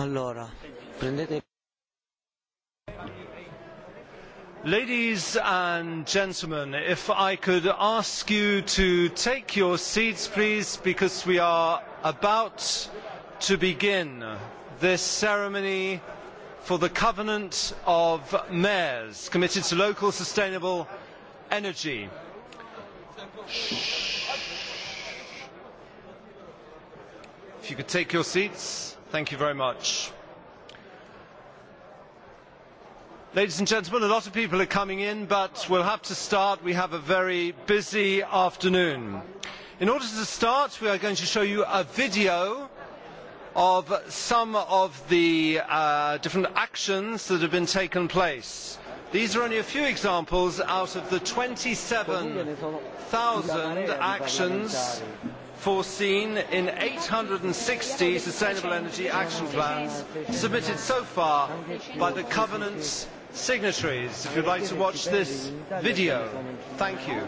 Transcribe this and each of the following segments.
Allora, prendete... Ladies and gentlemen, if I could ask you to take your seats, please, because we are about to begin this ceremony for the Covenant of Mayors, committed to local sustainable energy. If you could take your seats. Thank you very much. Ladies and gentlemen, a lot of people are coming in, but we'll have to start. We have a very busy afternoon. In order to start, we are going to show you a video of some of the uh, different actions that have been taken place. These are only a few examples out of the 27,000 actions foreseen in 860 Sustainable Energy Action Plans submitted so far by the Covenant's signatories. If you'd like to watch this video, thank you.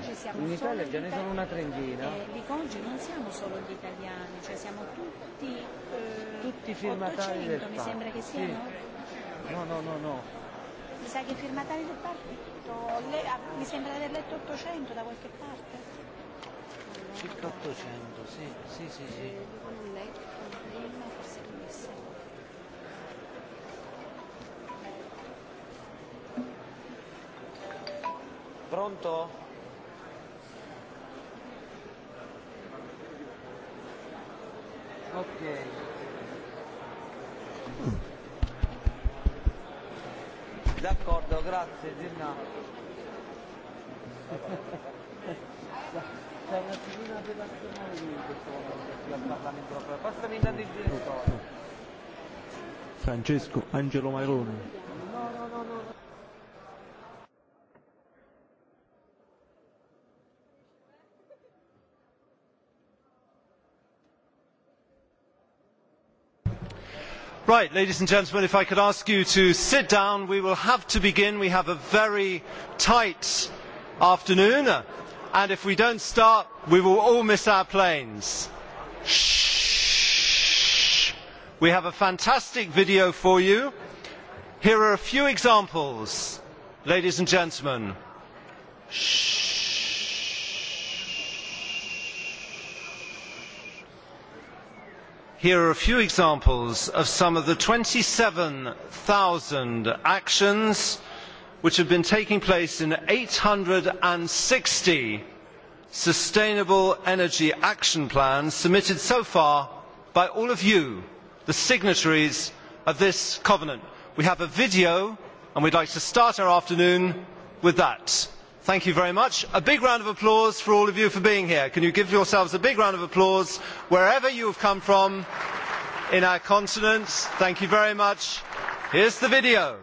tutti, del mi che No, no, no, no. Mi sa che firmatari del partito, ah, mi sembra di aver letto 800 da qualche parte. Circa 800 sì, sì, sì, sì. Pronto? Ok. D'accordo, grazie, Gina. Francesco Angelo Maroni. Right, ladies and gentlemen, if I could ask you to sit down, we will have to begin. We have a very tight afternoon and if we don't start, we will all miss our planes. Shh. We have a fantastic video for you. Here are a few examples, ladies and gentlemen. Shh. Here are a few examples of some of the 27,000 actions which have been taking place in 860 sustainable energy action plans submitted so far by all of you, the signatories of this covenant. We have a video and we'd like to start our afternoon with that. Thank you very much. A big round of applause for all of you for being here. Can you give yourselves a big round of applause wherever you have come from in our continents? Thank you very much. Here's the video.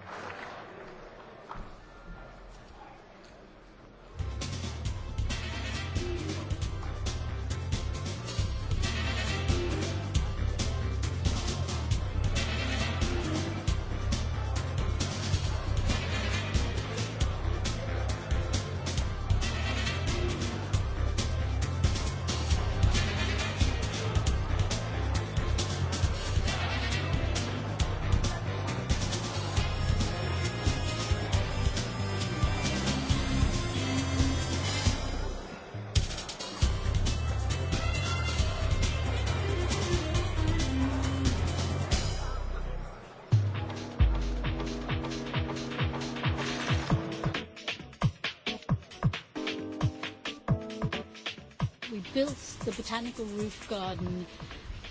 garden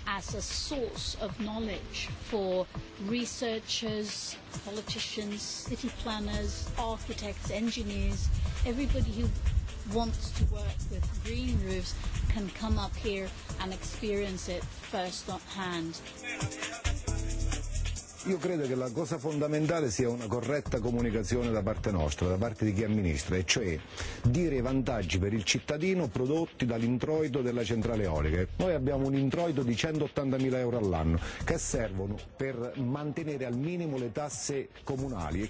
as a source of knowledge for researchers, politicians, city planners, architects, engineers, everybody who wants to work with green roofs can come up here and experience it first hand. Io credo che la cosa fondamentale sia una corretta comunicazione da parte nostra, da parte di chi amministra, e cioè dire i vantaggi per il cittadino prodotti dall'introito della centrale eolica. Noi abbiamo un introito di 180.000 euro all'anno che servono per mantenere al minimo le tasse comunali.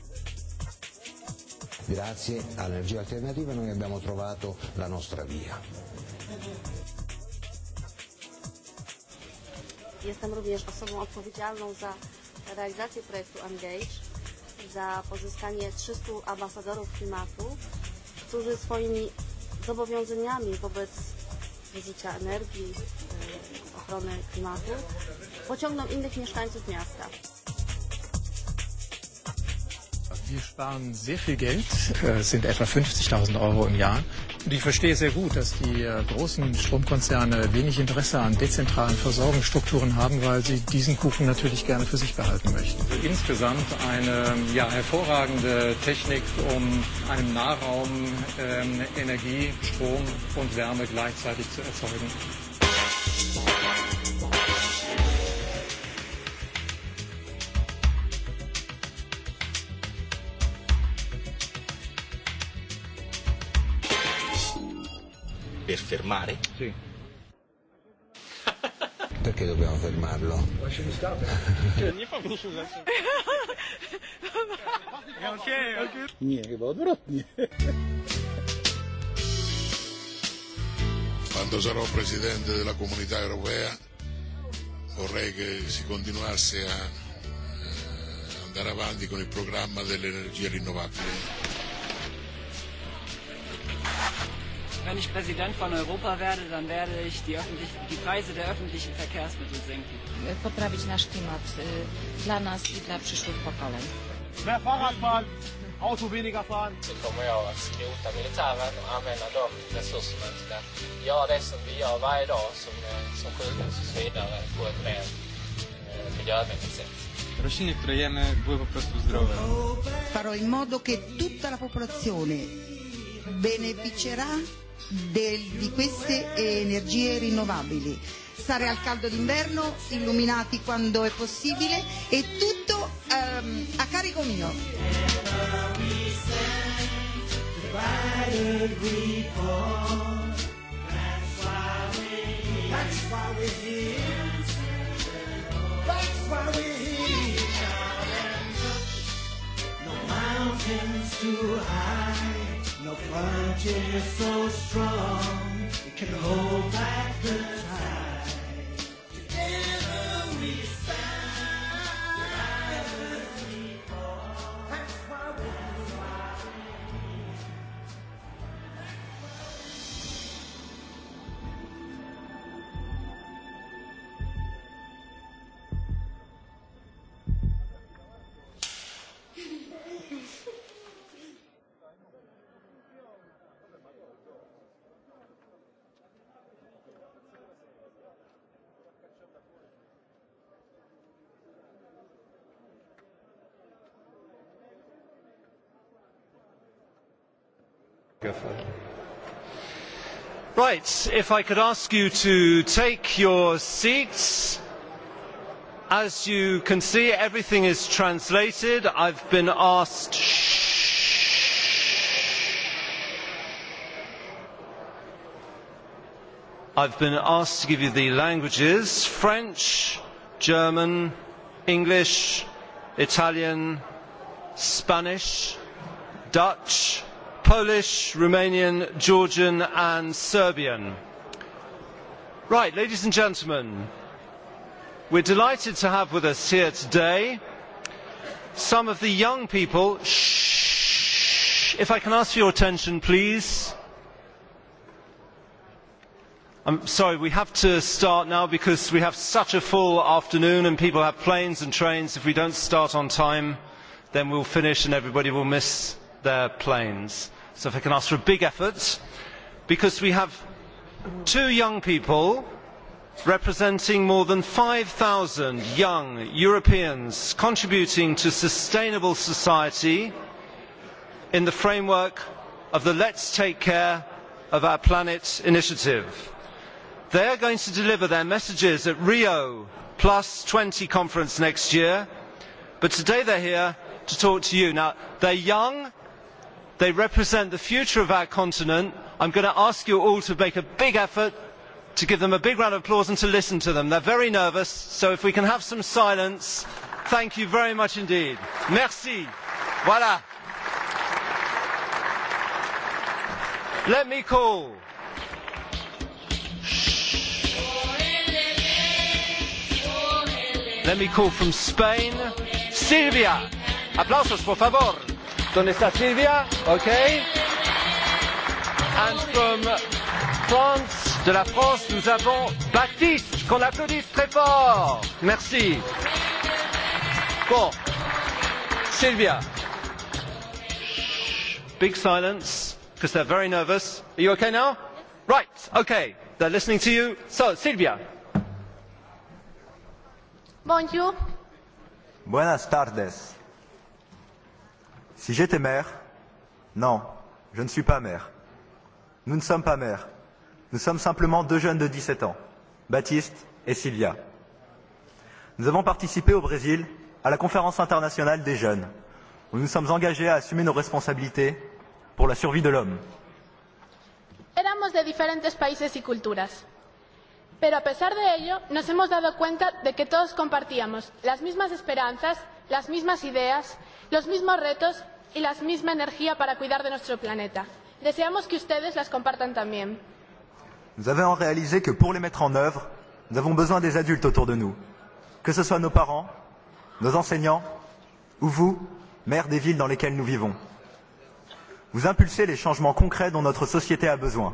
Grazie all'energia alternativa noi abbiamo trovato la nostra via. Jestem również osobą odpowiedzialną za realizację projektu Engage, za pozyskanie 300 ambasadorów klimatu, którzy swoimi zobowiązaniami wobec zużycia energii, e, ochrony klimatu pociągną innych mieszkańców miasta. Wir sparen sehr viel Geld, es äh, sind etwa 50.000 Euro im Jahr. Und ich verstehe sehr gut, dass die äh, großen Stromkonzerne wenig Interesse an dezentralen Versorgungsstrukturen haben, weil sie diesen Kuchen natürlich gerne für sich behalten möchten. Insgesamt eine ja, hervorragende Technik, um einem Nahraum ähm, Energie, Strom und Wärme gleichzeitig zu erzeugen. per fermare? Sì. Perché dobbiamo fermarlo? Lasciami stare. Nie pomyśl za Nie, chyba a Quando sarò presidente della comunità europea vorrei che si continuasse a eh, andare avanti con il programma delle energie rinnovabili wenn ich Präsident von Europa werde, dann werde ich die, öffentlich, die Preise der öffentlichen Verkehrsmittel senken. E, poprawić nasz klimat e, dla nas i dla przyszłych pokoleń. Mehr Fahrrad fahren, Auto weniger fahren. Så kommer jag att skrota militären och använda de resurserna till att göra det som vi gör varje dag som, som sjukhus och så vidare på ett mer miljövänligt sätt. Rośliny, które jemy, były po prostu zdrowe. Farò in modo che tutta la popolazione beneficerà del, di queste eh, energie rinnovabili. Stare al caldo d'inverno, illuminati quando è possibile e tutto um, a carico mio. mountains too high. No punch is so strong, it can hold back the tide. go Right, if I could ask you to take your seats. As you can see, everything is translated. I've been asked. I've been asked to give you the languages French, German, English, Italian, Spanish, Dutch, Polish, Romanian, Georgian and Serbian. Right, ladies and gentlemen, we're delighted to have with us here today some of the young people. Shh, if I can ask for your attention, please. I'm sorry, we have to start now because we have such a full afternoon and people have planes and trains. If we don't start on time, then we'll finish and everybody will miss their planes. So if I can ask for a big effort, because we have two young people representing more than 5,000 young Europeans contributing to sustainable society in the framework of the Let's Take Care of Our Planet initiative. They are going to deliver their messages at Rio Plus 20 conference next year, but today they're here to talk to you. Now, they're young, they represent the future of our continent. i am going to ask you all to make a big effort to give them a big round of applause and to listen to them. they are very nervous so if we can have some silence thank you very much indeed. merci. Voilà. let me call let me call from spain silvia aplausos por favor ¿Dónde está Silvia? Ok. And from France, de la France, nous avons Baptiste, qu'on applaudisse très fort. Merci. Bon. Silvia. Shh. Big silence, because they're very nervous. Are you okay now? Right, okay. They're listening to you. So, Silvia. Bonjour. Buenas tardes. Si j'étais maire, non, je ne suis pas maire. Nous ne sommes pas maires. Nous sommes simplement deux jeunes de 17 ans, Baptiste et Sylvia. Nous avons participé au Brésil à la conférence internationale des jeunes, où nous sommes engagés à assumer nos responsabilités pour la survie de l'homme. Éramos de diferentes países y culturas, pero a pesar de ello nos hemos dado cuenta de que todos compartíamos las mismas esperanzas, las mismas ideas los mismos retos y la misma energía para cuidar de nuestro planeta. Deseamos que ustedes las compartan también. Nous avons réalisé que pour les mettre en œuvre, nous avons besoin des adultes autour de nous, que ce soit nos parents, nos enseignants ou vous, maires des villes dans lesquelles nous vivons. Vous impulsez les changements concrets dont notre société a besoin.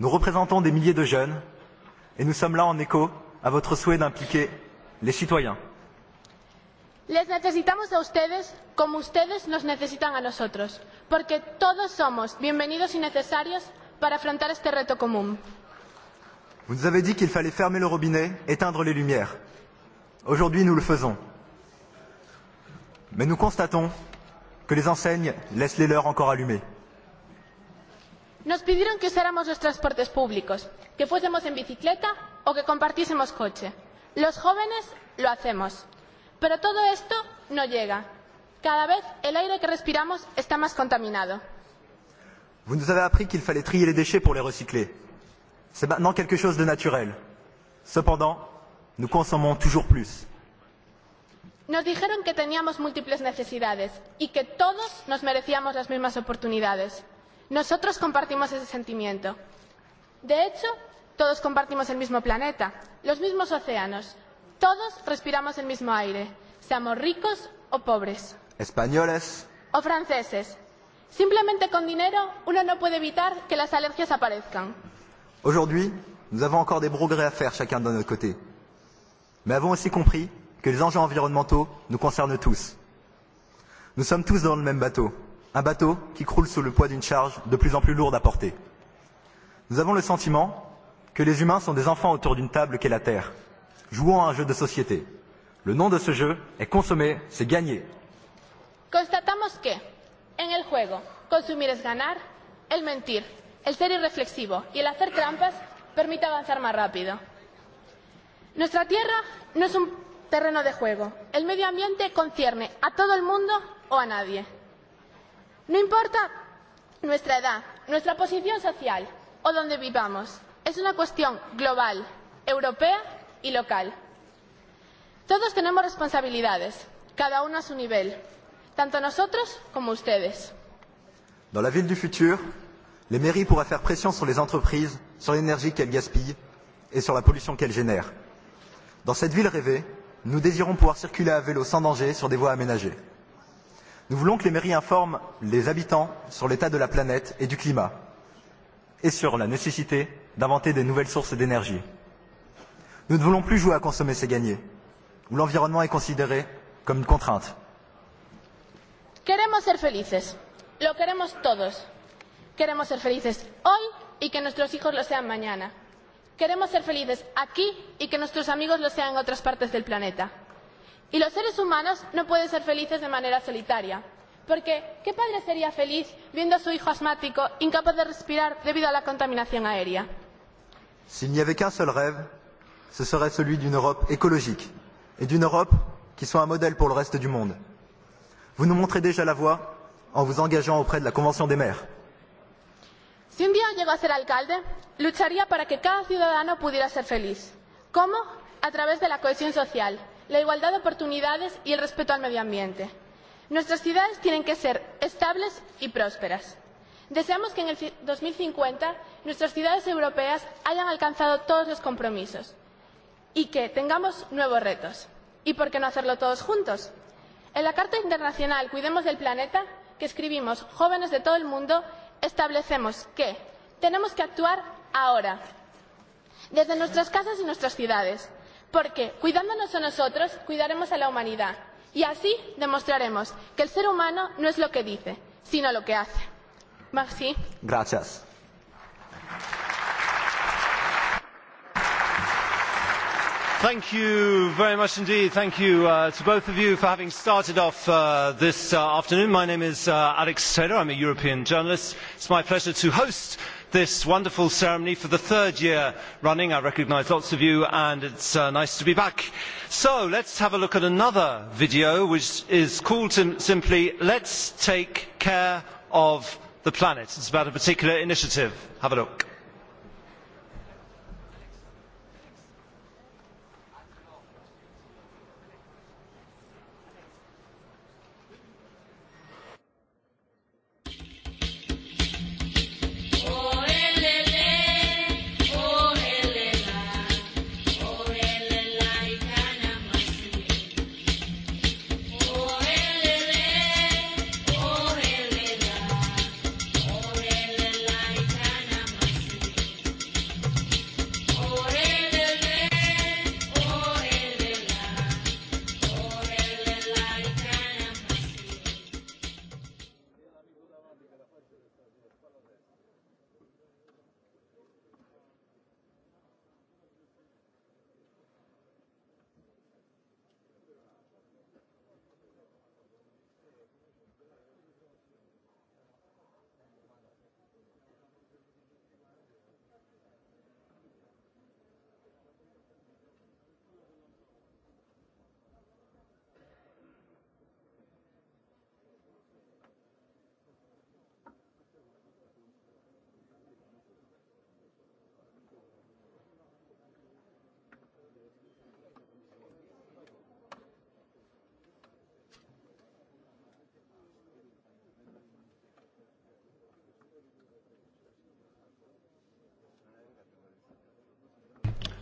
Nous représentons des milliers de jeunes et nous sommes là en écho à votre souhait d'impliquer les citoyens. Les necesitamos a ustedes como ustedes nos necesitan a nosotros, porque todos somos bienvenidos y necesarios para afrontar este reto común. Vous nous avez dit qu'il fallait fermer le robinet, éteindre les lumières. Aujourd'hui, nous le faisons. Mais nous constatons que les enseignes laissent les leurs encore allumées. Nos pidieron que usáramos los transportes públicos, que fuésemos en bicicleta o que compartiésemos coche. Los jóvenes lo hacemos pero todo esto no llega. Cada vez el aire que respiramos está más contaminado. Vous nous avez appris qu'il fallait trier les déchets pour les recycler. C'est maintenant quelque chose de naturel. Cependant, nous consommons toujours plus. Nos dijeron que teníamos múltiples necesidades y que todos nos merecíamos las mismas oportunidades. Nosotros compartimos ese sentimiento. De hecho, todos compartimos el mismo planeta, los mismos océanos, Todos respiramos el mismo aire, seamos ricos o pobres. Españoles. O franceses. Simplemente con dinero, uno no puede evitar que las alergias aparezcan. Aujourd'hui, nous avons encore des progrès à faire chacun de notre côté. Mais avons aussi compris que les enjeux environnementaux nous concernent tous. Nous sommes tous dans le même bateau, un bateau qui croule sous le poids d'une charge de plus en plus lourde à porter. Nous avons le sentiment que les humains sont des enfants autour d'une table qu'est la Terre jouant à un jeu de société. Le nom de ce jeu est consommer, c'est gagner. Constatamos que en el juego consumir es ganar, el mentir, el ser irreflexivo y el hacer trampas permite avanzar más rápido. Nuestra tierra no es un terreno de juego. El medio ambiente concierne a todo el mundo o a nadie. No importa nuestra edad, nuestra posición social o donde vivamos. Es una cuestión global, europea y local. Todos tenemos responsabilidades, cada uno a su nivel, tanto nosotros como ustedes. Dans la ville du futur, les mairies pourraient faire pression sur les entreprises, sur l'énergie qu'elles gaspillent et sur la pollution qu'elles génèrent. Dans cette ville rêvée, nous désirons pouvoir circuler à vélo sans danger sur des voies aménagées. Nous voulons que les mairies informent les habitants sur l'état de la planète et du climat et sur la nécessité d'inventer des nouvelles sources d'énergie. Nous ne voulons plus jouer à consommer, c'est gagner, où l'environnement est considéré comme une contrainte. Queremos ser felices. Lo queremos todos. Queremos ser felices hoy y que nuestros hijos lo sean mañana. Queremos ser felices aquí y que nuestros amigos lo sean en otras partes del planeta. Y los seres humanos no pueden ser felices de manera solitaria. Porque, ¿qué padre sería feliz viendo a su hijo asmático incapaz de respirar debido a la contaminación aérea? S'il n'y avait qu'un seul rêve, ce serait celui d'une Europe écologique et d'une Europe qui soit un modèle pour le reste du monde. Vous nous montrez déjà la voie en vous engageant auprès de la Convention des maires. Si un día llego a ser alcalde, lucharía para que cada ciudadano pudiera ser feliz. ¿Cómo? A través de la cohesión social, la igualdad de oportunidades y el respeto al medio ambiente. Nuestras ciudades tienen que ser estables y prósperas. Deseamos que en el 2050 nuestras ciudades europeas hayan alcanzado todos los compromisos y que tengamos nuevos retos. ¿Y por qué no hacerlo todos juntos? En la Carta Internacional Cuidemos del Planeta, que escribimos jóvenes de todo el mundo, establecemos que tenemos que actuar ahora, desde nuestras casas y nuestras ciudades, porque cuidándonos a nosotros, cuidaremos a la humanidad. Y así demostraremos que el ser humano no es lo que dice, sino lo que hace. Merci. Gracias. Thank you very much indeed. Thank you uh, to both of you for having started off uh, this uh, afternoon. My name is uh, Alex Taylor. I'm a European journalist. It's my pleasure to host this wonderful ceremony for the third year running. I recognise lots of you and it's uh, nice to be back. So let's have a look at another video which is called sim simply Let's Take Care of the Planet. It's about a particular initiative. Have a look.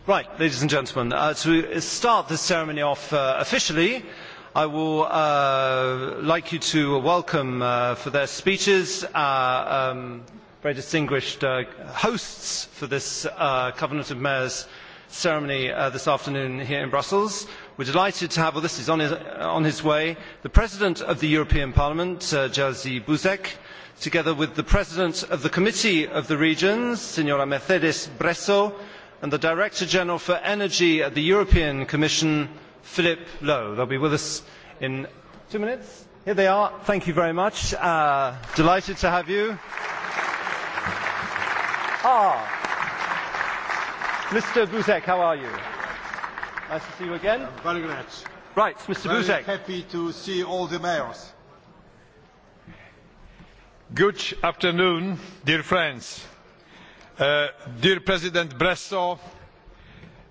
Right, ladies and gentlemen, uh, to start this ceremony off uh, officially, I will uh, like you to welcome uh, for their speeches our uh, um, very distinguished uh, hosts for this uh, Covenant of Mayors ceremony uh, this afternoon here in Brussels. We're delighted to have with us, is on his, on his way, the President of the European Parliament, uh, Jerzy Buzek, together with the President of the Committee of the Regions, Senora Mercedes Bresso, and the director general for energy at the european commission philip lowe. they will be with us in two minutes. here they are. thank you very much. Uh, delighted to have you. Ah, mr buzek how are you? nice to see you again. I'm uh, very glad. right, mr very buzek. happy to see all the mayors. good afternoon, dear friends Uh, dear President Bresso,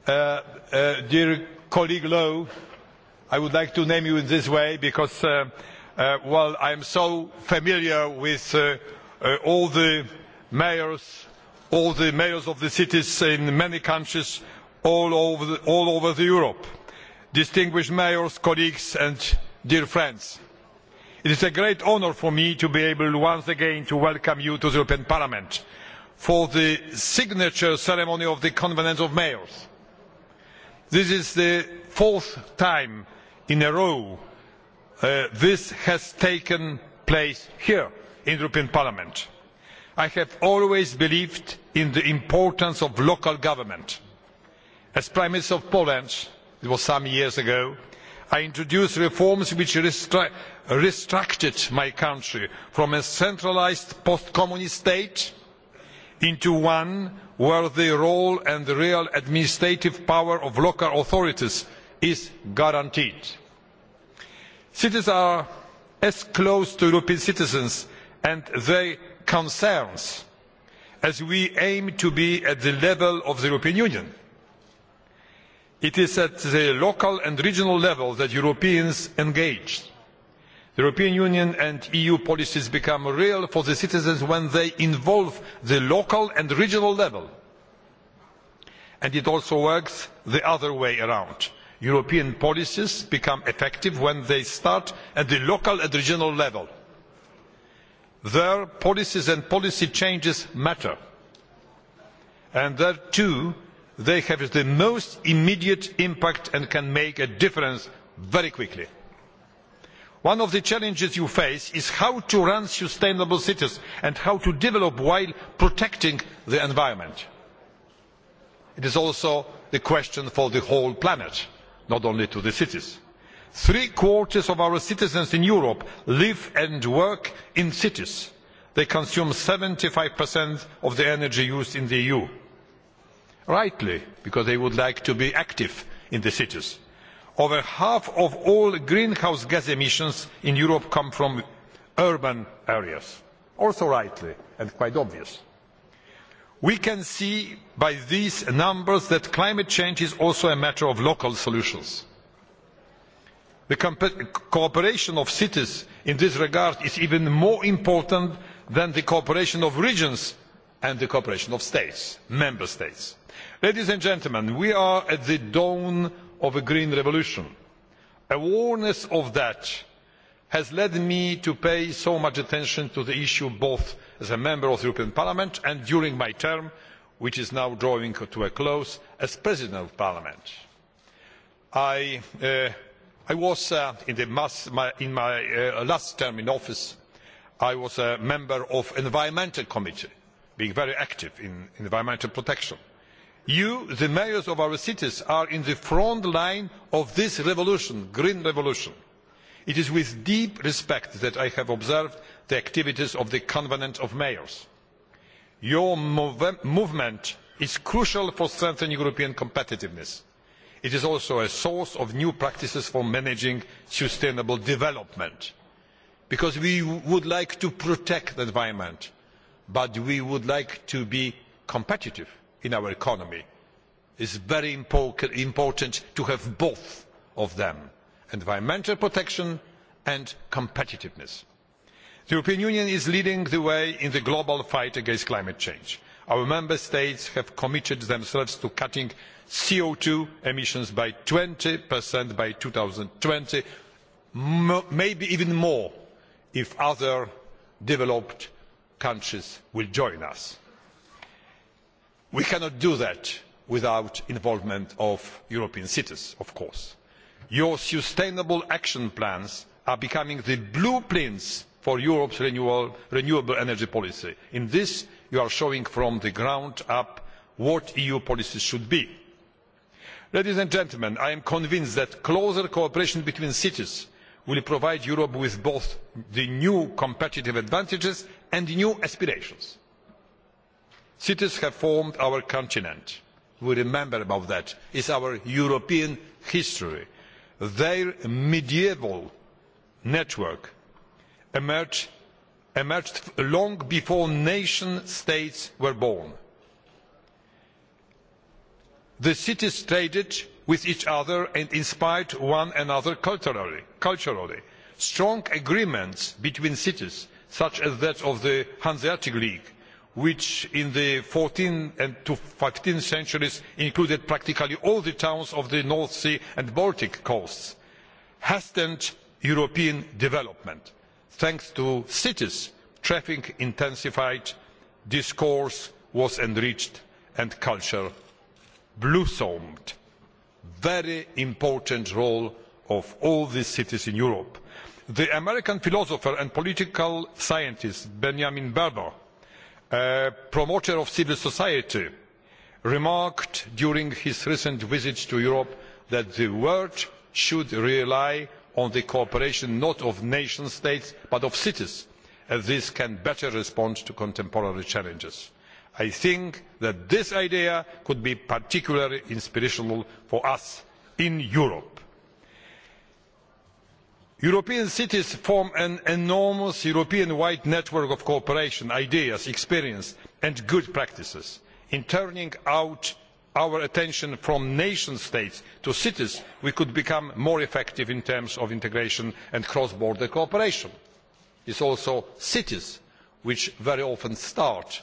uh, uh, dear colleague Lowe, I would like to name you in this way because, uh, uh, well, I am so familiar with uh, uh, all the mayors, all the mayors of the cities in many countries all over, the, all over the Europe, distinguished mayors, colleagues and dear friends. It is a great honour for me to be able once again to welcome you to the European Parliament for the signature ceremony of the Conference of Mayors. This is the fourth time in a row uh, this has taken place here in the European Parliament. I have always believed in the importance of local government. As Prime Minister of Poland, it was some years ago, I introduced reforms which restructured my country from a centralised post-communist state into one where the role and the real administrative power of local authorities is guaranteed. Cities are as close to European citizens and their concerns as we aim to be at the level of the European Union. It is at the local and regional level that Europeans engage european union and eu policies become real for the citizens when they involve the local and regional level and it also works the other way around european policies become effective when they start at the local and regional level. there policies and policy changes matter and there too they have the most immediate impact and can make a difference very quickly one of the challenges you face is how to run sustainable cities and how to develop while protecting the environment. it is also the question for the whole planet not only to the cities. three quarters of our citizens in europe live and work in cities. they consume seventy five of the energy used in the eu rightly because they would like to be active in the cities over half of all greenhouse gas emissions in europe come from urban areas also rightly and quite obvious. we can see by these numbers that climate change is also a matter of local solutions. the cooperation of cities in this regard is even more important than the cooperation of regions and the cooperation of states member states. ladies and gentlemen we are at the dawn of a green revolution. awareness of that has led me to pay so much attention to the issue both as a member of the european parliament and during my term which is now drawing to a close as president of parliament. i, uh, I was uh, in, mass, my, in, my uh, last term in office i was a member of the environmental committee being very active in environmental protection you the mayors of our cities are in the front line of this revolution the green revolution. it is with deep respect that i have observed the activities of the covenant of mayors. your movement is crucial for strengthening european competitiveness. it is also a source of new practices for managing sustainable development because we would like to protect the environment but we would like to be competitive in our economy. It is very important to have both of them, environmental protection and competitiveness. The European Union is leading the way in the global fight against climate change. Our member states have committed themselves to cutting CO2 emissions by 20% by 2020, maybe even more if other developed countries will join us we cannot do that without the involvement of european citizens of course. your sustainable action plans are becoming the blueprints for europe's renewable energy policy. in this you are showing from the ground up what eu policies should be. ladies and gentlemen i am convinced that closer cooperation between cities will provide europe with both the new competitive advantages and new aspirations cities have formed our continent we remember about that is our european history their medieval network emerged, emerged long before nation states were born. The cities traded with each other and inspired one another culturally. culturally. Strong agreements between cities, such as that of the Hanseatic League, which in the 14th and to 15th centuries included practically all the towns of the North Sea and Baltic coasts, hastened European development. Thanks to cities, traffic intensified, discourse was enriched and culture blossomed. Very important role of all these cities in Europe. The American philosopher and political scientist Benjamin Barber a uh, promoter of civil society, remarked during his recent visit to Europe that the world should rely on the cooperation not of nation states but of cities, as this can better respond to contemporary challenges. I think that this idea could be particularly inspirational for us in Europe european cities form an enormous european wide network of cooperation ideas experience and good practices. in turning our attention from nation states to cities we could become more effective in terms of integration and cross border cooperation. it is also cities which very often start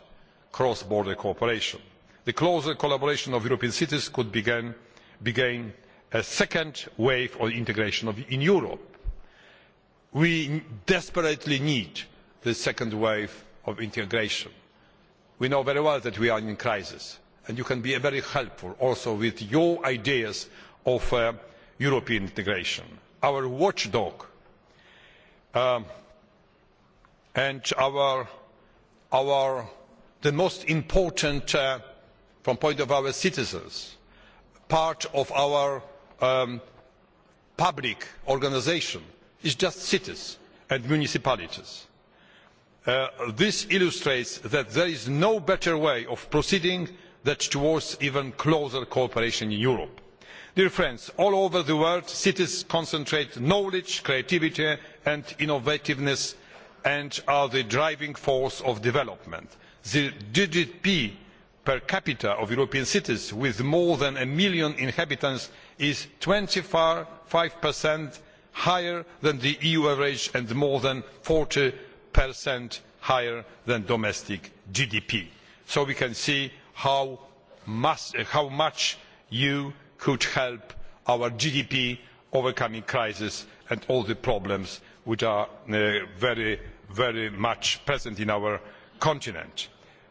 cross border cooperation. the closer collaboration of european cities could begin a second wave of integration in europe we desperately need the second wave of integration. we know very well that we are in a crisis and you can be very helpful also with your ideas of uh, european integration our watchdog um, and our, the most important uh, from the point of our citizens part of our um, public organisation is just cities and municipalities. Uh, this illustrates that there is no better way of proceeding than towards even closer cooperation in europe. dear friends all over the world cities concentrate knowledge creativity and innovativeness and are the driving force of development. the gdp per capita of european cities with more than a million inhabitants is twenty five higher than the eu average and more than forty higher than domestic gdp. so we can see how, much you could help our gdp overcoming crisis and all the problems which are uh, very, very much present in our continent.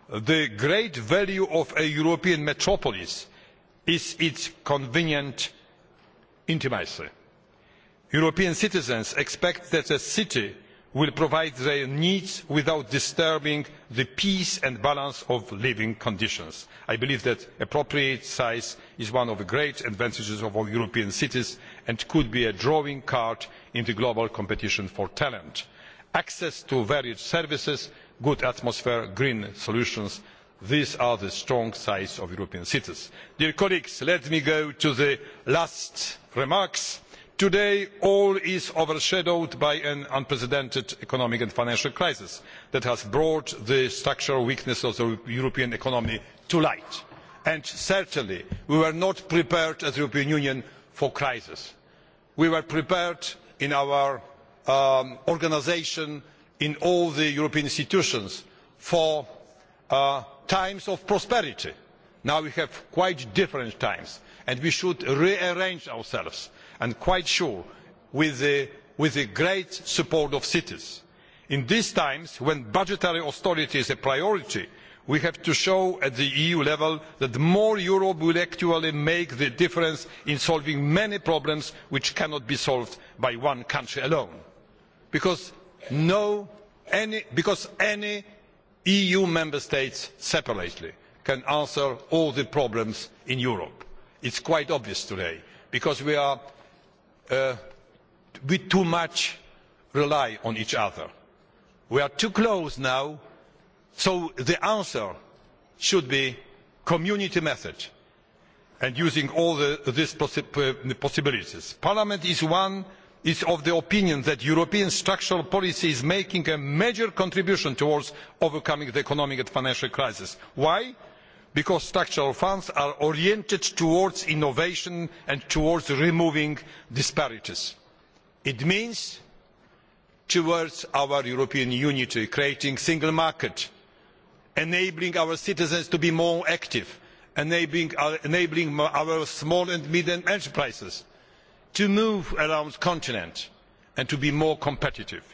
The great value of a European metropolis is its convenient intimacy european citizens expect that a city will provide their needs without disturbing the peace and balance of living conditions. i believe that appropriate size is one of the great advantages of our european cities and could be a drawing card in the global competition for talent. access to varied services good atmosphere green solutions these are the strong sides of european cities. let me go to the last remarks today all is overshadowed by an unprecedented economic and financial crisis that has brought the structural weakness of the european economy to light and certainly we were not prepared as the european union for crisis. we were prepared in our um, organisation in all the european institutions for uh, times of prosperity. now we have quite different times and we should rearrange ourselves and quite sure with the, great support of cities. In these times when budgetary austerity is a priority, we have to show at the EU level that more Europe will actually make the difference in solving many problems which cannot be solved by one country alone. Because, no, any, because any EU member states separately can answer all the problems in Europe. It's quite obvious today because we are Uh, we too much rely on each other. We are too close now, so the answer should be a community method and using all the, these possi uh, possibilities. Parliament is one is of the opinion that European structural policy is making a major contribution towards overcoming the economic and financial crisis. Why? because structural funds are oriented towards innovation and towards removing disparities. it means towards our european unity creating a single market enabling our citizens to be more active enabling uh, our, small and medium enterprises to move around the continent and to be more competitive.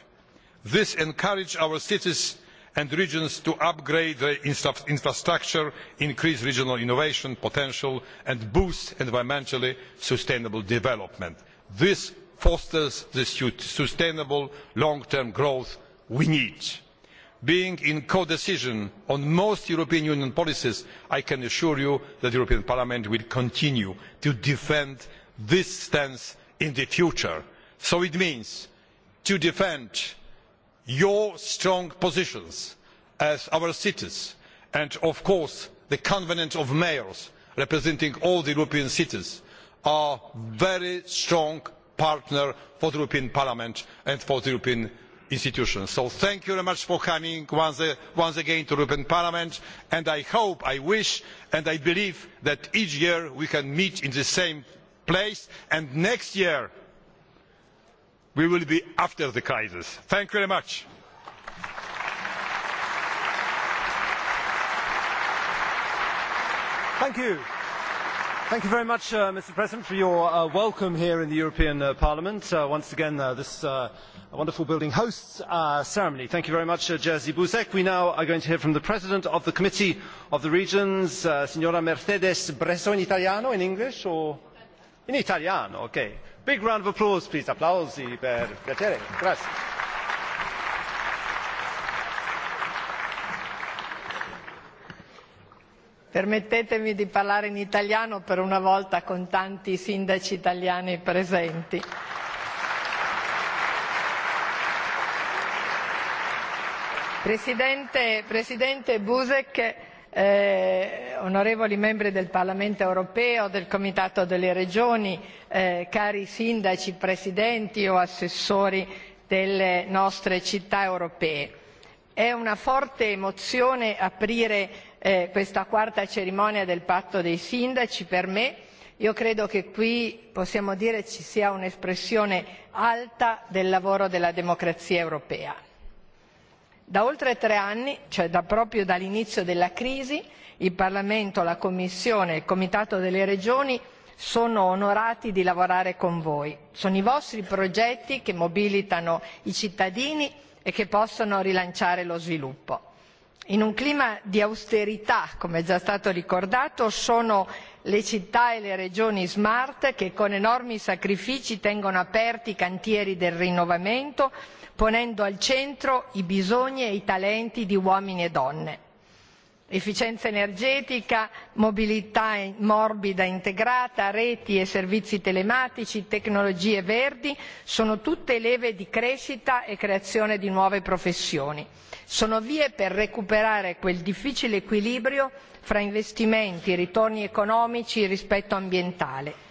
this encourages our citizens and regions to upgrade their infrastructure increase regional innovation potential and boost environmentally sustainable development. this fosters the sustainable long term growth we need. being in codecision on most european union policies i can assure you that the european parliament will continue to defend this stance in the future. so it means to defend your strong positions as our cities and of course the covenant of mayors representing all the european cities are a very strong partner for the european parliament and for the european institutions. so thank you very much for coming once again to the european parliament and i hope i wish and i believe that each year we can meet in the same place and next year we will be after the crisis. thank you very much. Thank you. Thank you very much, uh, Mr. President, for your uh, welcome here in the European uh, Parliament. Uh, once again, uh, this uh, wonderful building hosts our uh, ceremony. Thank you very much, uh, Jerzy Buzek. We now are going to hear from the President of the Committee of the Regions, uh, Signora Mercedes Bresso, in Italiano, in English, or in Italiano, okay. Big round of applause, please. Applausi per piacere. Grazie. Permettetemi di parlare in italiano per una volta con tanti sindaci italiani presenti. Presidente, Presidente Buzek, Eh, onorevoli membri del Parlamento europeo, del Comitato delle Regioni, eh, cari sindaci, presidenti o assessori delle nostre città europee. È una forte emozione aprire eh, questa quarta cerimonia del patto dei sindaci per me. Io credo che qui possiamo dire ci sia un'espressione alta del lavoro della democrazia europea da oltre tre anni cioè da proprio dall'inizio della crisi il parlamento la commissione e il comitato delle regioni sono onorati di lavorare con voi sono i vostri progetti che mobilitano i cittadini e che possono rilanciare lo sviluppo. in un clima di austerità come è già stato ricordato sono le città e le regioni smart che con enormi sacrifici tengono aperti i cantieri del rinnovamento ponendo al centro i bisogni e i talenti di uomini e donne. Efficienza energetica, mobilità morbida e integrata, reti e servizi telematici, tecnologie verdi sono tutte leve di crescita e creazione di nuove professioni. Sono vie per recuperare quel difficile equilibrio fra investimenti, ritorni economici e rispetto ambientale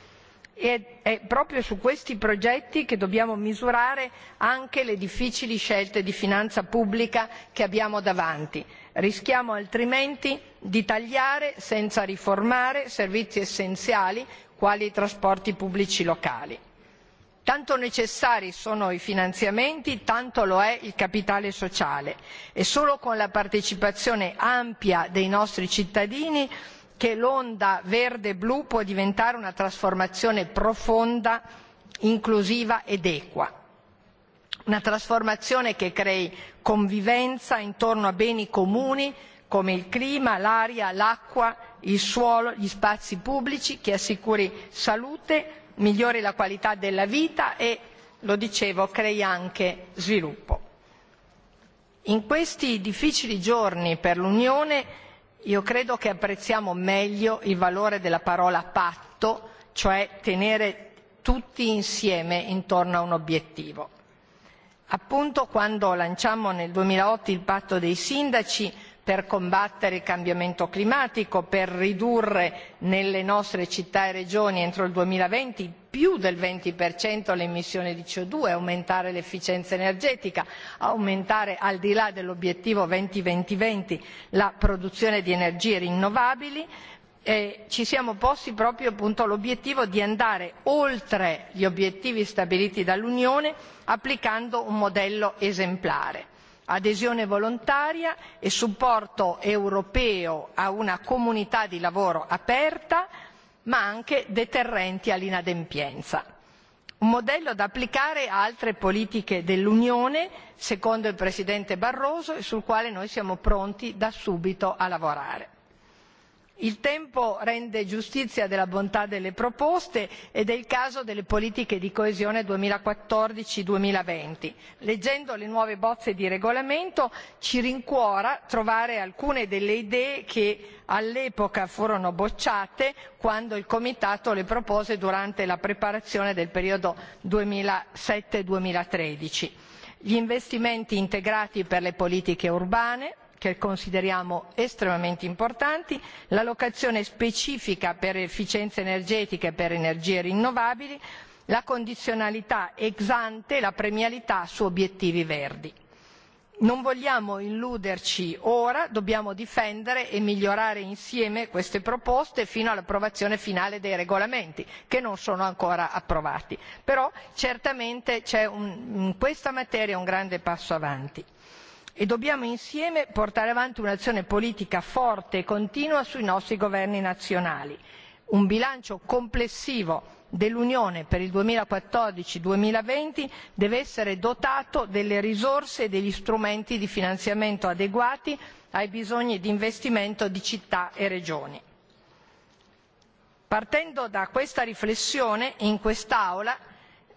ed è proprio su questi progetti che dobbiamo misurare anche le difficili scelte di finanza pubblica che abbiamo davanti rischiamo altrimenti di tagliare senza riformare servizi essenziali quali i trasporti pubblici locali. tanto necessari sono i finanziamenti tanto lo è il capitale sociale e solo con la partecipazione ampia dei nostri cittadini che l'onda verde blu può diventare una trasformazione profonda inclusiva ed equa una trasformazione che crei convivenza intorno a beni comuni come il clima l'aria l'acqua il suolo gli spazi pubblici che assicuri salute migliori la qualità della vita e lo dicevo crei anche sviluppo. in questi difficili giorni per l'unione io credo che apprezziamo meglio il valore della parola patto cioè tenere tutti insieme intorno a un obiettivo. appunto quando lanciammo nel duemilaotto il patto dei sindaci per combattere il cambiamento climatico per ridurre nelle nostre città e regioni entro il duemilaventi più del 20% le emissioni di CO2, aumentare l'efficienza energetica, aumentare al di là dell'obiettivo 20-20-20 la produzione di energie rinnovabili. E ci siamo posti proprio appunto l'obiettivo di andare oltre gli obiettivi stabiliti dall'Unione applicando un modello esemplare adesione volontaria e supporto europeo a una comunità di lavoro aperta ma anche deterrenti all'inadempienza un modello da applicare a altre politiche dell'unione secondo il presidente barroso e sul quale noi siamo pronti da subito a lavorare il tempo rende giustizia della bontà delle proposte ed è il caso delle politiche di coesione duemilaquattordici duemilaventi leggendo le nuove bozze di regolamento ci rincuora trovare alcune delle idee che all'epoca furono bocciate quando il comitato le propose durante la preparazione del periodo duemilasette duemilatredici gli investimenti integrati per le politiche urbane che consideriamo estremamente importanti l'allocazione specifica per efficienza energetica e per energie rinnovabili la condizionalità ex ante e la premialità su obiettivi verdi. non vogliamo illuderci ora dobbiamo difendere e migliorare insieme queste proposte fino all'approvazione finale dei regolamenti che non sono ancora approvati però certamente c'è in questa materia un grande passo avanti e dobbiamo insieme portare avanti un'azione politica forte e continua sui nostri governi nazionali. un bilancio complessivo dell'unione per il duemilaquattordici duemilaventi deve essere dotato delle risorse e degli strumenti di finanziamento adeguati ai bisogni di investimento di città e regioni. partendo da questa riflessione in quest'aula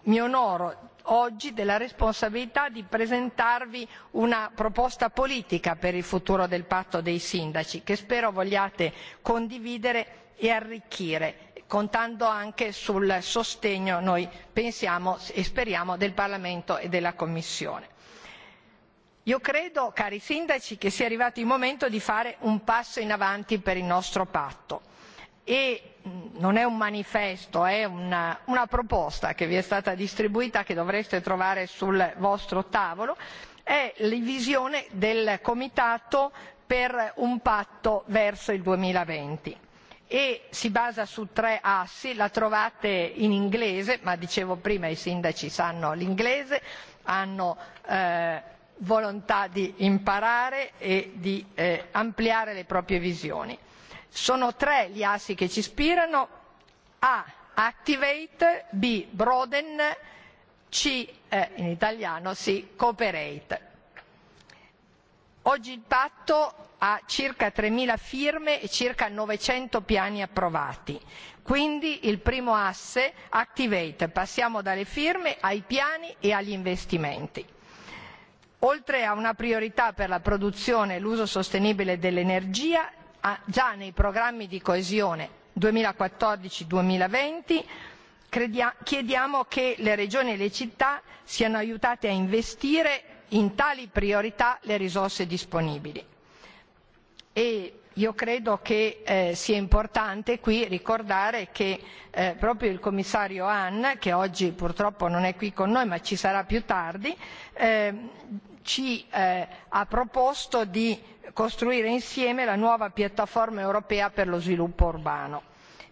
mi onoro oggi della responsabilità di presentarvi una proposta politica per il futuro del patto dei sindaci che spero vogliate condividere e arricchire contando anche sul sostegno noi pensiamo e speriamo del parlamento e della commissione. io credo cari sindaci che sia arrivato il momento di fare un passo in avanti per il nostro patto e non è un manifesto è una, proposta che vi è stata distribuita che dovreste trovare sul vostro tavolo è la visione del comitato per un patto verso il duemilaventi e si basa su tre assi la trovate in inglese ma dicevo prima i sindaci sanno l'inglese hanno eh, volontà di imparare e di eh, ampliare le proprie visioni sono tre gli assi che ci ispirano a activate b broaden c eh, in italiano sì cooperate. oggi il patto ha circa tre zero firme e circa novecento piani approvati quindi il primo asse activate passiamo dalle firme ai piani e agli investimenti. oltre a una priorità per la produzione e l'uso sostenibile dell'energia già nei programmi di coesione duemilaquattordici duemilaventi chiediamo che le regioni e le città siano aiutate a investire in tali priorità le risorse disponibili e io credo che eh, sia importante qui ricordare che eh, proprio il commissario hahn che oggi purtroppo non è qui con noi ma ci sarà più tardi ehm, ci eh, ha proposto di costruire insieme la nuova piattaforma europea per lo sviluppo urbano.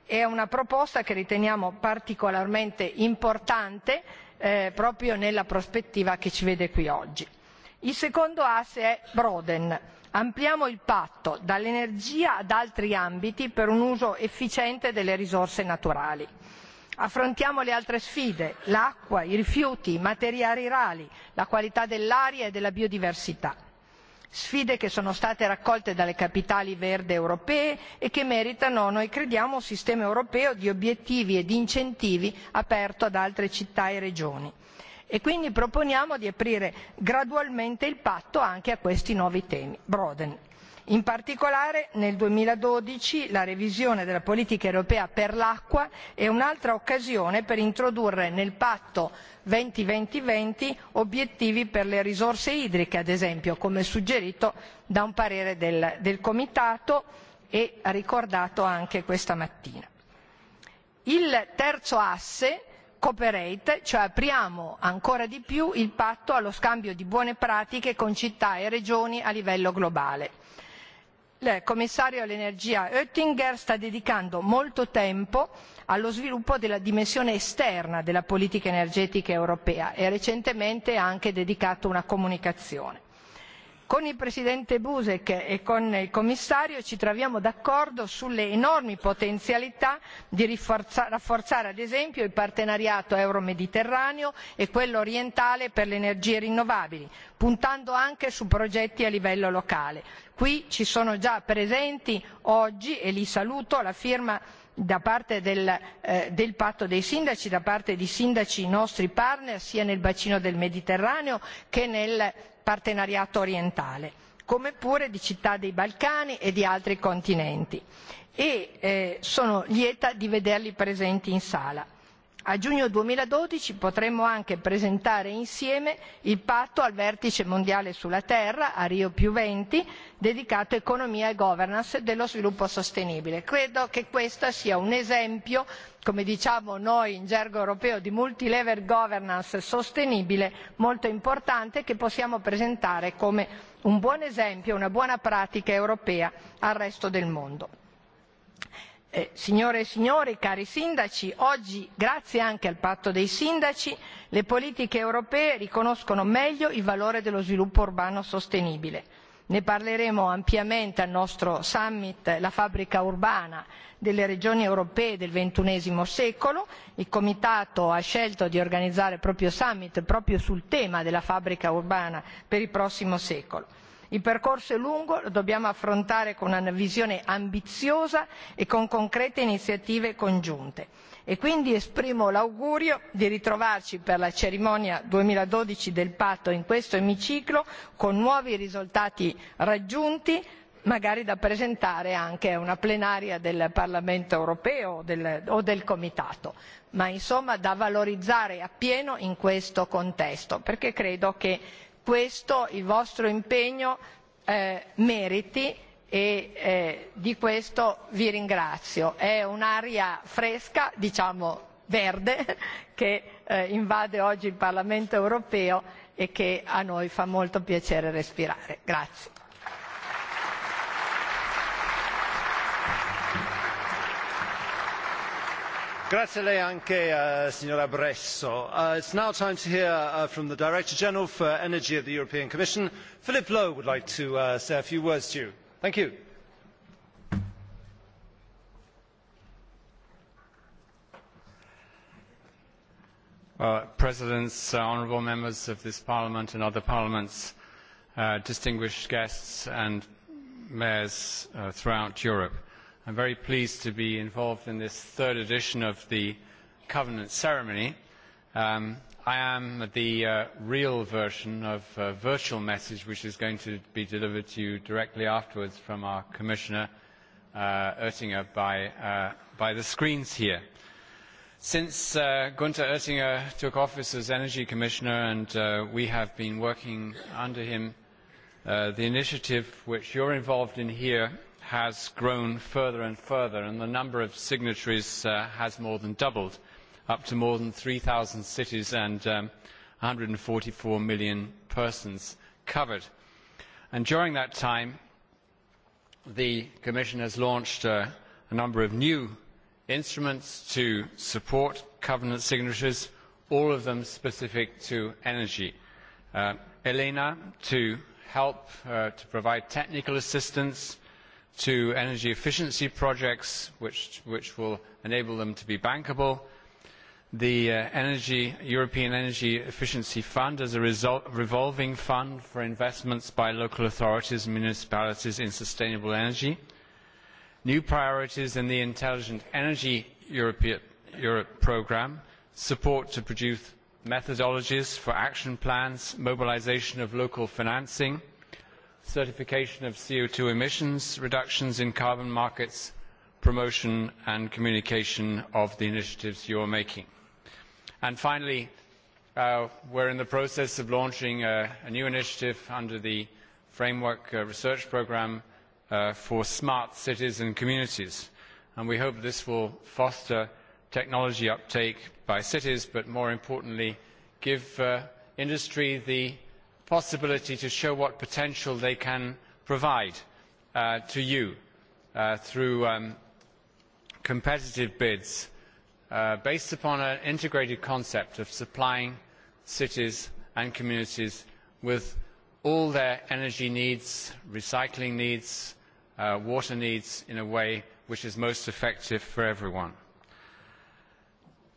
è una proposta che riteniamo particolarmente importante eh, proprio nella prospettiva che ci vede qui oggi. il secondo asse è broden ampliamo il patto dall'energia ad altri ambiti per un uso efficiente delle risorse naturali. affrontiamo le altre sfide l'acqua i rifiuti i materiali rari la qualità dell'aria e della biodiversità sfide che sono state raccolte dalle capitali verdi europee e che meritano noi crediamo un sistema europeo di obiettivi e di incentivi aperto ad altre città e regioni e quindi proponiamo di aprire gradualmente il patto anche a questi nuovi temi broden in particolare nel duemiladodici la revisione della politica europea per l'acqua è un'altra occasione per introdurre nel patto venti venti venti obiettivi per le risorse idriche ad esempio come suggerito da un parere del comitato e ricordato anche questa mattina. il terzo asse cooperate cioè apriamo ancora di più il patto allo scambio di buone pratiche con città e regioni a livello globale il commissario all'energia oettinger sta dedicando molto tempo allo sviluppo della dimensione esterna della politica energetica europea e recentemente ha anche dedicato una comunicazione con il presidente buzek e con il commissario ci troviamo d'accordo sulle enormi potenzialità di rafforzare ad esempio il partenariato euro mediterraneo e quello orientale per le energie rinnovabili puntando anche su progetti a livello locale. qui ci sono già presenti oggi e li saluto la firma da parte del eh, patto dei sindaci da parte di sindaci nostri partner sia nel bacino del mediterraneo che nel partenariato orientale come pure di città dei balcani e di altri continenti e eh, sono lieta di vederli presenti in sala. a giugno duemiladodici potremo anche presentare insieme il patto al vertice mondiale sulla terra a rio venti dedicato economia e governance dello sviluppo sostenibile. credo che questo sia un esempio come diciamo noi in gergo europeo di multi level governance sostenibile molto importante che possiamo presentare come un buon esempio una buona pratica europea al resto del mondo. Eh, signore e signori cari sindaci oggi grazie anche al patto dei sindaci le politiche europee riconoscono meglio il valore dello sviluppo urbano sostenibile ne parleremo ampiamente al nostro summit la fabbrica urbana delle regioni europee del xxi secolo il comitato ha scelto di organizzare il proprio summit proprio sul tema della fabbrica urbana per il prossimo secolo. il percorso è lungo lo dobbiamo affrontare con una visione ambiziosa e con concrete iniziative congiunte e quindi esprimo l'augurio di ritrovarci per la cerimonia duemiladodici del patto in questo emiciclo con nuovi risultati raggiunti magari da presentare anche a una plenaria del parlamento europeo o del comitato ma insomma da valorizzare appieno in questo contesto perché credo che questo il vostro impegno eh, meriti e eh, di questo vi ringrazio. È un'aria fresca, diciamo verde, che eh, invade oggi il Parlamento europeo e che a noi fa molto piacere respirare. Grazie. Grazie lei anche, uh, signora Bresso. Uh, it's now time to hear uh, from the Director General for Energy of the European Commission. Philip Lowe would like to uh, say a few words to you. Thank you. Uh, presidents, uh, honourable members of this parliament and other parliaments, uh, distinguished guests and mayors uh, throughout Europe, I'm very pleased to be involved in this third edition of the Covenant Ceremony. Um, I am the uh, real version of a uh, virtual message which is going to be delivered to you directly afterwards from our Commissioner uh, Oettinger by, uh, by the screens here. Since uh, Gunther Oettinger took office as Energy Commissioner and uh, we have been working under him, uh, the initiative which you're involved in here has grown further and further and the number of signatories uh, has more than doubled up to more than 3,000 cities and um, 144 million persons covered. And during that time, the Commission has launched uh, a number of new instruments to support covenant signatories, all of them specific to energy. Uh, Elena to help uh, to provide technical assistance to energy efficiency projects which, which will enable them to be bankable, the uh, energy, European Energy Efficiency Fund as a result, revolving fund for investments by local authorities and municipalities in sustainable energy. New priorities in the Intelligent Energy Europe, Europe programme, support to produce methodologies for action plans, mobilisation of local financing, certification of CO2 emissions, reductions in carbon markets, promotion and communication of the initiatives you are making. And finally, we uh, we're in the process of launching uh, a, new initiative under the Framework uh, Research Programme for smart cities and communities. And we hope this will foster technology uptake by cities, but more importantly, give industry the possibility to show what potential they can provide to you through um, competitive bids Uh, based upon an integrated concept of supplying cities and communities with all their energy needs, recycling needs, uh, water needs in a way which is most effective for everyone.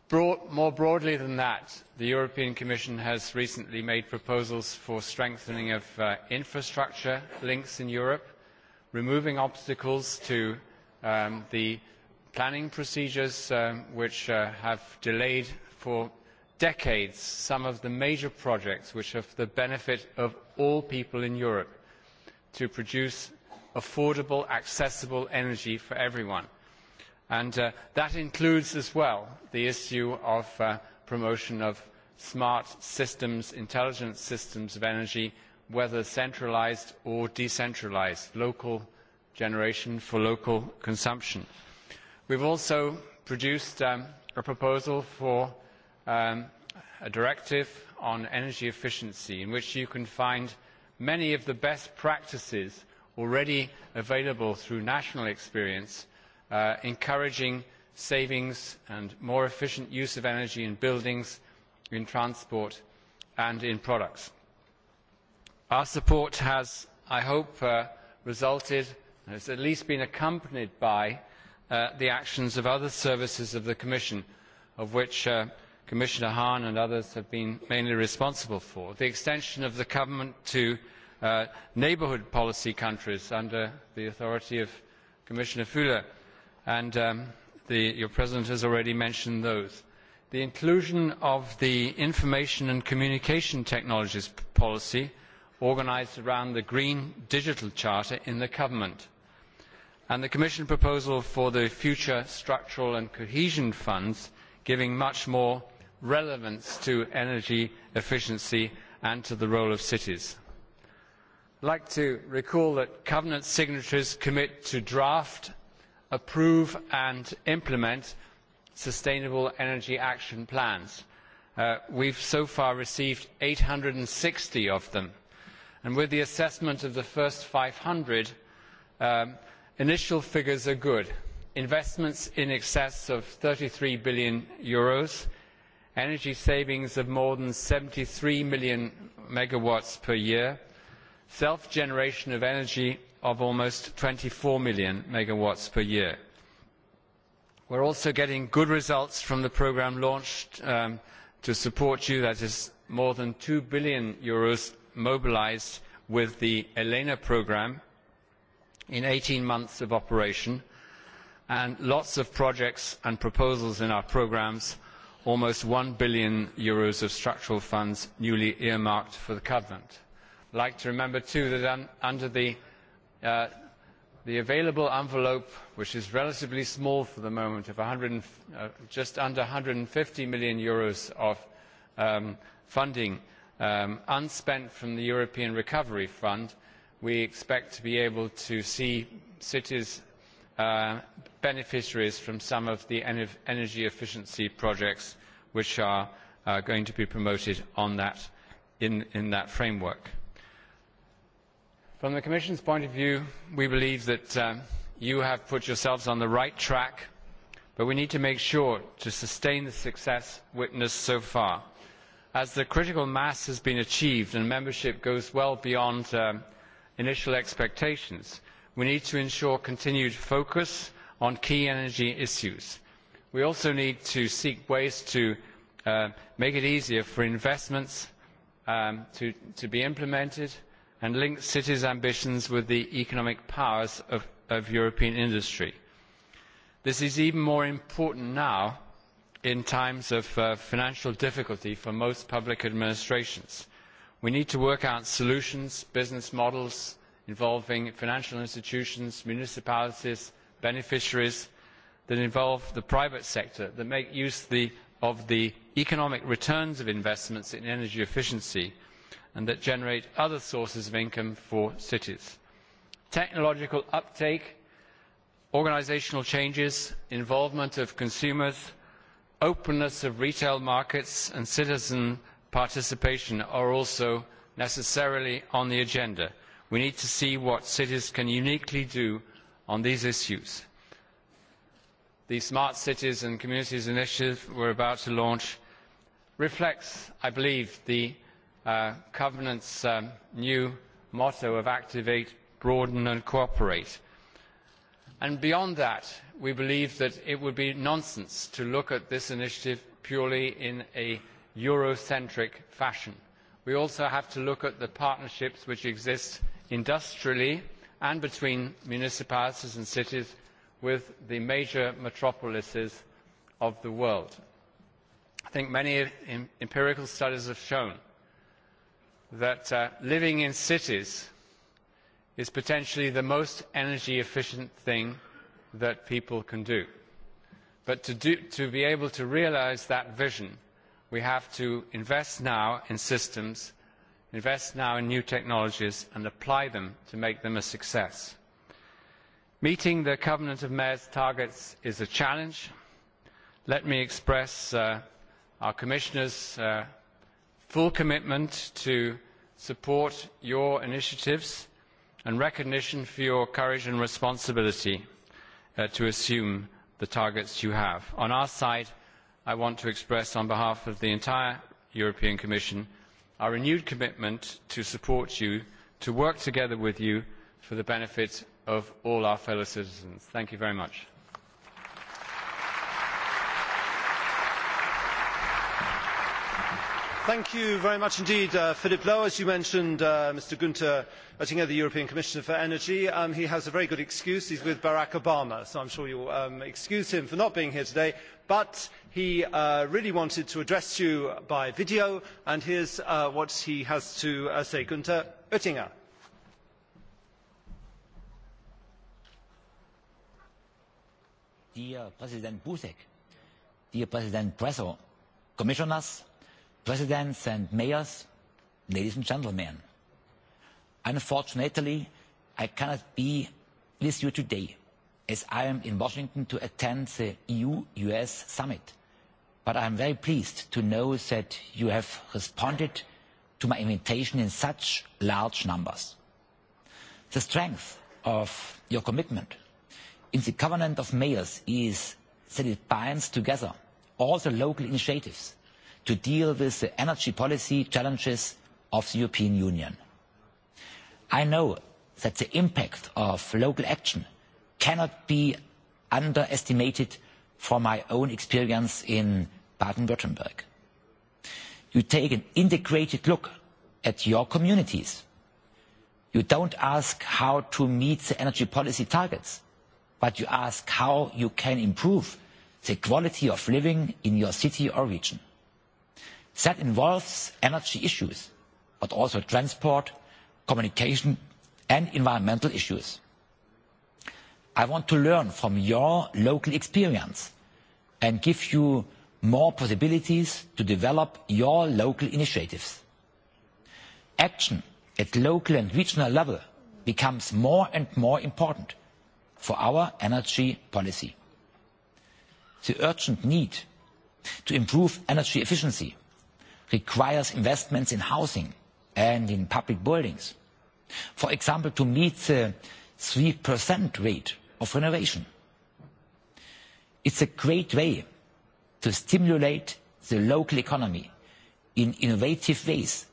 Broad, more broadly than that, the European Commission has recently made proposals for strengthening of uh, infrastructure links in Europe, removing obstacles to um, the planning procedures uh, which uh, have delayed for decades some of the major projects which are for the benefit of all people in Europe to produce affordable, accessible energy for everyone. And uh, that includes as well the issue of promotion of smart systems, intelligent systems of energy, whether centralised or decentralised, local generation for local consumption. We've also produced um, a proposal for um, a directive on energy efficiency in which you can find many of the best practices already available through national experience uh, encouraging savings and more efficient use of energy in buildings, in transport and in products. Our support has, I hope, uh, resulted, has at least been accompanied by Uh, the actions of other services of the Commission, of which uh, Commissioner Hahn and others have been mainly responsible for. The extension of the government to uh, neighbourhood policy countries under the authority of Commissioner Fühle, and um, the, your President has already mentioned those. The inclusion of the information and communication technologies policy organised around the Green Digital Charter in the government and the commission proposal for the future structural and cohesion funds giving much more relevance to energy efficiency and to the role of cities. i would like to recall that covenant signatories commit to draft approve and implement sustainable energy action plans. Uh, we have so far received eight hundred and sixty of them and with the assessment of the first five hundred um, initial figures are good investments in excess of eur thirty three billion energy savings of more than seventy three million megawatts per year self generation of energy of almost twenty four million megawatts per year. we are also getting good results from the programme launched um, to support you that is more than eur two billion Euros mobilised with the elena programme in eighteen months of operation and lots of projects and proposals in our programmes almost eur one billion Euros of structural funds newly earmarked for the covenant. i would like to remember too that under uh, the, available envelope which is relatively small for the moment of and, uh, just under eur one hundred and fifty million Euros of um, funding um, unspent from the european recovery fund we expect to be able to see cities uh, beneficiaries from some of the energy efficiency projects which are uh, going to be promoted on that, in, in that framework. From the Commission's point of view, we believe that uh, you have put yourselves on the right track, but we need to make sure to sustain the success witnessed so far. As the critical mass has been achieved and membership goes well beyond uh, initial expectations, we need to ensure continued focus on key energy issues. We also need to seek ways to uh, make it easier for investments um, to, to, be implemented and link cities' ambitions with the economic powers of, of European industry. This is even more important now in times of uh, financial difficulty for most public administrations we need to work out solutions business models involving financial institutions municipalities beneficiaries that involve the private sector that make use of the economic returns of investments in energy efficiency and that generate other sources of income for cities. technological uptake organisational changes involvement of consumers openness of retail markets and citizen participation are also necessarily on the agenda. We need to see what cities can uniquely do on these issues. The Smart Cities and Communities Initiative we are about to launch reflects, I believe, the uh, Covenant's um, new motto of Activate, Broaden and Cooperate. And beyond that, we believe that it would be nonsense to look at this initiative purely in a Eurocentric fashion. We also have to look at the partnerships which exist industrially and between municipalities and cities with the major metropolises of the world. I think many empirical studies have shown that uh, living in cities is potentially the most energy efficient thing that people can do. But to, do, to be able to realise that vision, we have to invest now in systems invest now in new technologies and apply them to make them a success. meeting the covenant of mayors targets is a challenge. let me express uh, our commissioner's uh, full commitment to support your initiatives and recognition for your courage and responsibility uh, to assume the targets you have. on our side I want to express on behalf of the entire European Commission our renewed commitment to support you, to work together with you for the benefit of all our fellow citizens. Thank you very much. Thank you very much indeed, uh, Philip Lowe. As you mentioned, uh, Mr Gunther Oettinger, the European Commissioner for Energy, um, he has a very good excuse. He's with Barack Obama, so I'm sure you'll um, excuse him for not being here today. But he uh, really wanted to address you by video and here is uh, what he has to uh, say. Günther Oettinger. Dear President Buzek, dear President Bresso, commissioners, presidents and mayors, ladies and gentlemen, unfortunately, I cannot be with you today as I am in Washington to attend the EU-US summit But I'm very pleased to know that you have responded to my invitation in such large numbers. The strength of your commitment in the Covenant of Mayors is that it binds together all the local initiatives to deal with the energy policy challenges of the European Union. I know that the impact of local action cannot be underestimated from my own experience in Baden-Württemberg. You take an integrated look at your communities. You don't ask how to meet the energy policy targets, but you ask how you can improve the quality of living in your city or region. That involves energy issues, but also transport, communication, and environmental issues. I want to learn from your local experience and give you more possibilities to develop your local initiatives. Action at local and regional level becomes more and more important for our energy policy. The urgent need to improve energy efficiency requires investments in housing and in public buildings. For example, to meet the 3% rate of renovation. It's a great way to stimulate the local economy in innovative ways,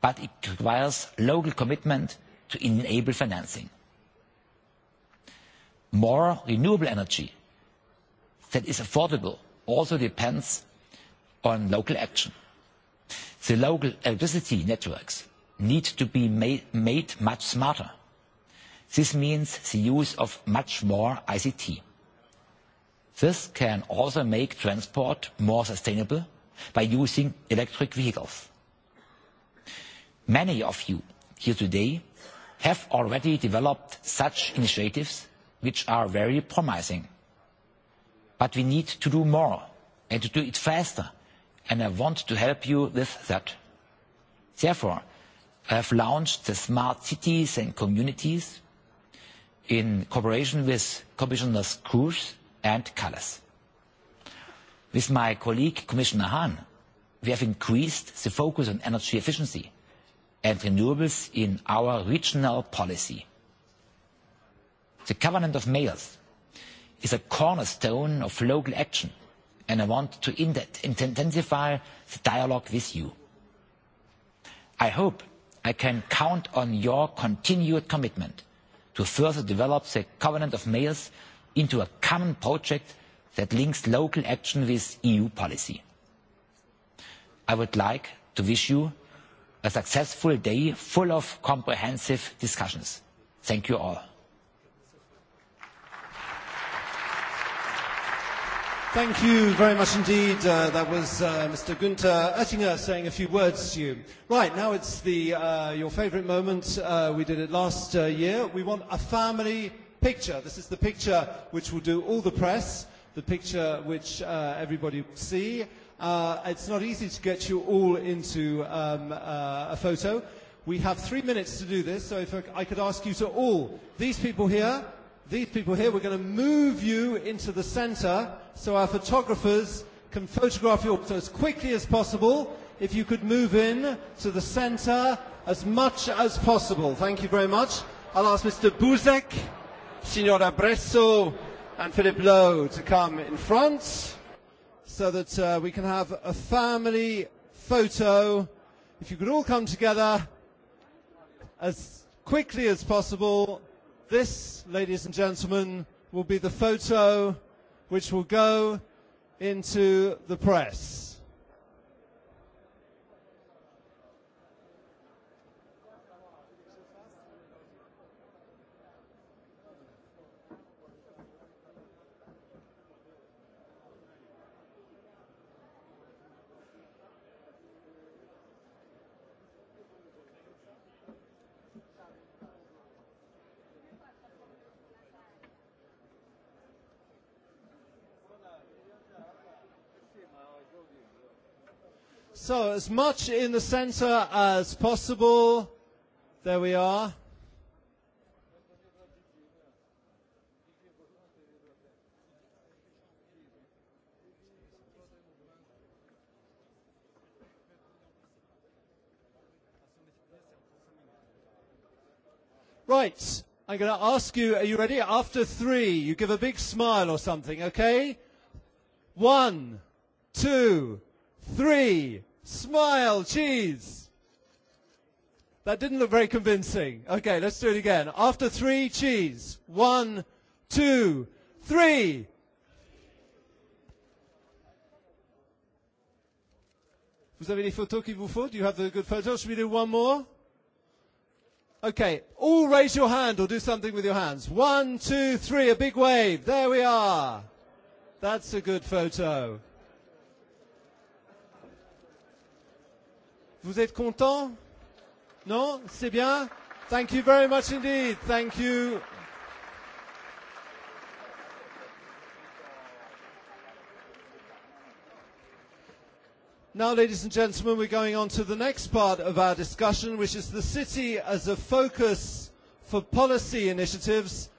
but it requires local commitment to enable financing. More renewable energy that is affordable also depends on local action. The local electricity networks need to be made, much smarter. This means the use of much more ICT. This can also make transport more sustainable by using electric vehicles. Many of you here today have already developed such initiatives, which are very promising. But we need to do more and to do it faster, and I want to help you with that. Therefore, I have launched the Smart Cities and Communities in cooperation with Commissioner Kroes and colors. With my colleague, Commissioner Hahn, we have increased the focus on energy efficiency and renewables in our regional policy. The Covenant of Mayors is a cornerstone of local action, and I want to intensify the dialogue with you. I hope I can count on your continued commitment to further develop the Covenant of Mayors into a common project that links local action with EU policy. I would like to wish you a successful day full of comprehensive discussions. Thank you all. Thank you very much indeed. Uh, that was uh, Mr. Günther Oettinger saying a few words to you. Right, now it's the, uh, your favorite moment. we did it last year. We want a family picture. This is the picture which will do all the press, the picture which uh, everybody will see. Uh, it's not easy to get you all into um, uh, a photo. We have three minutes to do this, so if I could ask you to all, these people here, these people here, we're going to move you into the center so our photographers can photograph you as quickly as possible. If you could move in to the center as much as possible. Thank you very much. I'll ask Mr. Buzek Signora Bresso and Philip Lowe to come in front so that uh, we can have a family photo. If you could all come together as quickly as possible, this, ladies and gentlemen, will be the photo which will go into the press. So, as much in the center as possible. There we are. Right, I'm going to ask you, are you ready? After three, you give a big smile or something, okay? One, two, three. Smile, cheese. That didn't look very convincing. Okay, let's do it again. After three, cheese. One, two, three. Vous avez les photos qu'il vous faut? Do you have the good photos? Should we do one more? Okay, all raise your hand or do something with your hands. One, two, three, a big wave. There we are. That's a good photo. Vous êtes content Non C'est bien Thank you very much indeed. Thank you. Now, ladies and gentlemen, we're going on to the next part of our discussion, which is the city as a focus for policy initiatives.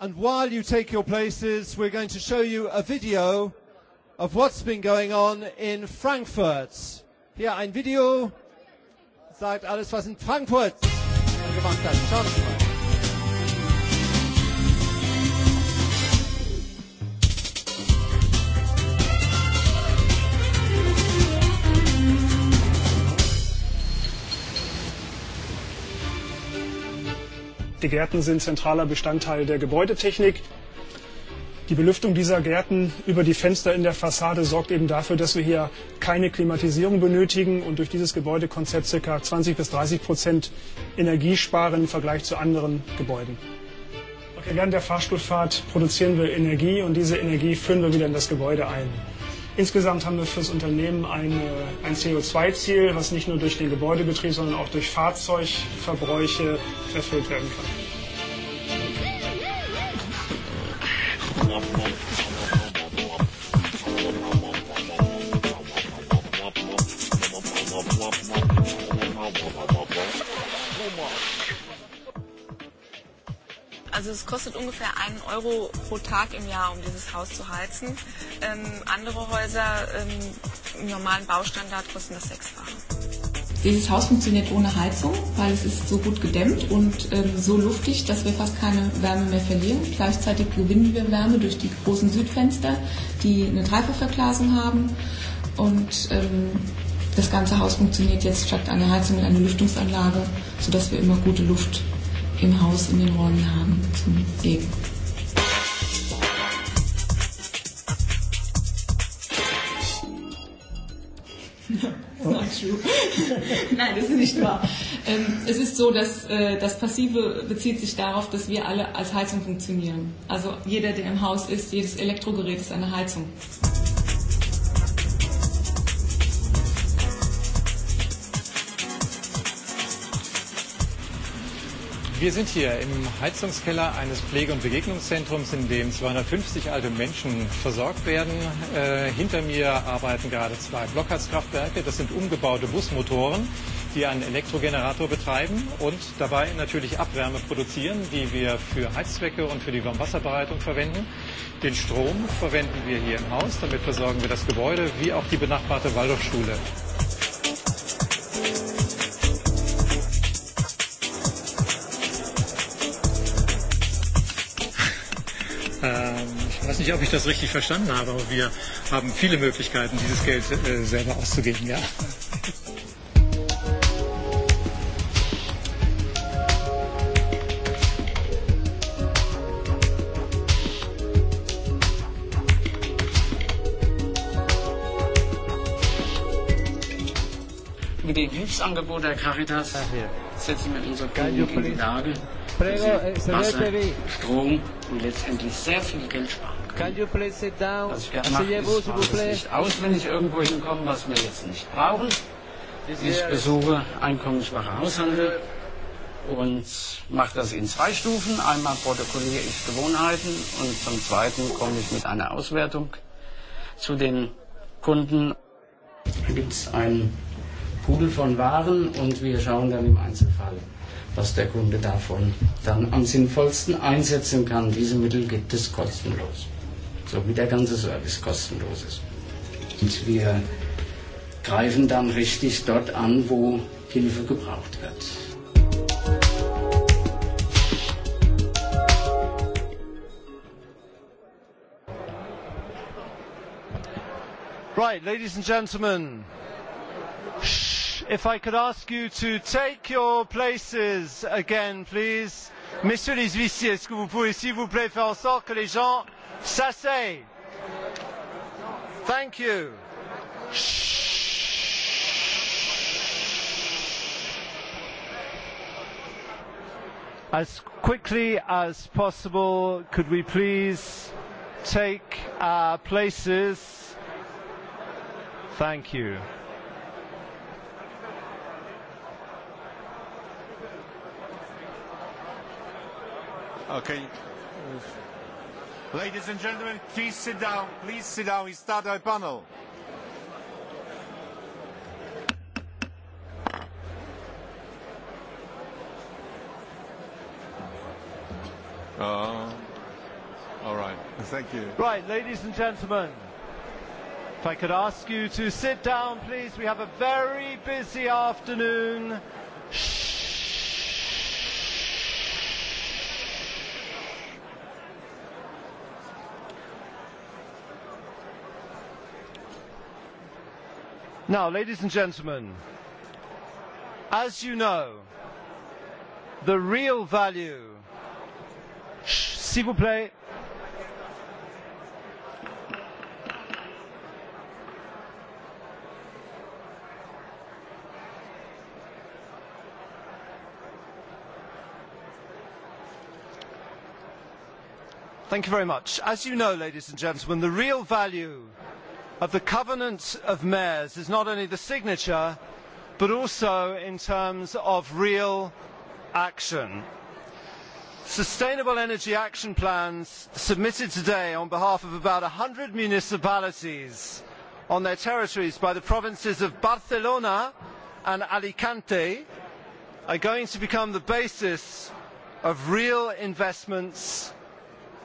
And while you take your places, we're going to show you a video of what's been going on in Frankfurt. Hier ein Video. Sagt alles, was in Frankfurt gemacht hat. Schauen Sie mal. Die Gärten sind zentraler Bestandteil der Gebäudetechnik. Die Belüftung dieser Gärten über die Fenster in der Fassade sorgt eben dafür, dass wir hier keine Klimatisierung benötigen und durch dieses Gebäudekonzept ca. 20 bis 30 Prozent Energie sparen im Vergleich zu anderen Gebäuden. Okay, während der Fahrstuhlfahrt produzieren wir Energie und diese Energie führen wir wieder in das Gebäude ein. Insgesamt haben wir für das Unternehmen eine, ein CO2-Ziel, was nicht nur durch den Gebäudebetrieb, sondern auch durch Fahrzeugverbräuche erfüllt werden kann. Also es kostet ungefähr einen Euro pro Tag im Jahr, um dieses Haus zu heizen. Ähm, andere Häuser ähm, im normalen Baustandard kosten das sechsfache. Dieses Haus funktioniert ohne Heizung, weil es ist so gut gedämmt und ähm, so luftig, dass wir fast keine Wärme mehr verlieren. Gleichzeitig gewinnen wir Wärme durch die großen Südfenster, die eine Dreifachverglasung haben. Und ähm, das ganze Haus funktioniert jetzt statt einer Heizung mit einer Lüftungsanlage, sodass wir immer gute Luft im Haus, in den Räumen haben zum Leben. Ja. Nein, das ist nicht wahr. Ähm, es ist so, dass äh, das Passive bezieht sich darauf, dass wir alle als Heizung funktionieren. Also jeder, der im Haus ist, jedes Elektrogerät ist eine Heizung. Wir sind hier im Heizungskeller eines Pflege- und Begegnungszentrums, in dem 250 alte Menschen versorgt werden. Äh, hinter mir arbeiten gerade zwei Blockheizkraftwerke. Das sind umgebaute Busmotoren, die einen Elektrogenerator betreiben und dabei natürlich Abwärme produzieren, die wir für Heizzwecke und für die Warmwasserbereitung verwenden. Den Strom verwenden wir hier im Haus, damit versorgen wir das Gebäude wie auch die benachbarte Waldorfschule. Ich ähm, weiß nicht, ob ich das richtig verstanden habe, aber wir haben viele Möglichkeiten, dieses Geld äh, selber auszugeben, ja. Mit den Hilfsangeboten der Caritas setzen wir unsere Kunden in die Lage, Eh, Wasser, Strom und letztendlich sehr viel Geld sparen können. Can you please sit down? Was ich gerne mache, ist, es nicht aus, wenn ich irgendwo hinkomme, was wir jetzt nicht brauchen. Ich besuche einkommensschwache Haushalte und mache das in zwei Stufen. Einmal protokolliere ich Gewohnheiten und zum Zweiten komme ich mit einer Auswertung zu den Kunden. Da gibt es einen Pudel von Waren und wir schauen dann im Einzelfall was der Kunde davon dann am sinnvollsten einsetzen kann. Diese Mittel gibt es kostenlos, so wie der ganze Service kostenlos ist. Und wir greifen dann richtig dort an, wo Hilfe gebraucht wird. Right, ladies and gentlemen, If I could ask you to take your places again, please. Messieurs les huissiers, est-ce que vous pouvez, s'il vous plaît, faire en sorte que les gens s'asseyent Thank you. As quickly as possible, could we please take our places? Thank you. Okay. Ladies and gentlemen, please sit down. Please sit down. We start our panel. Uh, all right. Thank you. Right, ladies and gentlemen, if I could ask you to sit down, please. We have a very busy afternoon. Shh. Now, ladies and gentlemen, as you know, the real value, s'il vous plaît, Thank you very much. As you know, ladies and gentlemen, the real value of the Covenant of Mayors is not only the signature, but also in terms of real action. Sustainable energy action plans submitted today on behalf of about 100 municipalities on their territories by the provinces of Barcelona and Alicante are going to become the basis of real investments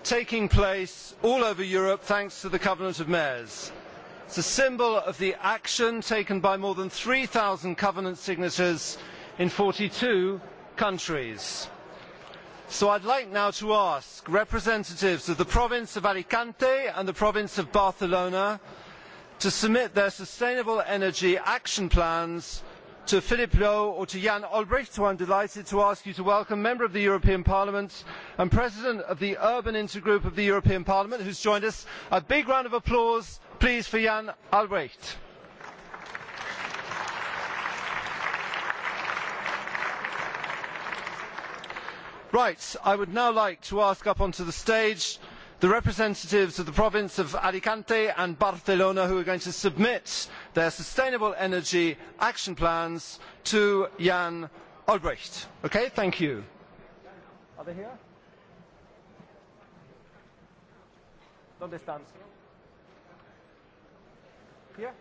taking place all over Europe thanks to the Covenant of Mayors it is a symbol of the action taken by more than three thousand covenant signatories in forty two countries. so i would like now to ask representatives of the province of alicante and the province of barcelona to submit their sustainable energy action plans to philippe lowe or to jan olbrycht who i am delighted to ask you to welcome member of the european parliament and president of the urban intergroup of the european parliament who has joined us. a big round of applause please for Jan Albrecht. Right, I would now like to ask up onto the stage the representatives of the province of Alicante and Barcelona who are going to submit their sustainable energy action plans to Jan Albrecht. Okay, thank you. Are they here? ¿Dónde están? Here?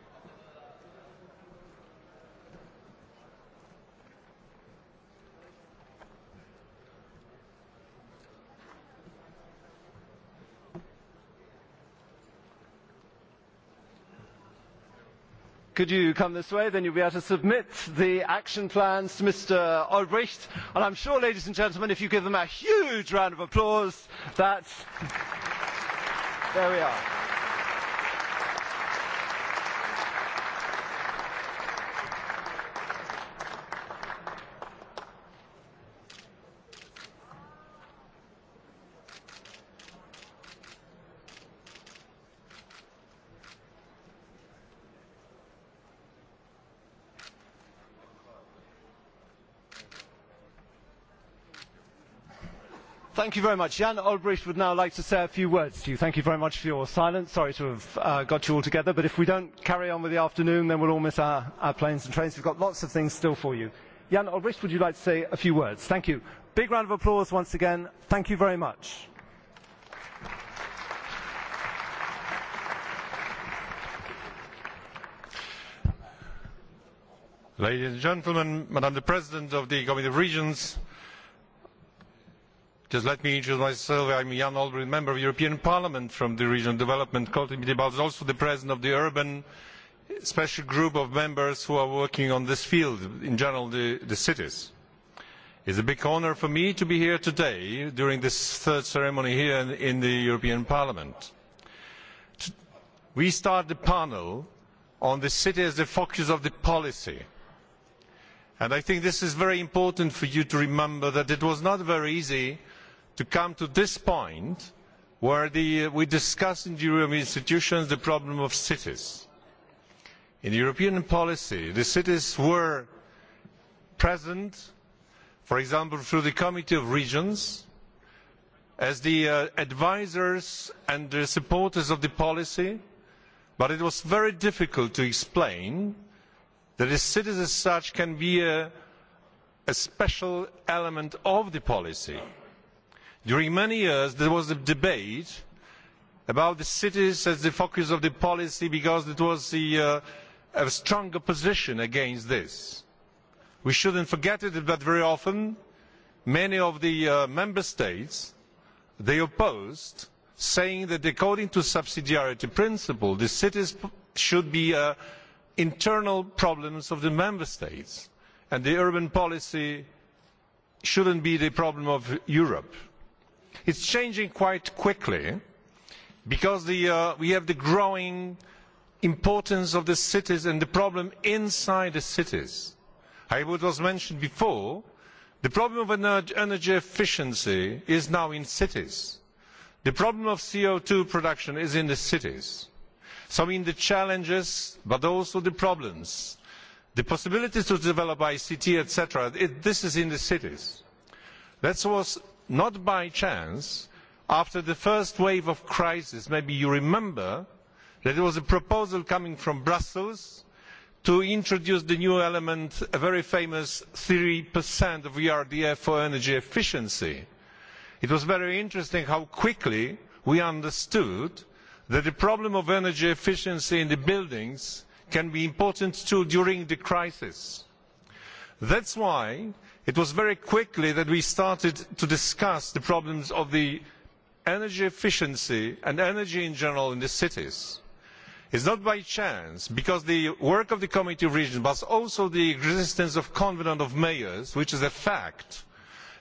could you come this way then you'll be able to submit the action plans to mr olbrycht and I'm sure ladies and gentlemen if you give them a huge round of applause that's. there we are. Thank you very much. Jan Olbricht would now like to say a few words to you. Thank you very much for your silence. Sorry to have uh, got you all together, but if we don't carry on with the afternoon, then we'll all miss our, our planes and trains. We've got lots of things still for you. Jan Olbricht, would you like to say a few words? Thank you. Big round of applause once again. Thank you very much. Ladies and gentlemen, Madam the President of the Committee of Regions, Just let me introduce myself. I'm Jan Olbry, member of the European Parliament from the Regional Development Committee, but also the president of the Urban Special Group of members who are working on this field, in general the, the cities. It's a big honour for me to be here today during this third ceremony here in, in the European Parliament. We start the panel on the city as the focus of the policy. And I think this is very important for you to remember that it was not very easy to come to this point where the, uh, we discuss in the European institutions the problem of cities. In European policy, the cities were present, for example, through the Committee of Regions, as the uh, advisers and the supporters of the policy, but it was very difficult to explain that the cities as such can be a, a special element of the policy during many years there was a debate about the cities as the focus of the policy because it was the, uh, a strong opposition against this. We shouldn't forget it, but very often many of the uh, member states they opposed, saying that according to subsidiarity principle, the cities should be uh, internal problems of the member states, and the urban policy shouldn't be the problem of Europe It's changing quite quickly because the, uh, we have the growing importance of the cities and the problem inside the cities. As was mentioned before, the problem of energy efficiency is now in cities. The problem of CO2 production is in the cities. So I mean the challenges, but also the problems, the possibilities to develop ICT, etc. this is in the cities. That was not by chance, after the first wave of crisis, maybe you remember, that there was a proposal coming from Brussels to introduce the new element, a very famous 3% of ERDF for energy efficiency. It was very interesting how quickly we understood that the problem of energy efficiency in the buildings can be important too during the crisis. That's why it was very quickly that we started to discuss the problems of energy efficiency and energy in general in the cities. it is not by chance because the work of the committee of regions but also the existence of the covenant of mayors which is a fact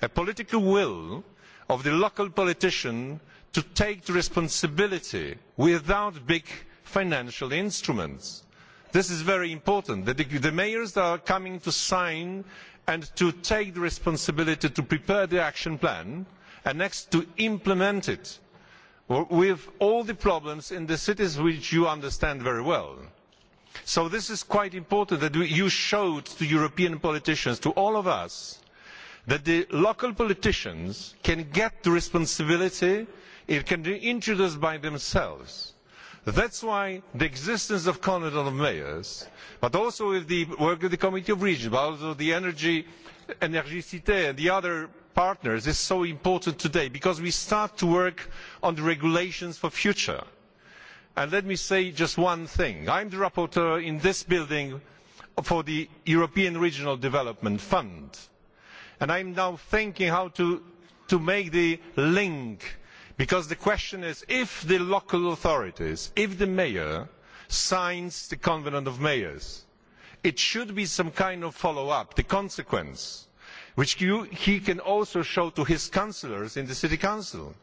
a political will of the local politician to take responsibility without big financial instruments. this is very important that the mayors are coming to sign and to take the responsibility to prepare the action plan and next to implement it with all the problems in the cities which you understand very well. so this is quite important that you showed to european politicians to all of us that the local politicians can get the responsibility it can be introduced by themselves that is why the existence of Conradon of Mayors, but also the work of the Committee of Regions, but also the Energy, Energicité and the other partners is so important today because we start to work on the regulations for future. And let me say just one thing. i am the rapporteur in this building for the European Regional Development Fund. And i am now thinking how to, to make the link because the question is if the local authorities if the mayor signs the covenant of mayors it should be some kind of follow up the consequence which you, he can also show to his councillors in the city council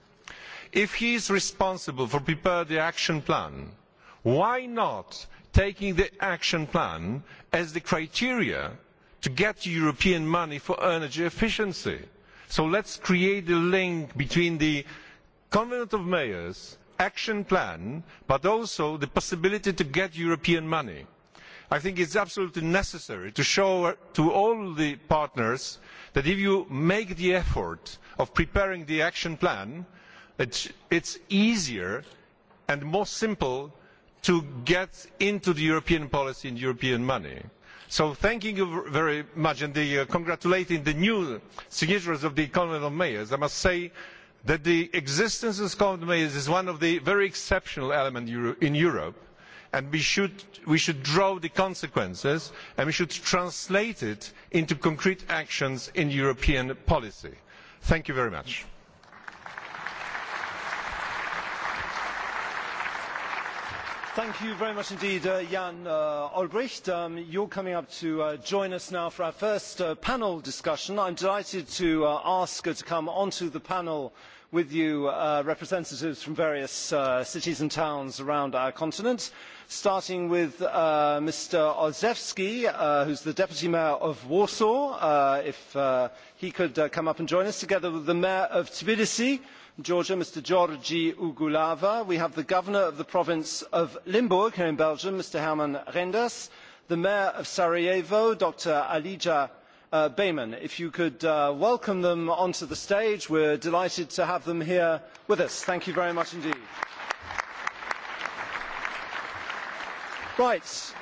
if he is responsible for preparing the action plan why not taking the action plan as the criteria to get european money for energy efficiency so let's create a link between the convent of mayors action plan but also the possibility to get european money. i think it is absolutely necessary to show to all the partners that if you make the effort of preparing the action plan it is easier and more simple to get into the european policy and european money. so thanking you very much and uh, congratulating the new signatories of the convent of mayors i must say that that the existence of common ways is one of the very exceptional elements in europe and we should, we should draw the consequences and we should translate it into concrete actions in european policy. thank you very much. Thank you very much indeed, uh, Jan uh, Olbricht. Um, you're coming up to uh, join us now for our first uh, panel discussion. I'm delighted to uh, ask her to come onto the panel with you uh, representatives from various uh, cities and towns around our continent, starting with uh, Mr. Olszewski, uh, who's the Deputy Mayor of Warsaw, uh, if uh, he could uh, come up and join us, together with the Mayor of Tbilisi, Georgia, Mr. Georgi Ugulava. We have the Governor of the province of Limburg here in Belgium, Mr. Herman Renders, the Mayor of Sarajevo, Dr. Alija Uh, Bayman. If you could uh, welcome them onto the stage, we're delighted to have them here with us. Thank you very much indeed. Right.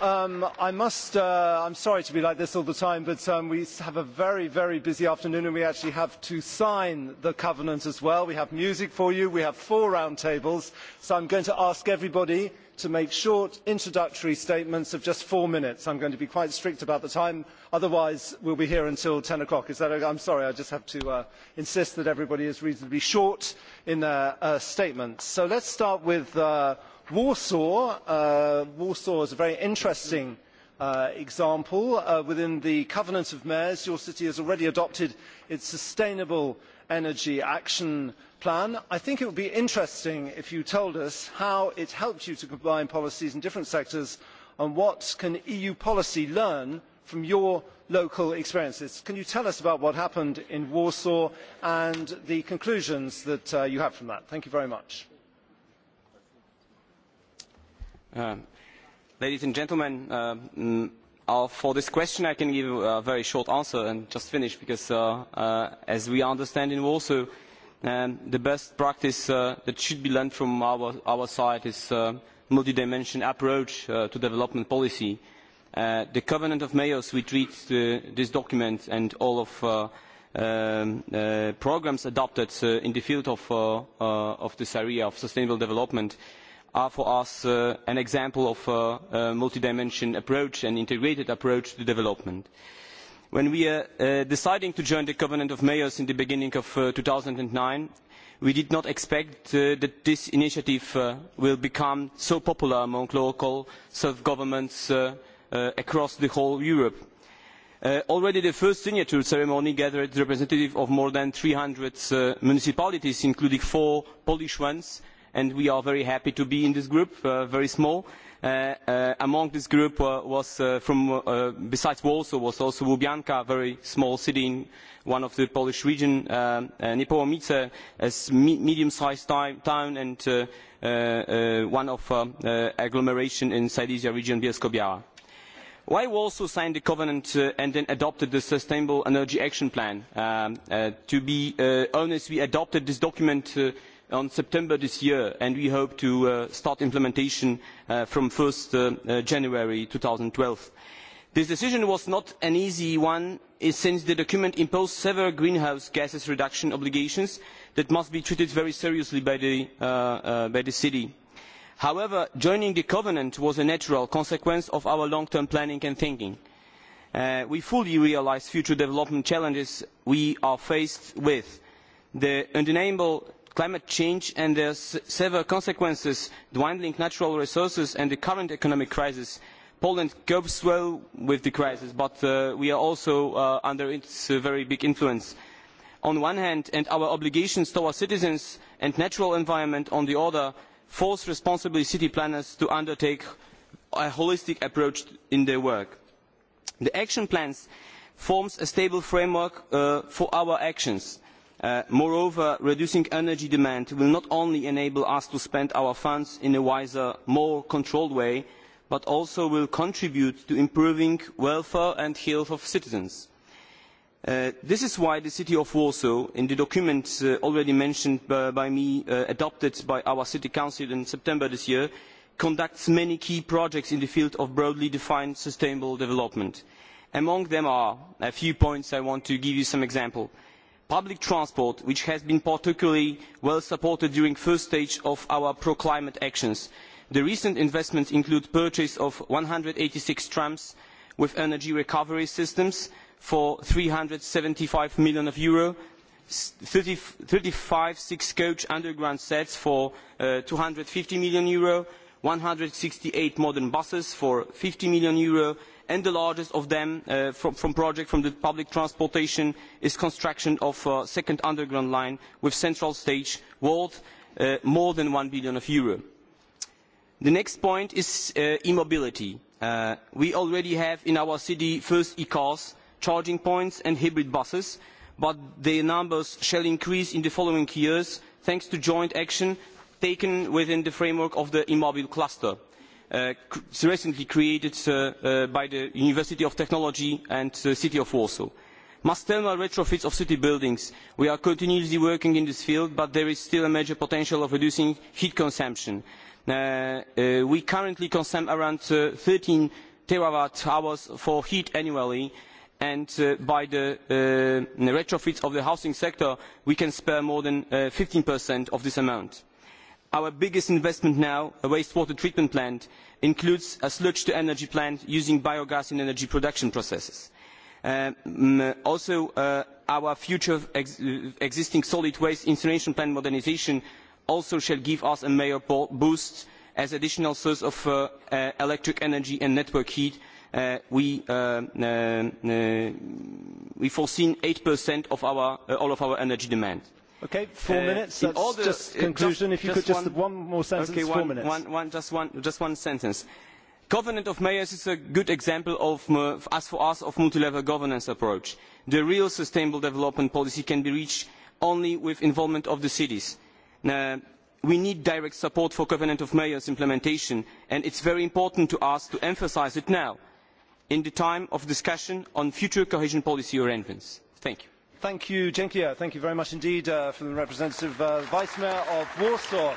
Um, I must, uh, I'm sorry to be like this all the time, but um, we have a very, very busy afternoon and we actually have to sign the covenant as well. We have music for you, we have four round tables, so I'm going to ask everybody to make short introductory statements of just four minutes. i am going to be quite strict about the time otherwise we will be here until. ten o'clock i am sorry i just have to uh, insist that everybody is reasonably short in their uh, statements. so let us start with uh, warsaw. Uh, warsaw is a very interesting uh, example. Uh, within the covenant of mayors your city has already adopted its sustainable energy action plan plan i think it would be interesting if you told us how it helped you to combine policies in different sectors and what can eu policy learn from your local experiences. can you tell us about what happened in warsaw and the conclusions that uh, you have from that? thank you very much. Uh, ladies and gentlemen uh, mm, for this question i can give a very short answer and just finish because as we understand in warsaw and the best practice uh, that should be learned from our, our side is a uh, multi-dimensional approach uh, to development policy. the Covenant of Mayors, we treat this document and all of Um, uh, programmes adopted uh, in the field of, uh, of, this area of sustainable development are for us an example of a multi-dimensional approach and integrated approach to development. Uh, when we were uh, uh, deciding to join the covenant of mayors in the beginning of uh, two thousand and nine we did not expect that this initiative would become so popular among local self governments across the whole of europe. already the first signature ceremony gathered representatives of more than three hundred municipalities including four polish ones and we are very happy to be in this group very small. Uh, uh, among this group uh, besides warsaw was also lubianka a very small city in one of the polish regions niepołomice a medium sized town and one of agglomerations in silesia region bielsko biała. why warsaw signed the covenant and then adopted the sustainable energy action plan? Um, to be honest we adopted this document in september this year and we hope to uh, start implementation uh, from one uh, january. two thousand and twelve this decision was not an easy one since the document imposed several greenhouse gas reduction obligations that must be treated very seriously by the, city. however joining the covenant was a natural consequence of our long term planning and thinking. we fully realise the future development challenges we are faced with. the undeniable climate change and its severe consequences dwindling natural resources and the current economic crisis poland copes well with the crisis but uh, we are also uh, under its uh, very big influence on the one hand and our obligations to our citizens and natural environment on the other force responsible city planners to undertake a holistic approach in their work. the action plans form a stable framework uh, for our actions Uh, moreover reducing energy demand will not only enable us to spend our funds in a wiser more controlled way but also will contribute to improving the welfare and health of citizens. Uh, this is why the city of warsaw in the document uh, already mentioned by, me adopted by our city council in september this year conducts many key projects in the field of broadly defined sustainable development. among them are a few points i want to give you some examples public transport which has been particularly well supported during the first stage of our pro climate actions. the recent investments include the purchase of one hundred and eighty six trams with energy recovery systems for eur three hundred and seventy five million thirty five six coach underground sets for eur uh, two hundred and fifty million one hundred and sixty eight modern buses for eur fifty million and the largest of them uh, from, projects from the public transportation is construction of a uh, second underground line with central stage worth uh, more than eur one billion The next point is e-mobility. we already have in our city first e-cars, charging points and hybrid buses, but their numbers shall increase in the following years thanks to joint action taken within the framework of the e immobile cluster Uh, recently created uh, uh, by the University of Technology and the City of Warsaw. Mass thermal retrofits of city buildings. We are continuously working in this field, but there is still a major potential of reducing heat consumption. Uh, uh, we currently consume around uh, thirteen terawatt hours for heat annually, and by the retrofits of the housing sector, we can spare more than uh, of this amount our biggest investment now a wastewater treatment plant includes a sludge to energy plant using biogas in energy production processes. Um, mm, also uh, our future existing solid waste incineration plant modernisation also shall give us a major boost as an additional source of uh, uh, electric energy and network heat we foresee eight of all of our energy demand Okay, four uh, minutes. That's all order, just uh, conclusion. Just, if you just could just one, one more sentence, okay, four one, minutes. One, one, just one, just one sentence. Covenant of Mayors is a good example of, uh, as for us, of multi-level governance approach. The real sustainable development policy can be reached only with involvement of the cities. Now, we need direct support for Covenant of Mayors implementation, and it's very important to us to emphasize it now, in the time of discussion on future cohesion policy arrangements. Thank you. Thank you, very much indeed uh, from the representative uh, Vice Mayor of Warsaw.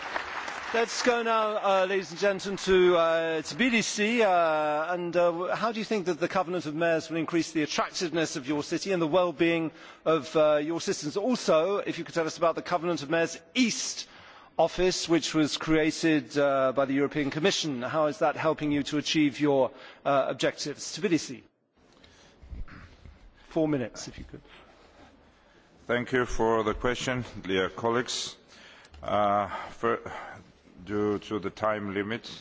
let us go now, uh, ladies and gentlemen, to uh, Tbilisi. Uh, and how do you think that the Covenant of Mayors will increase the attractiveness of your city and the well-being of your citizens? Also, if you could tell us about the Covenant of Mayors East, office which was created by the european commission how is that helping you to achieve your objectives? tbilisi four minutes if you could. Thank you for the question, dear colleagues. Uh, for, due to the time limit,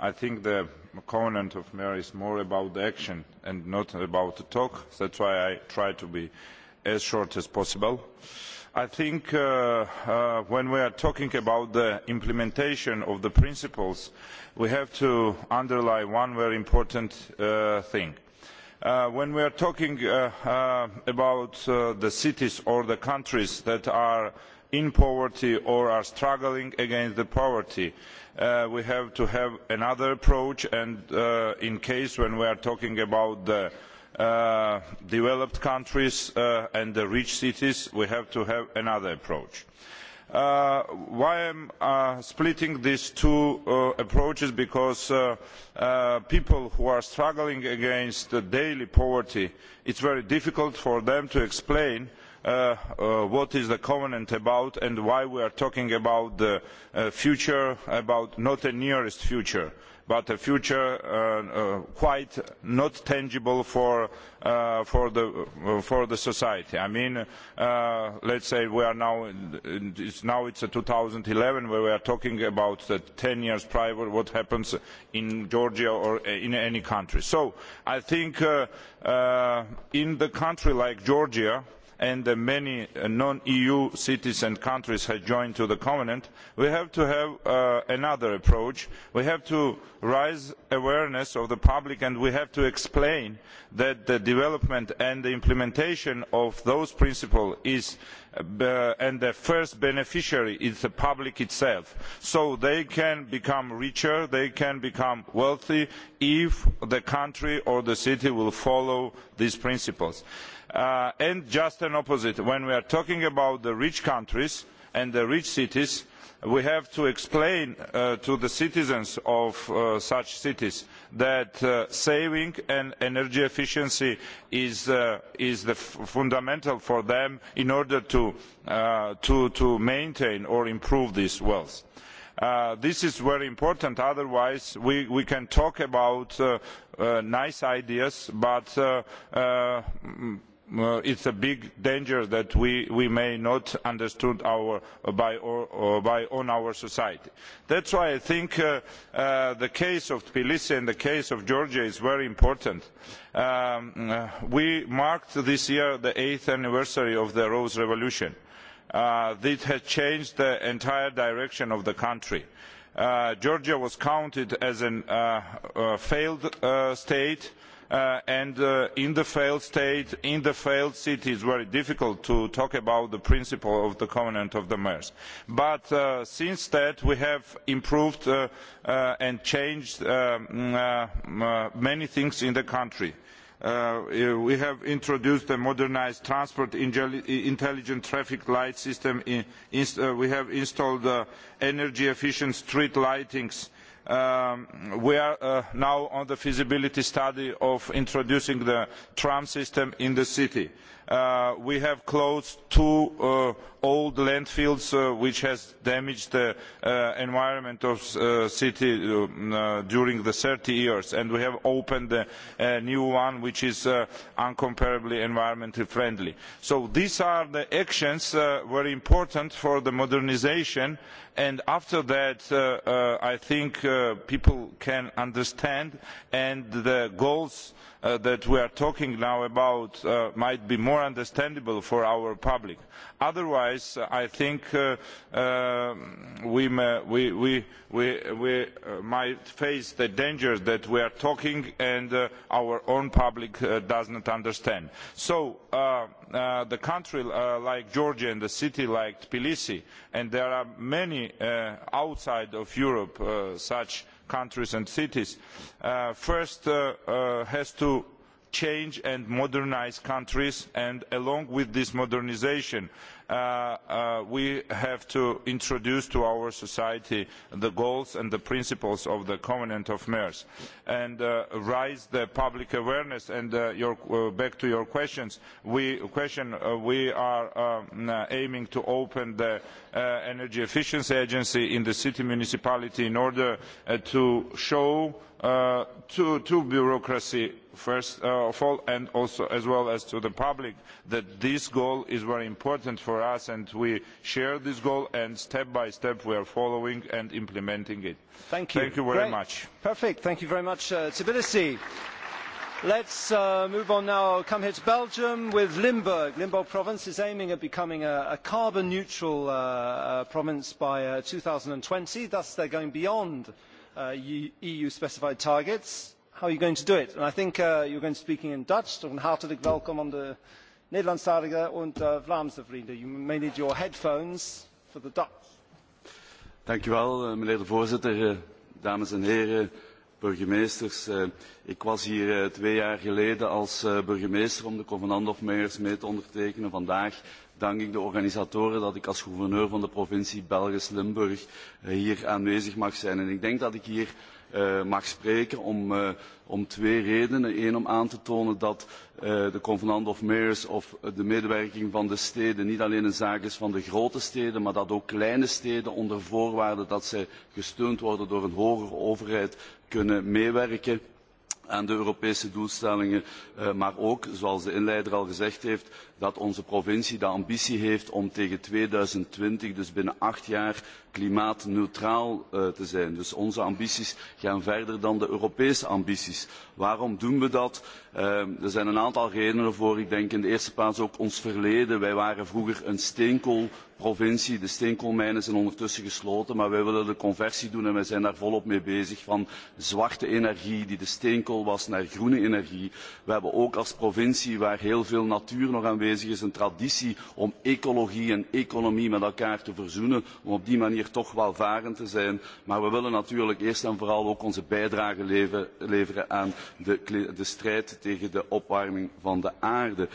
I think the covenant of mayor is more about the action and not about the talk. That's why I try to be as short as possible. I think uh, uh, when we are talking about the implementation of the principles, we have to underline one very important uh, thing. Uh, Uh, when we are talking uh, uh, about the cities or the countries that are in poverty or are struggling against the poverty we have to have another approach and in case when we are talking about the developed countries and the rich cities we have to have another approach. Uh, why i am uh, splitting these two uh, approaches is because people who are struggling against daily poverty it is very difficult for them to explain what is the covenant about and why we are talking about the future about not the nearest future but a future uh, uh, quite not tangible uh, for, the, society. I mean, let us say we are now, in, it's, now it's a 2011 where we are talking about the 10 years prior to what happens in Georgia or in any country. So I think in a country like Georgia, and many uh, non eu cities and countries have joined the covenant we have to have uh, another approach we have to raise awareness of the public and we have to explain that the development and the implementation of those principles is uh, and the first beneficiary is the public itself so they can become richer they can become wealthy if the country or the city follows these principles. Uh, and just an opposite when we are talking about the rich countries and the rich cities we have to explain uh, to the citizens of uh, such cities that saving and energy efficiency is, fundamental for them in order to, maintain or improve this wealth. this is very important otherwise we can talk about nice ideas but it uh, it's a big danger that we, may not understood uh, by, or, uh, by on our society. That's why I think the case of Tbilisi and the case of Georgia is very important. Um, we marked this year the eighth anniversary of the Rose Revolution. this has changed the entire direction of the country. Georgia was counted as a failed state. Uh, and uh, in the failed state in the failed city it is very difficult to talk about the principle of the covenant of the mayors. but uh, since then we have improved and changed mm, many things in the country. we have introduced a modernised transport intelligent traffic light system we have installed energy efficient street lightings Um, we are uh, now on the feasibility study of introducing the tram system in the city. Uh, we have closed two uh, old landfills which have damaged the environment of the city during the thirty years and we have opened a new one which is incomparably environmentally friendly. so these are the actions very important for the modernisation and after that uh, uh, i think uh, people can understand and the goals that we are talking now about might be more understandable for our public. otherwise i think um, we, might face the danger that we are talking and our own public does not understand. so the country like georgia and a city like tbilisi and there are many Uh, outside of europe uh, such countries and cities uh, first has to change and modernise countries and along with this modernisation Uh, uh, we have to introduce to our society the goals and the principles of the Covenant of Mayors and uh, raise the public awareness. And back to your questions, we, question, we are um, aiming to open the energy efficiency agency in the city municipality in order to show Uh, to, bureaucracy first uh, of all and as well as to the public that this goal is very important for us and we share this goal and step by step we are following and implementing it. Thank you, very much. Perfect. Thank you very much, uh, Tbilisi. let us move on now. Come here to Belgium with Limburg. Limburg province is aiming at becoming a, carbon neutral province by two thousand and twenty Thus, they are going beyond uh, Uh, eu e specified targets how are you going to do it? i think are uh, going to speak in dutch so een hartelijk welkom aan de nederlandstalige en uh, vlaamse vrienden. you may need your headphones for the dutch. dank u wel eh, meneer de voorzitter eh, dames en heren burgemeesters. Eh, ik was hier twee jaar geleden als burgemeester om de convenant of mayors mee te ondertekenen. vandaag dank ik de organisatoren dat ik als gouverneur van de provincie belgisch limburg eh, hier aanwezig mag zijn. ik denk dat ik hier eh, mag spreken eh, om, twee redenen. Eén om aan te tonen dat de Convenant of Mayors of de medewerking van de steden niet alleen een zaak is van de grote steden, maar dat ook kleine steden onder voorwaarde dat zij gesteund worden door een hogere overheid kunnen meewerken aan de Europese doelstellingen, eh, maar ook, zoals de inleider al gezegd heeft, dat onze provincie de ambitie heeft om tegen tweeduizendtwintig dus binnen acht jaar, klimaatneutraal eh, te zijn. Dus onze ambities gaan verder dan de Europese ambities. Waarom doen we dat? Eh, er zijn een aantal redenen voor. Ik denk in de eerste plaats ook ons verleden. Wij waren vroeger een steenkoolprovincie. De steenkoolmijnen zijn ondertussen gesloten, maar wij willen de conversie doen en wij zijn daar volop mee bezig van zwarte energie die de steenkool was naar groene energie. We hebben ook als provincie waar heel veel natuur nog aanwezig is een traditie om ecologie en economie met elkaar te verzoenen, om op die manier toch welvarend te zijn. Maar we willen natuurlijk eerst en vooral ook onze bijdrage leveren aan de strijd tegen de opwarming van de aarde.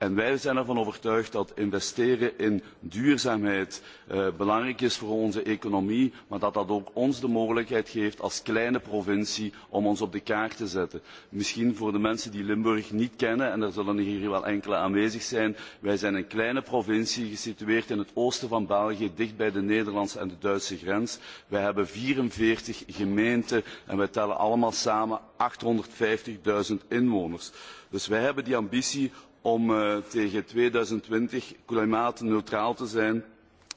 En wij zijn ervan overtuigd dat investeren in duurzaamheid eh, belangrijk is voor onze economie, maar dat dat ook ons de mogelijkheid geeft als kleine provincie om ons op de kaart te zetten. Misschien voor de mensen die Limburg niet kennen, en er zullen hier wel enkele aanwezig zijn, wij zijn een kleine provincie gesitueerd in het oosten van België, dicht bij de Nederlandse en de Duitse grens. Wij hebben 44 gemeenten en wij tellen allemaal samen 850.000 inwoners. Dus wij hebben die ambitie om eh, tegen tweeduizendtwintig klimaatneutraal te zijn.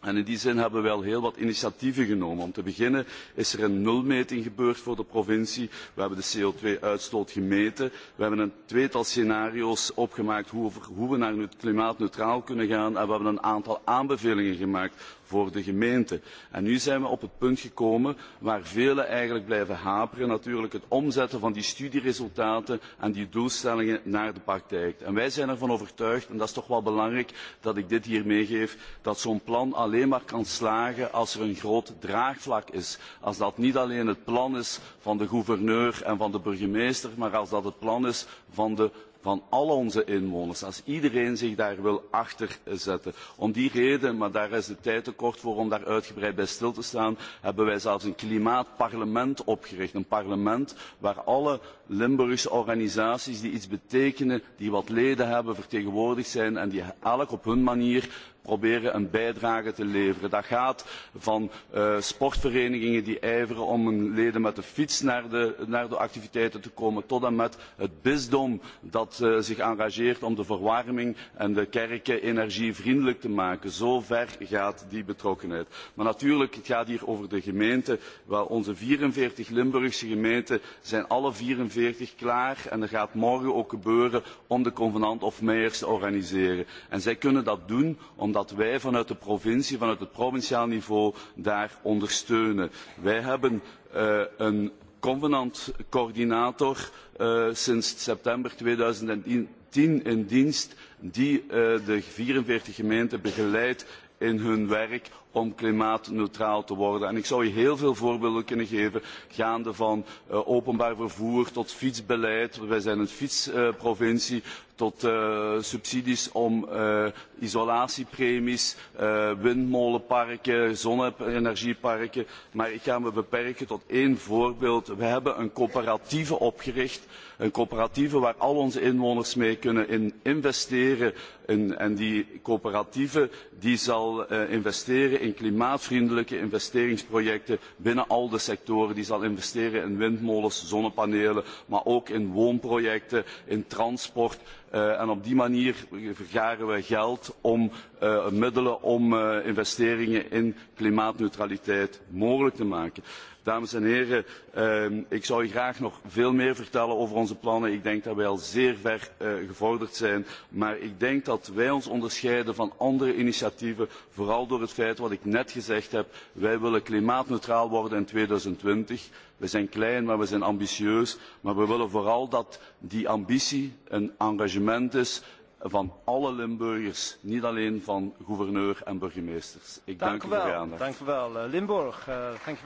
En in die zin hebben we al heel wat initiatieven genomen. Om te beginnen is er een nulmeting gebeurd voor de provincie. We hebben de co twee uitstoot gemeten. We hebben een tweetal scenario's opgemaakt over hoe we naar klimaatneutraal kunnen gaan. En we hebben een aantal aanbevelingen gemaakt voor de gemeente. En nu zijn we op het punt gekomen waar velen eigenlijk blijven haperen, natuurlijk het omzetten van die studieresultaten en die doelstellingen naar de praktijk. En wij zijn ervan overtuigd, en dat is toch wel belangrijk dat ik dit hier meegeef, dat zo'n plan alleen maar kan slagen als er een groot draagvlak is. Als dat niet alleen het plan is van de gouverneur en van de burgemeester, maar als dat het plan is van de van al onze inwoners. Als iedereen zich daar wil achter zetten. Om die reden, maar daar is de tijd te kort voor om daar uitgebreid bij stil te staan, hebben wij zelfs een klimaatparlement opgericht. Een parlement waar alle Limburgse organisaties die iets betekenen, die wat leden hebben, vertegenwoordigd zijn en die elk op hun manier proberen een bijdrage te leveren. Dat gaat van eh, sportverenigingen die ijveren om hun leden met de fiets naar de, activiteiten te komen, tot en met het bisdom dat eh, zich engageert om de verwarming en de kerken energievriendelijk te maken. Zo ver gaat die betrokkenheid. Maar natuurlijk, het gaat hier over de gemeenten. Wel, onze vierenveertig Limburgse gemeenten zijn alle vierenveertig klaar en er gaat morgen ook gebeuren om de convenant of meyers te organiseren. En zij kunnen dat doen omdat wij vanuit de provincie, vanuit het provinciaal niveau daar ondersteunen. Wij hebben eh, een convenant coördinator eh, sinds september tweeduizendtien in dienst die eh, de vierenveertig gemeenten begeleidt in hun werk om klimaatneutraal te worden. En ik zou u heel veel voorbeelden kunnen geven, gaande van eh, openbaar vervoer tot fietsbeleid. Wij zijn een fietsprovincie. Eh, tot uh, subsidies om uh, isolatiepremies, uh, windmolenparken, zonne-energieparken. Maar ik ga me beperken tot één voorbeeld. We hebben een coöperatieve opgericht. Een coöperatieve waar al onze inwoners mee kunnen in investeren. In, en die coöperatieve die zal uh, investeren in klimaatvriendelijke investeringsprojecten binnen al de sectoren. Die zal investeren in windmolens, zonnepanelen, maar ook in woonprojecten, in transport. Eh, en op die manier vergaren we geld om eh, middelen om eh, investeringen in klimaatneutraliteit mogelijk te maken dames en heren ehm, ik zou u graag nog veel meer vertellen over onze plannen. ik denk dat wij al zeer ver eh, gevorderd zijn maar ik denk dat wij ons onderscheiden van andere initiatieven vooral door het feit wat ik net gezegd heb wij willen klimaatneutraal worden in. tweeduizendtwintig we zijn klein maar we zijn ambitieus maar we willen vooral dat die ambitie een engagement is van alle Limburgers, niet alleen van gouverneur en burgemeesters. Ik dank, dank u voor uw aandacht. Eh, Limburg, uh, thank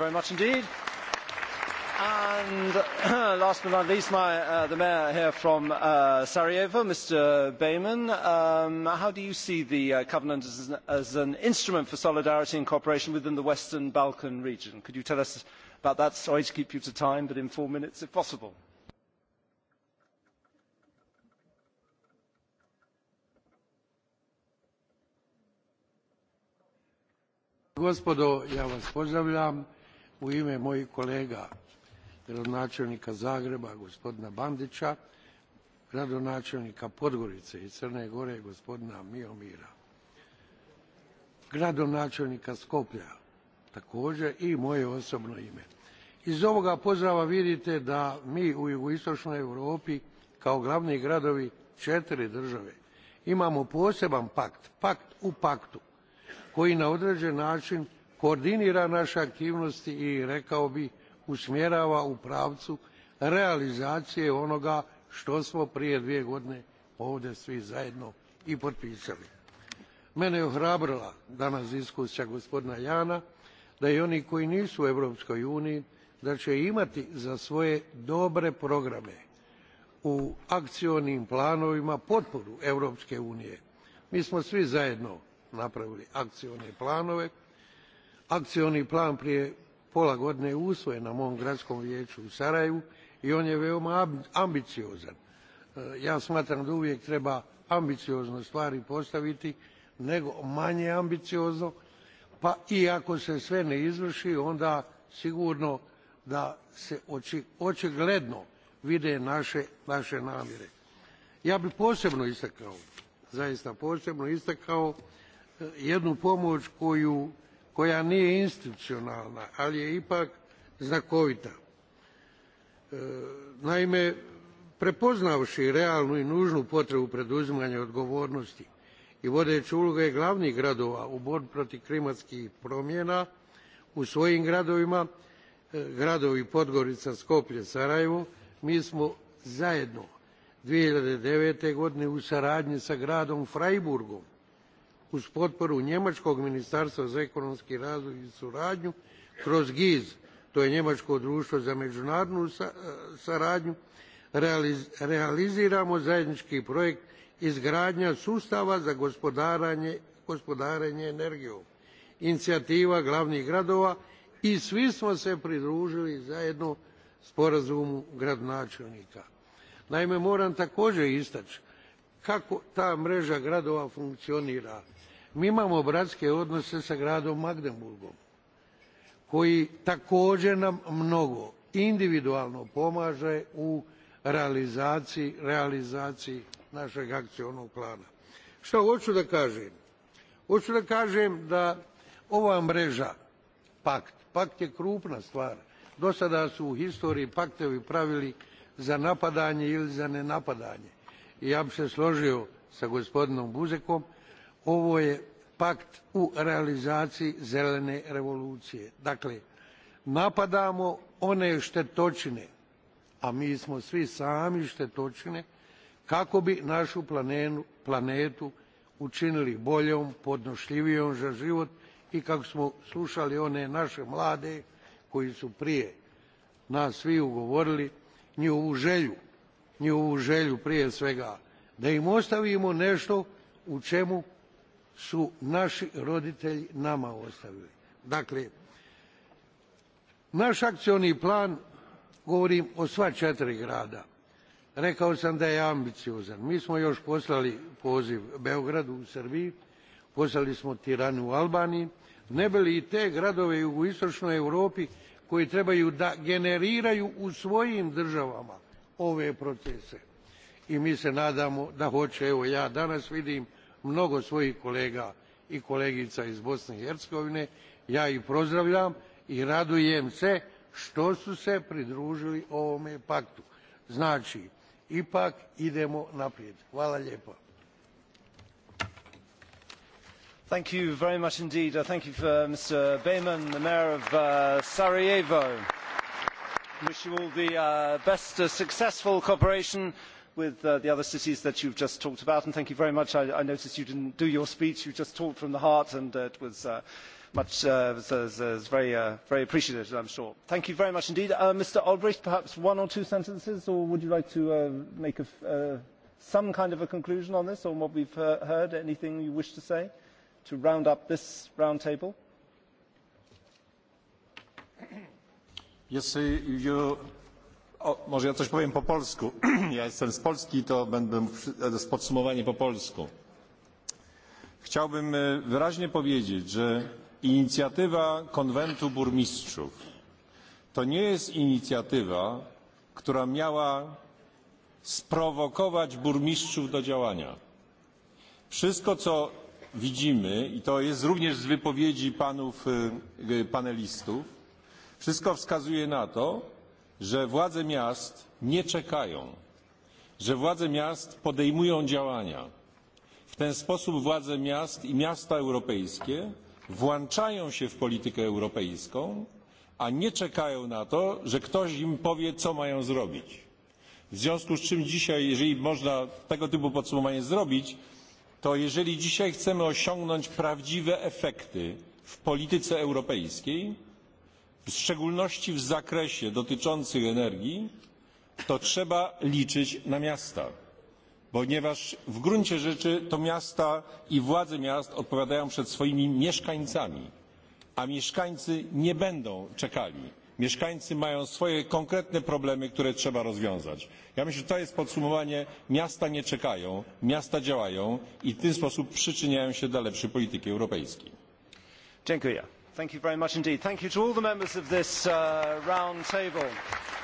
last but not least, eh, the mayor here from Sarajevo, Mr. Bayman. Um, how do you see the covenant as an, as an instrument for solidarity and cooperation within the Western Balkan region? Could you tell us about that? Sorry to keep you to time, but in four minutes, if possible. Gospodo, ja vas pozdravljam u ime mojih kolega gradonačelnika Zagreba, gospodina Bandića, gradonačelnika Podgorice i Crne Gore, gospodina Miomira, gradonačelnika Skoplja također i moje osobno ime. Iz ovoga pozdrava vidite da mi u jugoistočnoj Europi kao glavni gradovi četiri države imamo poseban pakt, pakt u paktu koji na određen način koordinira naše aktivnosti i rekao bih usmjerava u pravcu realizacije onoga što smo prije dvije godine ovdje svi zajedno i potpisali. mene je ohrabrila danas diskusija gospodina jana da i oni koji nisu u europskoj uniji da će imati za svoje dobre programe u akcionim planovima potporu europske unije. mi smo svi zajedno napravili akcione planove. Akcioni plan prije pola godine usvojen na mom gradskom vijeću u Sarajevu i on je veoma ambiciozan. E, ja smatram da uvijek treba ambiciozno stvari postaviti, nego manje ambiciozno, pa i ako se sve ne izvrši, onda sigurno da se oči, očigledno vide naše, naše namjere. Ja bih posebno istakao, zaista posebno istakao jednu pomoć koju, koja nije institucionalna ali je ipak znakovita. E, naime prepoznavši realnu i nužnu potrebu preduzimanja odgovornosti i vodeći uloge glavnih gradova u borbi protiv klimatskih promjena u svojim gradovima e, gradovi podgorica skoplje sarajevo mi smo zajedno. two thousand and nine godine u saradnji s gradom Frajburgom uz potporu njemačkog ministarstva za ekonomski razvoj i suradnju kroz giz to je njemačko društvo za međunarodnu e, saradnju realiziramo zajednički projekt izgradnja sustava za gospodarenje energijom inicijativa glavnih gradova i svi smo se pridružili zajedno sporazumu gradonačelnika. naime moram također istaći kako ta mreža gradova funkcionira. Mi imamo bratske odnose sa gradom Magdeburgom, koji također nam mnogo individualno pomaže u realizaciji, realizaciji našeg akcionog plana. Što hoću da kažem? Hoću da kažem da ova mreža, pakt, pakt je krupna stvar. Do sada su u historiji paktevi pravili za napadanje ili za nenapadanje. I ja bih se složio sa gospodinom Buzekom ovo je pakt u realizaciji zelene revolucije. Dakle, napadamo one štetočine, a mi smo svi sami štetočine, kako bi našu planenu, planetu učinili boljom, podnošljivijom za život i kako smo slušali one naše mlade koji su prije nas svi ugovorili njihovu želju, njihovu želju prije svega, da im ostavimo nešto u čemu su naši roditelji nama ostavili. Dakle, naš akcioni plan, govorim o sva četiri grada, rekao sam da je ambiciozan. Mi smo još poslali poziv Beogradu u Srbiji, poslali smo Tiranu u Albaniji, ne bi li i te gradove u istočnoj Europi koji trebaju da generiraju u svojim državama ove procese. I mi se nadamo da hoće, evo ja danas vidim mnogo svojih kolega i kolegica iz bosne i hercegovine ja ih pozdravljam i radujem se što su se pridružili ovome paktu. znači ipak idemo naprijed. hvala lijepa. Thank you very much indeed. Uh, thank you for uh, Mr. Bayman, the mayor of uh, Sarajevo. Wish you all the uh, best uh, successful cooperation with uh, the other cities that you've just talked about. And thank you very much. I, noticed you didn't do your speech. You just talked from the heart, and it was uh, uh, very, appreciated very appreciated, I'm sure. Thank you very much indeed. Mr. olbrycht perhaps one or two sentences, or would you like to make some kind of a conclusion on this, on what we've have heard? Anything you wish to say to round up this roundtable? Yes, you może ja coś powiem po polsku. ja jestem z Polski, to będę mówił e, podsumowanie po polsku. Chciałbym e, wyraźnie powiedzieć, że inicjatywa konwentu burmistrzów to nie jest inicjatywa, która miała sprowokować burmistrzów do działania. Wszystko, co widzimy, i to jest również z wypowiedzi panów e, panelistów, wszystko wskazuje na to, że władze miast nie czekają, że władze miast podejmują działania. W ten sposób władze miast i miasta europejskie włączają się w politykę europejską, a nie czekają na to, że ktoś im powie, co mają zrobić. W związku z czym dzisiaj, jeżeli można tego typu podsumowanie zrobić, to jeżeli dzisiaj chcemy osiągnąć prawdziwe efekty w polityce europejskiej, w szczególności w zakresie dotyczącym energii to trzeba liczyć na miasta ponieważ w gruncie rzeczy to miasta i władze miast odpowiadają przed swoimi mieszkańcami a mieszkańcy nie będą czekali mieszkańcy mają swoje konkretne problemy które trzeba rozwiązać. ja myślę że to jest podsumowanie miasta nie czekają miasta działają i w ten sposób przyczyniają się do lepszej polityki europejskiej. dziękuję. Thank you very much indeed. Thank you to all the members of this uh, round table.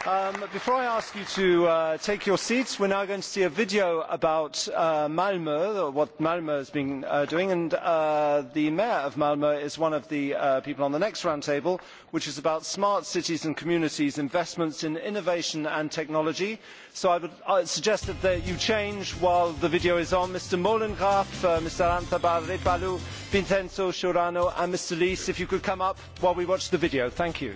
Um, before I ask you to uh, take your seats, we're now going to see a video about uh, Malmö, what Malmö has been uh, doing, and uh, the mayor of Malmö is one of the uh, people on the next round table, which is about smart cities and communities, investments in innovation and technology. So I would uh, suggest that they, you change while the video is on. Mr. Molengraf, uh, Mr. Antabar Repalu, Vincenzo Sciorano, and Mr. Lees, if you could come up while we watch the video. Thank you.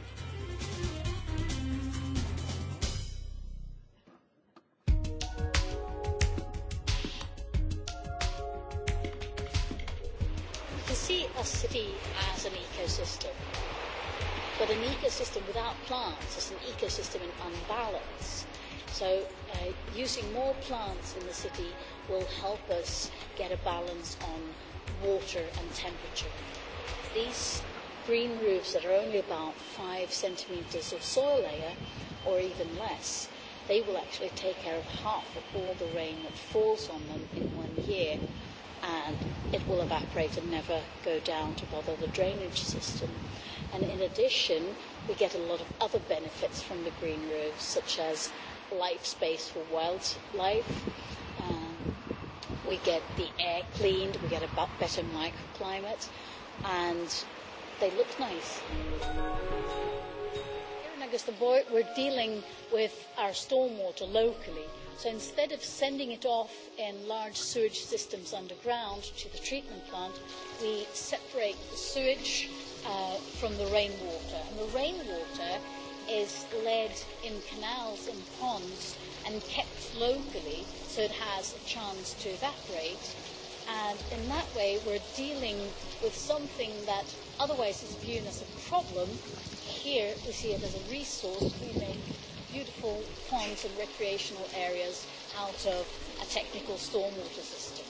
a but an ecosystem without plants is an ecosystem in unbalance. So uh, using more plants in the city will help us get a balance on water and temperature. These green roofs that are only about five centimetres of soil layer or even less, they will actually take care of half of all the rain that falls on them in one year and it will evaporate and never go down to bother the drainage system. And in addition, we get a lot of other benefits from the green roofs, such as life space for wildlife. Um, we get the air cleaned, we get a better microclimate, and they look nice. Here in Augusta we're dealing with our stormwater locally. So instead of sending it off in large sewage systems underground to the treatment plant, we separate the sewage uh, from the rainwater. And the rainwater is led in canals and ponds and kept locally so it has a chance to evaporate And in that way, we're dealing with something that otherwise is viewed as a problem. Here, we see it as a resource. We make beautiful ponds and recreational areas out of a technical stormwater system.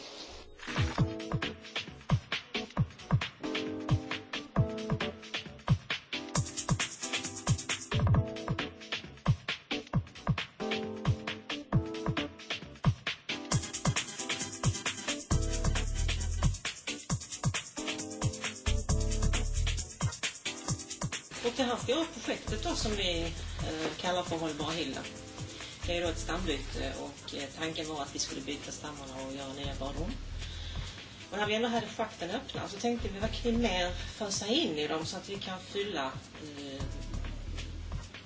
ganska upp projektet då som vi eh, kallar för Hållbara Hilda. Det är då ett stambyte och eh, tanken var att vi skulle byta stammarna och göra nya badrum. Och när vi ändå hade schakten öppna så tänkte vi verkligen mer fösa in i dem så att vi kan fylla eh,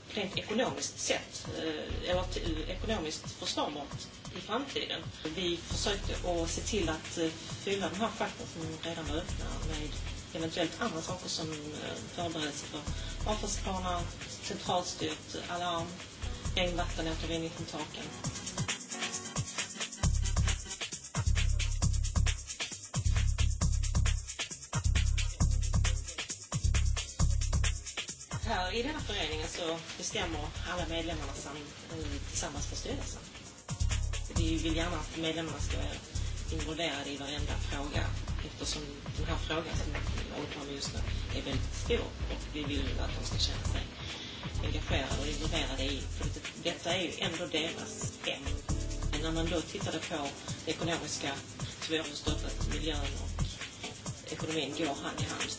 rent ekonomiskt sett, eh, eller eh, ekonomiskt försvarbart i framtiden. Vi försökte att se till att eh, fylla de här schakten som redan var öppna med eventuellt er andra saker som eh, förbereds för avfallsplaner, centralstyrt alarm, regnvatten, regnvattenåtervinning från taken. Här i denna föreningen så bestämmer alla medlemmarna eh, tillsammans med styrelsen. Vi vill gärna att medlemmarna ska vara involverade i varenda fråga eftersom den här frågan som med just nu är väldigt stor och vi vill ju att de ska känna sig engagerade och involverade i. För det, detta är ju ändå deras hem. Men när man då tittade på det ekonomiska så vi har förstått att miljön och ekonomin går hand i hand.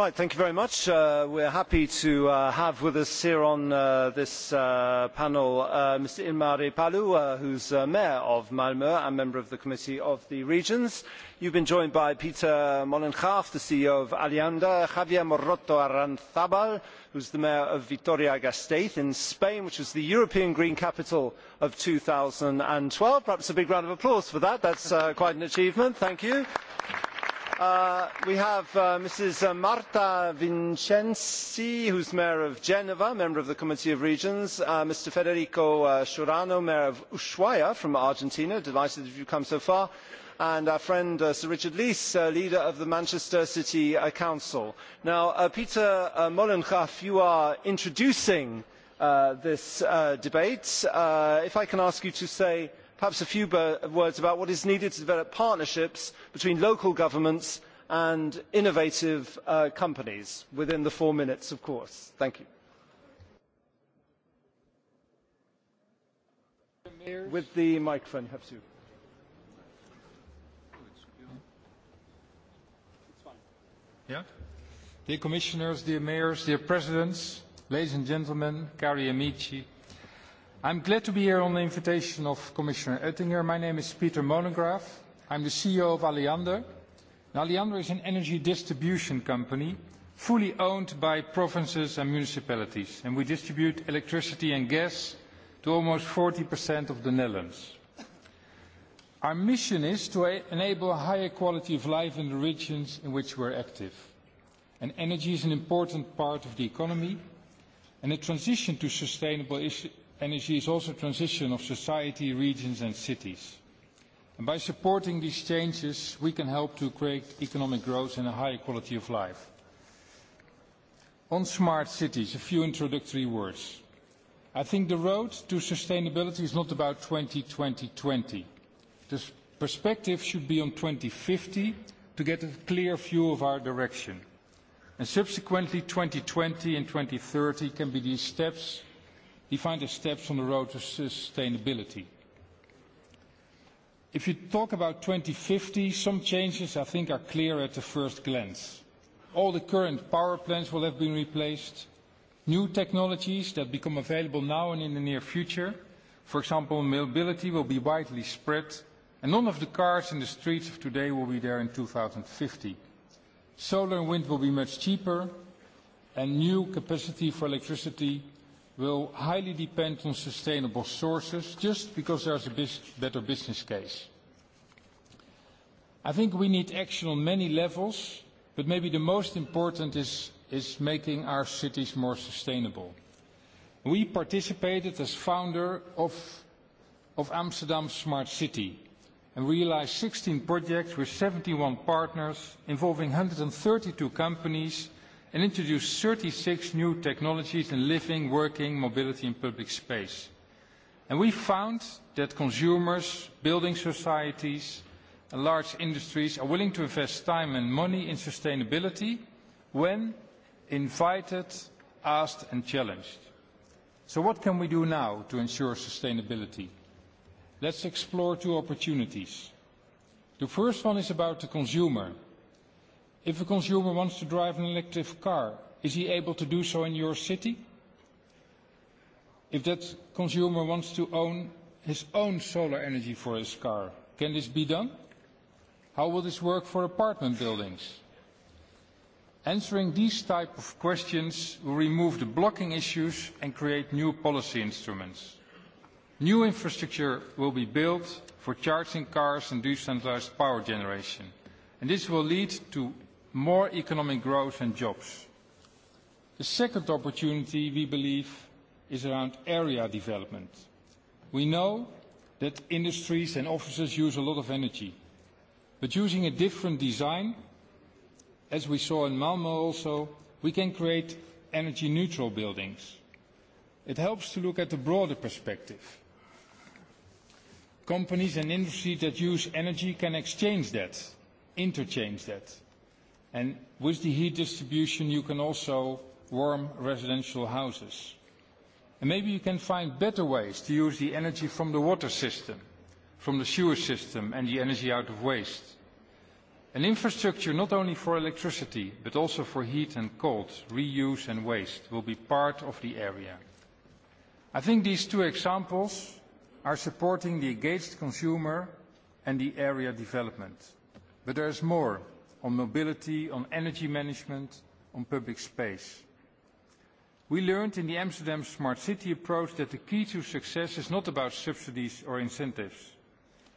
Uh, we are happy to uh, have with us here on uh, this panel Mr. Ilmari Palu, who is Mayor of Malmö and member of the Committee of the Regions. you have been joined by Peter mollenkopf the CEO of Alianda, Javier Morroto Aranzabal, who is the Mayor of Vitoria-Gasteiz in Spain, which was the European Green Capital of two thousand and twelve Perhaps a big round of applause for that. that is quite an achievement. Thank you. and Uh, we have uh, ms Marta Vincenzi, who is Mayor of Geneva, Member of the Committee of Regions, uh, Mr. Federico uh, Mayor of Ushuaia from Argentina, delighted that you have come so far, and our friend uh, Sir Richard Leese, Leader of the Manchester City Council. Now, Peter uh, Mollenkopf, you are introducing this debate. if I can ask you to say perhaps a few words about what is needed to develop partnerships between local governments and innovative uh, companies within the four minutes of course. thank you. Dear commissioners, dear mayors, dear presidents, ladies and gentlemen, cari amici, I'm glad to be here on the invitation of Commissioner Oettinger. My name is Peter Monograph. I'm the CEO of Alliander. Alliander is an energy distribution company fully owned by provinces and municipalities, and we distribute electricity and gas to almost 40% of the Netherlands. Our mission is to e-, enable a higher quality of life in the regions in which we're active. And energy is an important part of the economy, and the transition to sustainable energy is also a transition of society, regions and cities. And by supporting these changes, we can help to create economic growth and a higher quality of life. On smart cities, a few introductory words. I think the road to sustainability is not about 2020-20. The perspective should be on 2050 to get a clear view of our direction. And subsequently, 2020 and 2030 can be these steps defined as steps on the road to sustainability. If you talk about 2050, some changes I think are clear at the first glance. All the current power plants will have been replaced. New technologies that become available now and in the near future, for example, mobility will be widely spread, and none of the cars in the streets of today will be there in 2050. Solar and wind will be much cheaper, and new capacity for electricity will highly depend on sustainable sources just because there's a better business case. I think we need action on many levels, but maybe the most important is, is making our cities more sustainable. We participated as founder of, of Amsterdam Smart City and realized 16 projects with 71 partners involving 132 companies and introduced 36 new technologies in living, working, mobility and public space. And we found that consumers, building societies and large industries are willing to invest time and money in sustainability when invited, asked and challenged. So what can we do now to ensure sustainability? Let's explore two opportunities. The first one is about the consumer. If a consumer wants to drive an electric car, is he able to do so in your city? If that consumer wants to own his own solar energy for his car, can this be done? How will this work for apartment buildings? Answering these type of questions will remove the blocking issues and create new policy instruments. New infrastructure will be built for charging cars and decentralized power generation. And this will lead to more economic growth and jobs. The second opportunity, we believe, is around area development. We know that industries and offices use a lot of energy, but using a different design, as we saw in Malmö also, we can create energy neutral buildings. It helps to look at the broader perspective. Companies and industries that use energy can exchange that, interchange that And with the heat distribution, you can also warm residential houses. And maybe you can find better ways to use the energy from the water system, from the sewer system, and the energy out of waste. An infrastructure not only for electricity, but also for heat and cold, reuse and waste, will be part of the area. I think these two examples are supporting the engaged consumer and the area development. But there is more on mobility, on energy management, on public space. We learned in the Amsterdam Smart City approach that the key to success is not about subsidies or incentives.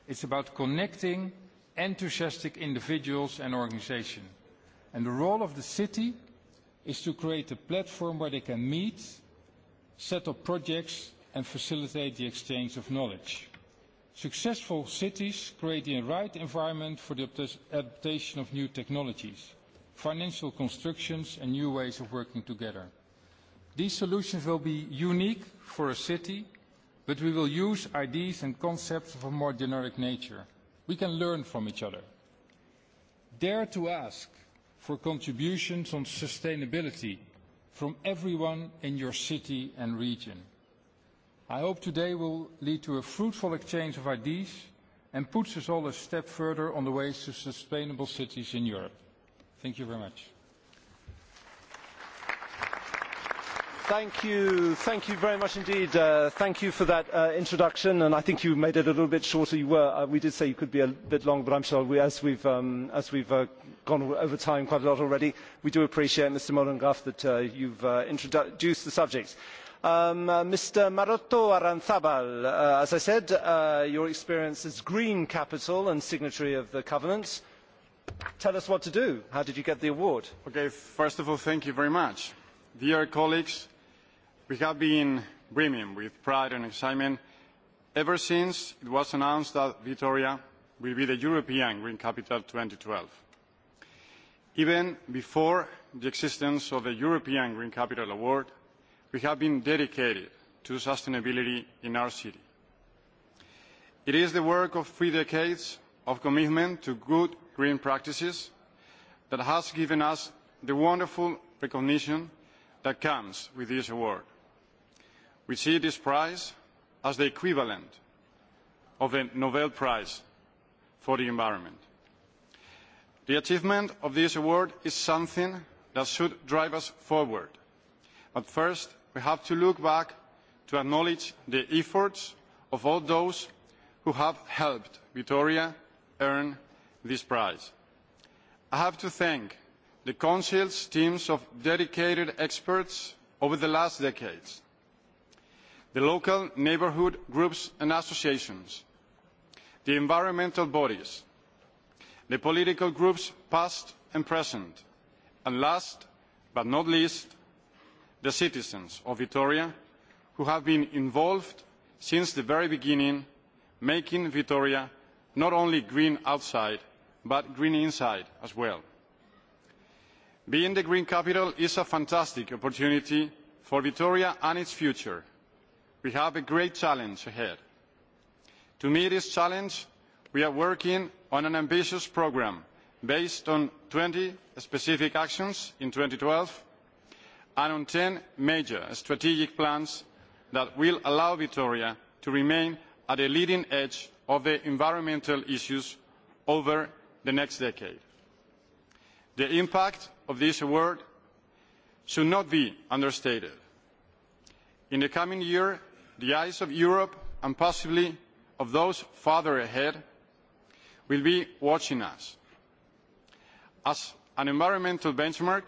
It's about connecting enthusiastic individuals and organizations. And the role of the city is to create a platform where they can meet, set up projects and facilitate the exchange of knowledge. Successful cities create the right environment for the adaptation of new technologies, financial constructions and new ways of working together. These solutions will be unique for a city, but we will use ideas and concepts of a more generic nature. We can learn from each other. Dare to ask for contributions on sustainability from everyone in your city and region I hope today will lead to a fruitful exchange of ideas and puts us all a step further on the ways to sustainable cities in Europe. Thank you very much. Thank you. Thank you very much indeed. Uh, thank you for that uh, introduction, and I think you made it a little bit shorter. You were, uh, we did say you could be a bit long, but I'm sure we, as we've, um, as we've uh, gone over time quite a lot already, we do appreciate, Mr. Mollengraff, that uh, you've uh, introduced the subject. Um, uh, mr maroto aranzabal uh, as i said uh, your experience as green capital and signatory of the covenant tell us what to do. how did you get the award? Okay, first of all thank you very much. dear colleagues we have been brimming with pride and excitement ever since it was announced that vitoria will be the european green capital two thousand and twelve even before the existence of the european green capital award We have been dedicated to sustainability in our city. It is the work of three decades of commitment to good green practices that has given us the wonderful recognition that comes with this award. We see this prize as the equivalent of a Nobel Prize for the Environment. The achievement of this award is something that should drive us forward. But first, we have to look back to acknowledge the efforts of all those who have helped Victoria earn this prize. I have to thank the Council's teams of dedicated experts over the last decades, the local neighbourhood groups and associations, the environmental bodies, the political groups past and present, and last but not least, the citizens of Vitoria who have been involved since the very beginning, making Vitoria not only green outside, but green inside as well. Being the green capital is a fantastic opportunity for Vitoria and its future. We have a great challenge ahead. To meet this challenge, we are working on an ambitious programme based on twenty specific actions in two thousand and twelve and on ten major strategic plans that will allow vitoria to remain at the leading edge of the environmental issues over the next decade. the impact of this award should not be understated. in the coming year the eyes of europe and possibly of those further ahead will be watching us. as an environmental benchmark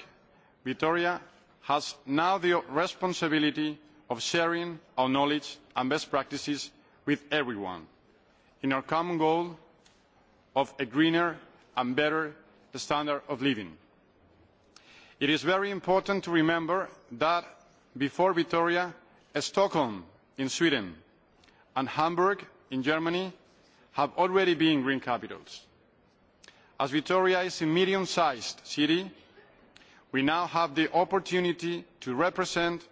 vitoria has now the responsibility of sharing our knowledge and best practices with everyone in our common goal of a greener and better standard of living. it is very important to remember that before Victoria, stockholm in sweden and hamburg in germany have already been green capitals. as Victoria is a medium sized city we now have the opportunity to represent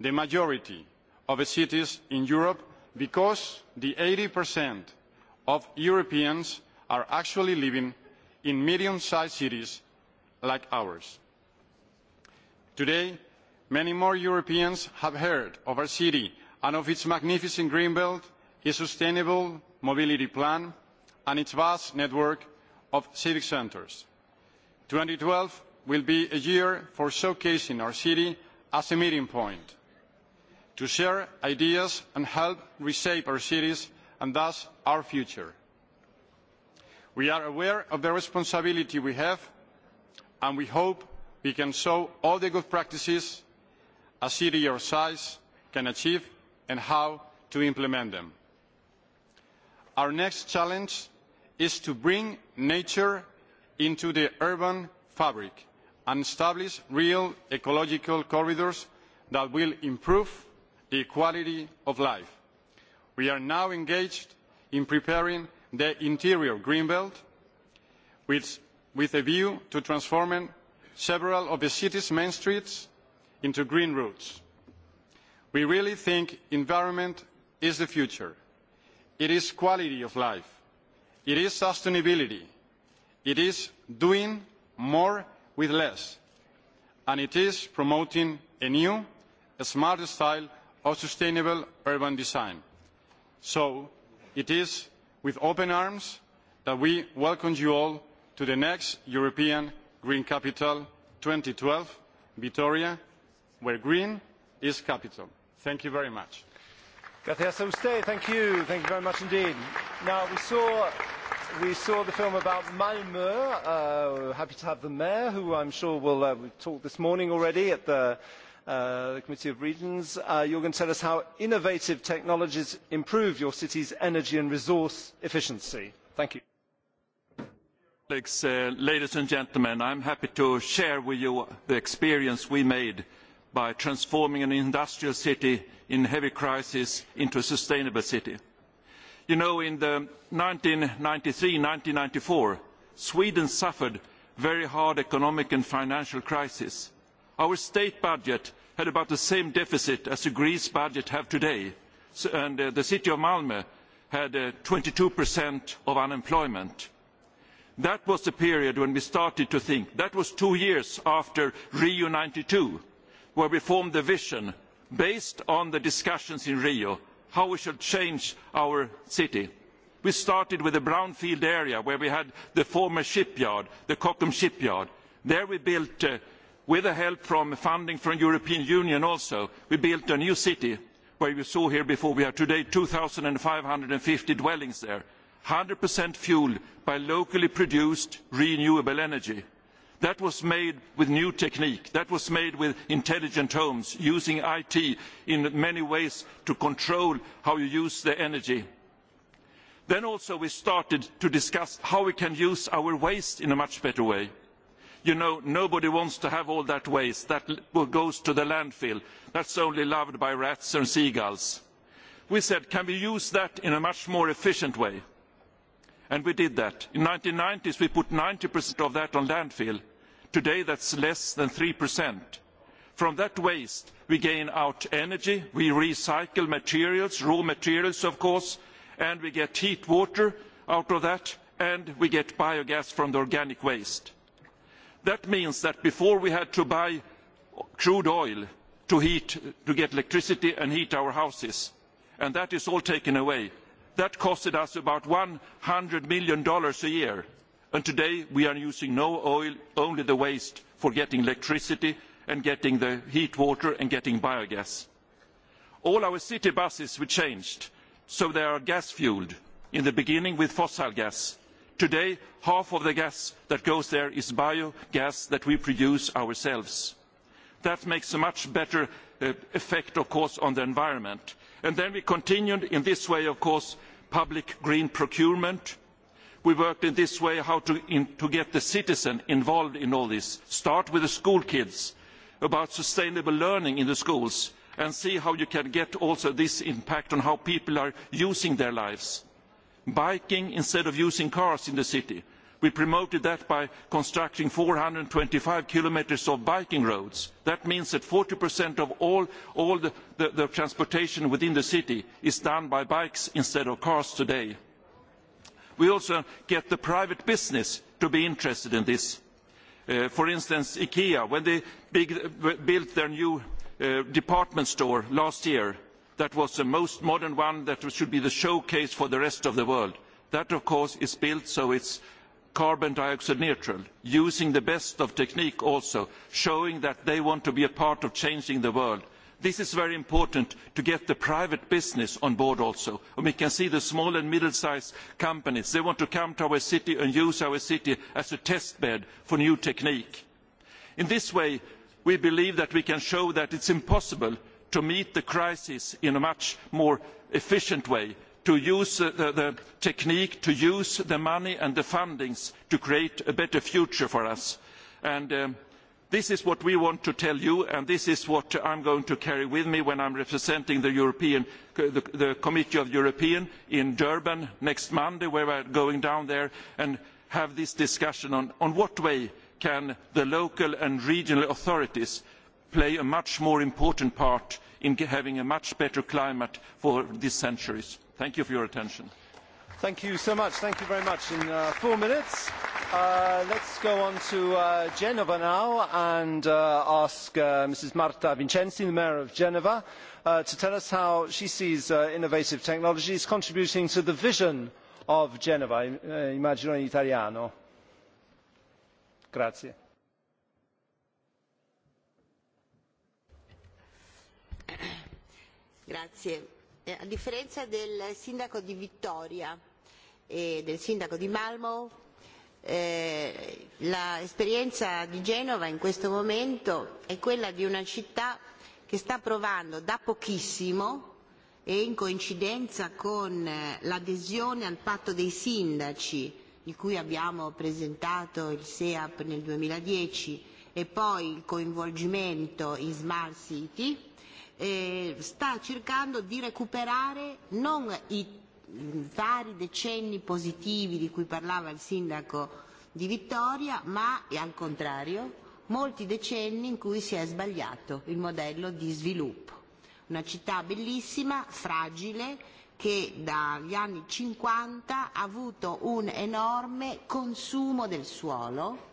the majority of cities in europe because eighty of europeans are actually living in medium sized cities like ours. today many more europeans have heard of our city and of its magnificent green belt its sustainable mobility plan and its vast network of civic centres. two thousand and twelve will be a year for showcasing our city as a meeting point to share ideas and help reshape our cities and thus our future. We are aware of the responsibility we have and we hope we can show all the good practices a city our size can achieve and how to implement them. Our next challenge is to bring nature into the urban fabric and establish real ecological corridors that will improve the quality of life. we are now engaged in preparing the interior green belt with, a view to transforming several of the city's main streets into green routes. we really think environment is the future. it is quality of life. it is sustainability. it is doing more with less and it is promoting a new a smarter style of sustainable urban design. so it is with open arms that we welcome you all to the next european green capital two thousand and twelve vitoria where green is capital. thank you very much. Gracias a usted. Thank you. Thank you very much indeed. Now we saw we saw the film about Malmö. Uh, happy to have the mayor, who I'm sure will uh, talked this morning already at the, uh, the Committee of Regions. Uh, you're going to tell us how innovative technologies improve your city's energy and resource efficiency. Thank you. uh, ladies and gentlemen, I'm happy to share with you the experience we made by transforming an industrial city in heavy crisis into a sustainable city You know, in the ninety four Sweden suffered a very hard economic and financial crisis. Our state budget had about the same deficit as the Greece budget has today, and uh, the city of malm had uh, twenty two of unemployment. That was the period when we started to think. That was two years after Rio ninety two where we formed the vision based on the discussions in Rio how we should change our city. We started with a brownfield area where we had the former shipyard, the Cockham shipyard. There we built, uh, with the help from funding from European Union also, we built a new city where you saw here before we have today 2,550 dwellings there, 100% fuelled by locally produced renewable energy That was made with new technique. That was made with intelligent homes, using IT in many ways to control how you use the energy. Then also we started to discuss how we can use our waste in a much better way. You know, nobody wants to have all that waste that goes to the landfill. That's only loved by rats and seagulls. We said, can we use that in a much more efficient way? And we did that. In the 1990s, we put 90% of that on landfill today that is less than. three from that waste we gain out energy we recycle materials raw materials of course and we get heat water out of that and we get biogas from the organic waste. that means that before we had to buy crude oil to, heat, to get electricity and heat our houses and that is all taken away. that costed us about usd one hundred million a year and today we are using no oil only the waste for getting electricity and getting the heat water and getting biogas. all our city buses were changed so they are gas fuelled in the beginning with fossil gas. today half of the gas that goes there is biogas that we produce ourselves. that makes a much better uh, effect of course on the environment. and then we continued in this way of course public green procurement we worked in this way how to, in, to get the citizen involved in all this start with the school kids about sustainable learning in the schools and see how you can get also this impact on how people are using their lives biking instead of using cars in the city we promoted that by constructing four hundred and twenty five kilometres of biking roads. that means that forty of all, all the, the, the transportation within the city is done by bikes instead of cars today we also get the private business to be interested in this. Uh, for instance ikea when they big, uh, built their new uh, department store last year that was the most modern one that should be the showcase for the rest of the world that of course is built so it's carbon dioxide neutral using the best of technique also showing that they want to be a part of changing the world this is very important to get the private business on board also. And we can see the small and middle sized companies they want to come to our city and use our city as a test bed for new technique. in this way we believe that we can show that it is impossible to meet the crisis in a much more efficient way to use the, the technique to use the money and the funding to create a better future for us. And, um, this is what we want to tell you and this is what i am going to carry with me when i am representing the, european, committee of the european in durban next monday where i are going down there and have this discussion on, on what way can the local and regional authorities play a much more important part in having a much better climate for these centuries. thank you for your attention. Thank you so much. Thank you very much. In uh, four minutes, uh, let's go on to uh, Genova now and uh, ask uh, Mrs. Marta Vincenzi, the Mayor of Genova, uh, to tell us how she sees uh, innovative technologies contributing to the vision of Genova. Uh, immagino in italiano. Grazie. Grazie Eh, a differenza del sindaco di Vittoria e del sindaco di Malmo, eh, l'esperienza di Genova in questo momento è quella di una città che sta provando da pochissimo e in coincidenza con eh, l'adesione al patto dei sindaci di cui abbiamo presentato il SEAP nel 2010 e poi il coinvolgimento in Smart City, eh, sta cercando di recuperare non i vari decenni positivi di cui parlava il sindaco di Vittoria, ma e al contrario molti decenni in cui si è sbagliato il modello di sviluppo. Una città bellissima, fragile, che dagli anni 50 ha avuto un enorme consumo del suolo,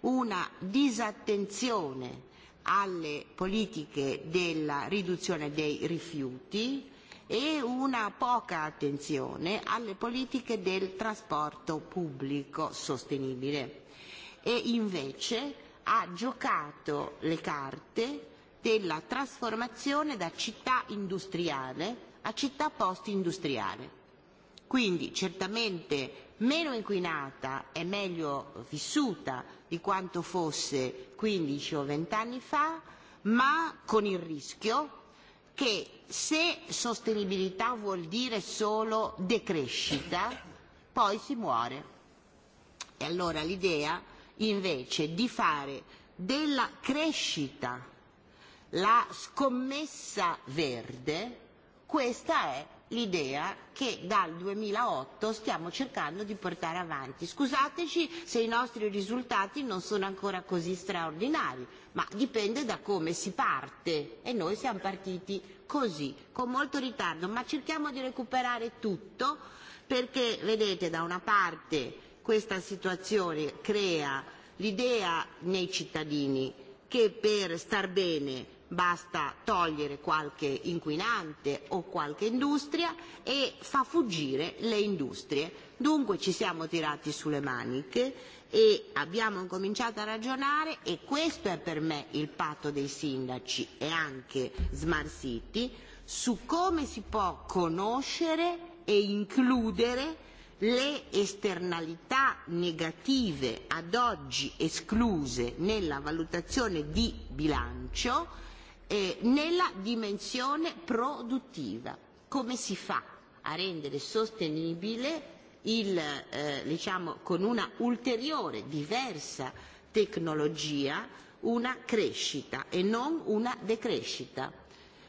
una disattenzione alle politiche della riduzione dei rifiuti e una poca attenzione alle politiche del trasporto pubblico sostenibile e invece ha giocato le carte della trasformazione da città industriale a città post-industriale. Quindi certamente meno inquinata e meglio vissuta di quanto fosse 15 o 20 anni fa, ma con il rischio che se sostenibilità vuol dire solo decrescita, poi si muore. E allora l'idea invece di fare della crescita la scommessa verde, questa è l'idea che dal 2008 stiamo cercando di portare avanti. Scusateci se i nostri risultati non sono ancora così straordinari, ma dipende da come si parte e noi siamo partiti così, con molto ritardo, ma cerchiamo di recuperare tutto perché, vedete, da una parte questa situazione crea l'idea nei cittadini che per star bene basta togliere qualche inquinante o qualche industria e fa fuggire le industrie. Dunque ci siamo tirati sulle maniche e abbiamo cominciato a ragionare e questo è per me il patto dei sindaci e anche Smart City su come si può conoscere e includere le esternalità negative ad oggi escluse nella valutazione di bilancio eh, nella dimensione produttiva. Come si fa a rendere sostenibile il, eh, diciamo, con una ulteriore diversa tecnologia una crescita e non una decrescita.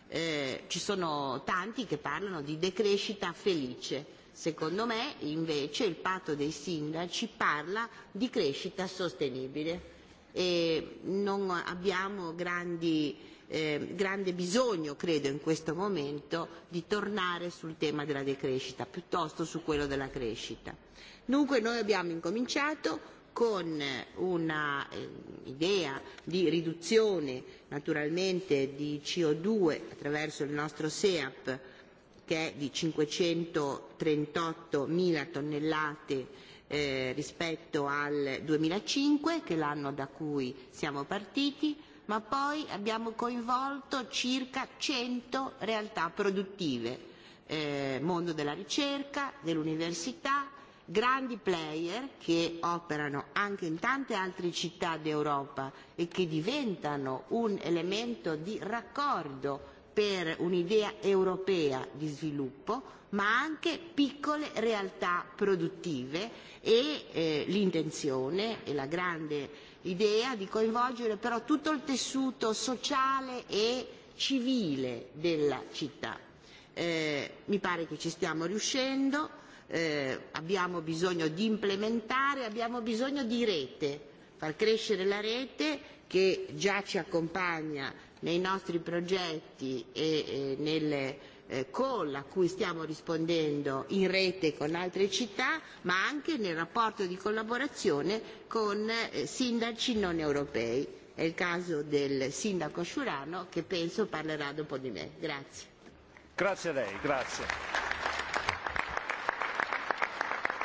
Eh, ci sono tanti che parlano di decrescita felice. Secondo me invece il patto dei sindaci parla di crescita sostenibile e non abbiamo grandi, eh, grande bisogno, credo, in questo momento di tornare sul tema della decrescita, piuttosto su quello della crescita. Dunque noi abbiamo incominciato con un'idea eh, di riduzione naturalmente di CO2 attraverso il nostro SEAP che è di 538 mila tonnellate eh, rispetto al 2005, che è l'anno da cui siamo partiti, ma poi abbiamo coinvolto circa 100 realtà produttive, eh, mondo della ricerca, dell'università, grandi player che operano anche in tante altre città d'Europa e che diventano un elemento di raccordo per un'idea europea di sviluppo, ma anche piccole realtà produttive e eh, l'intenzione e la grande idea di coinvolgere però tutto il tessuto sociale e civile della città. Eh, mi pare che ci stiamo riuscendo, eh, abbiamo bisogno di implementare, abbiamo bisogno di rete, far crescere la rete che già ci accompagna nei nostri progetti e, e nelle eh, call a cui stiamo rispondendo in rete con altre città, ma anche nel rapporto di collaborazione con eh, sindaci non europei. È il caso del sindaco Sciurano che penso parlerà dopo di me. Grazie. Grazie a lei, grazie.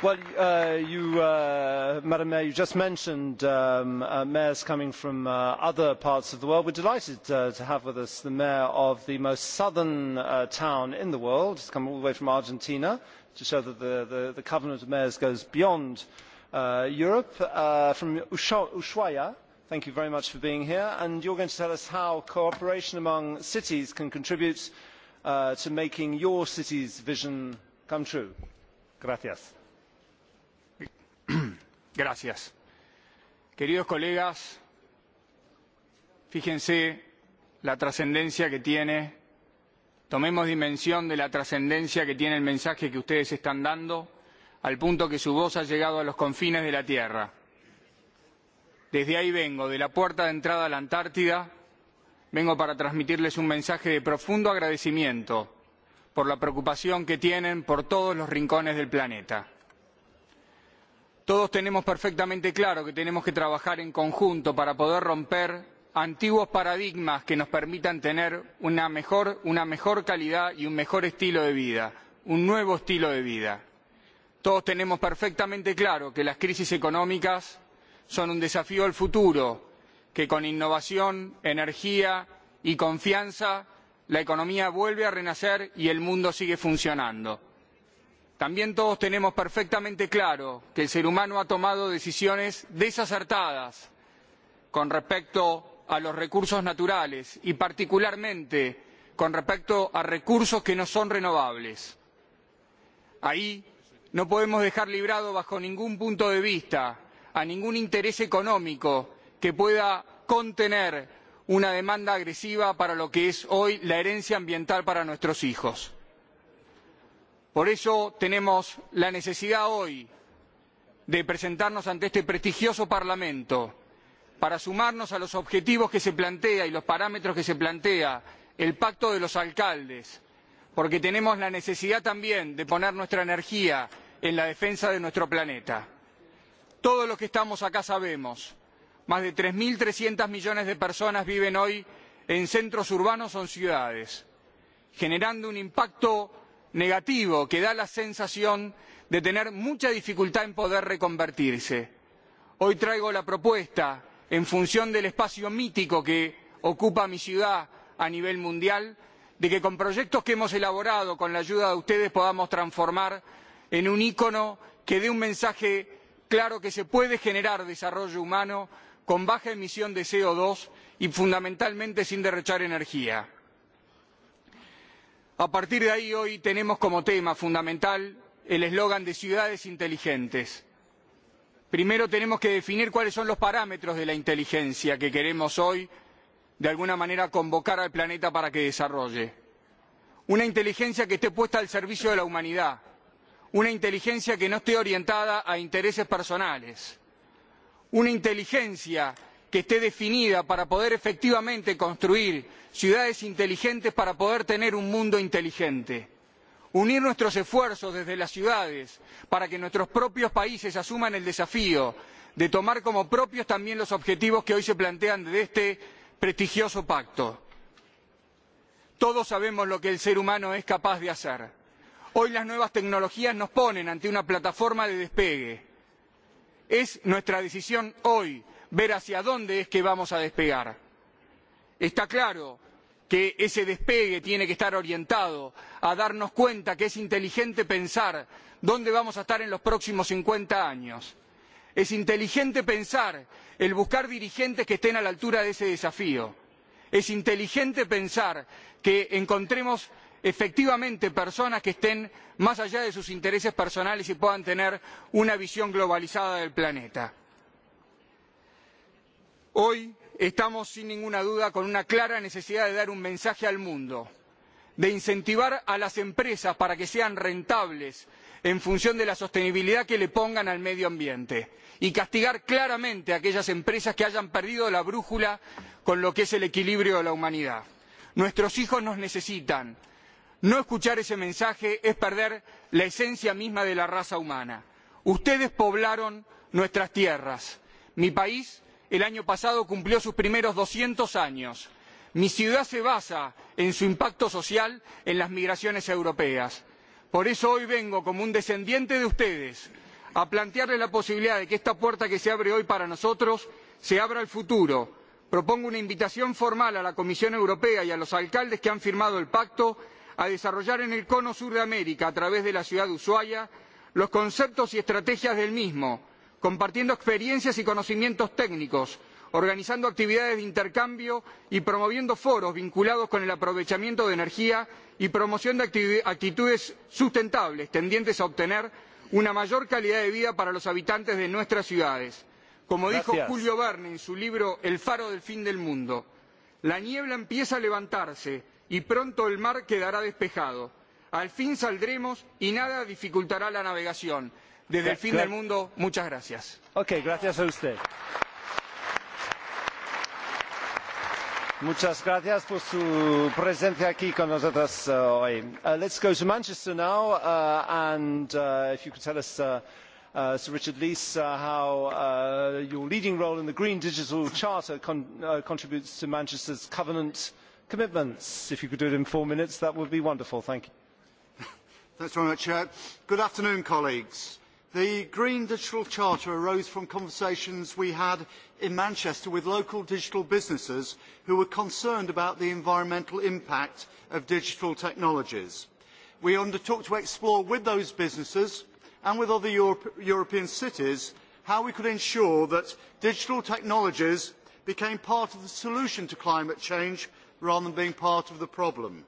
Uh, uh, Madam Mayor, you just mentioned um, uh, mayors coming from other parts of the world. we are delighted to have with us the mayor of the most southern town in the world. has come all the way from Argentina to show that the, covenant of mayors goes beyond Europe. from Ushuaia, thank you very much for being here. And are going to tell us how cooperation among cities can contribute to making your city's vision come true. Gracias. Queridos colegas, fíjense la trascendencia que tiene, tomemos dimensión de la trascendencia que tiene el mensaje que ustedes están dando, al punto que su voz ha llegado a los confines de la Tierra. Desde ahí vengo, de la puerta de entrada a la Antártida, vengo para transmitirles un mensaje de profundo agradecimiento por la preocupación que tienen por todos los rincones del planeta todos tenemos perfectamente claro que tenemos que trabajar en conjunto para poder romper antiguos paradigmas que nos permitan tener una mejor, calidad y un mejor estilo de vida, un nuevo estilo de vida. Todos tenemos perfectamente claro que las crisis económicas son un desafío al futuro, que con innovación, energía y confianza la economía vuelve a renacer y el mundo sigue funcionando también todos tenemos perfectamente claro que el ser humano ha tomado decisiones desacertadas con respecto a los recursos naturales y particularmente con respecto a recursos que no son renovables. ahí no podemos dejar librado bajo ningún punto de vista a ningún interés económico que pueda contener una demanda agresiva para lo que es hoy la herencia ambiental para nuestros hijos por eso tenemos la necesidad hoy de presentarnos ante este prestigioso parlamento para sumarnos a los objetivos que se plantea y los parámetros que se plantea el pacto de los alcaldes porque tenemos la necesidad también de poner nuestra energía en la defensa de nuestro planeta. todos los que estamos acá sabemos más de tres trescientos millones de personas viven hoy en centros urbanos o en ciudades generando un impacto negativo que da la sensación de tener mucha dificultad en poder reconvertirse. hoy traigo la propuesta en función del espacio mítico que ocupa mi ciudad a nivel mundial de que con proyectos que hemos elaborado con la ayuda de ustedes podamos transformar en un icono que dé un mensaje claro que se puede generar desarrollo humano con baja emisión de co dos y fundamentalmente sin derrochar energía a partir de ahí hoy tenemos como tema fundamental el eslogan de ciudades inteligentes. primero tenemos que definir cuáles son los parámetros de la inteligencia que queremos hoy de alguna manera convocar al planeta para que desarrolle una inteligencia que esté puesta al servicio de la humanidad una inteligencia que no esté orientada a intereses personales una inteligencia que que esté definida para poder efectivamente construir ciudades inteligentes para poder tener un mundo inteligente unir nuestros esfuerzos desde las ciudades para que nuestros propios países asuman el desafío de tomar como propios también los objetivos que hoy se plantean desde este prestigioso pacto. todos sabemos lo que el ser humano es capaz de hacer. hoy las nuevas tecnologías nos ponen ante una plataforma de despegue. es nuestra decisión hoy ver hacia dónde es que vamos a despegar. está claro que ese despegue tiene que estar orientado a darnos cuenta de que es inteligente pensar dónde vamos a estar en los próximos cincuenta años. es inteligente pensar en buscar dirigentes que estén a la altura de ese desafío. es inteligente pensar que encontremos efectivamente personas que estén más allá de sus intereses personales y puedan tener una visión globalizada del planeta hoy estamos sin ninguna duda con una clara necesidad de dar un mensaje al mundo de incentivar a las empresas para que sean rentables en función de la sostenibilidad que le pongan al medio ambiente y castigar claramente a aquellas empresas que hayan perdido la brújula con lo que es el equilibrio de la humanidad. nuestros hijos nos necesitan. no escuchar ese mensaje es perder la esencia misma de la raza humana. ustedes poblaron nuestras tierras. mi país el año pasado cumplió sus primeros doscientos años. mi ciudad se basa en su impacto social en las migraciones europeas. por eso hoy vengo como un descendiente de ustedes a plantearles la posibilidad de que esta puerta que se abre hoy para nosotros se abra al futuro. propongo una invitación formal a la comisión europea y a los alcaldes que han firmado el pacto a desarrollar en el cono sur de américa a través de la ciudad de ushuaia los conceptos y estrategias del mismo compartiendo experiencias y conocimientos técnicos organizando actividades de intercambio y promoviendo foros vinculados con el aprovechamiento de energía y promoción de actitudes sustentables tendientes a obtener una mayor calidad de vida para los habitantes de nuestras ciudades. como dijo julio verne en su libro el faro del fin del mundo la niebla empieza a levantarse y pronto el mar quedará despejado al fin saldremos y nada dificultará la navegación desde el fin del mundo muchas gracias. gracias a usted. Muchas gracias por su presencia aquí con nosotros eh, hoy. Uh, let's go to Manchester now, uh, and uh, if you could tell us, Sir Richard Lees, how your leading role in the Green Digital Charter contributes to Manchester's covenant commitments. If you could do it in four minutes, that would be wonderful. Thank you. good afternoon, colleagues. The Green Digital Charter arose from conversations we had in Manchester with local digital businesses who were concerned about the environmental impact of digital technologies. We undertook to explore with those businesses and with other Europe European cities how we could ensure that digital technologies became part of the solution to climate change rather than being part of the problem.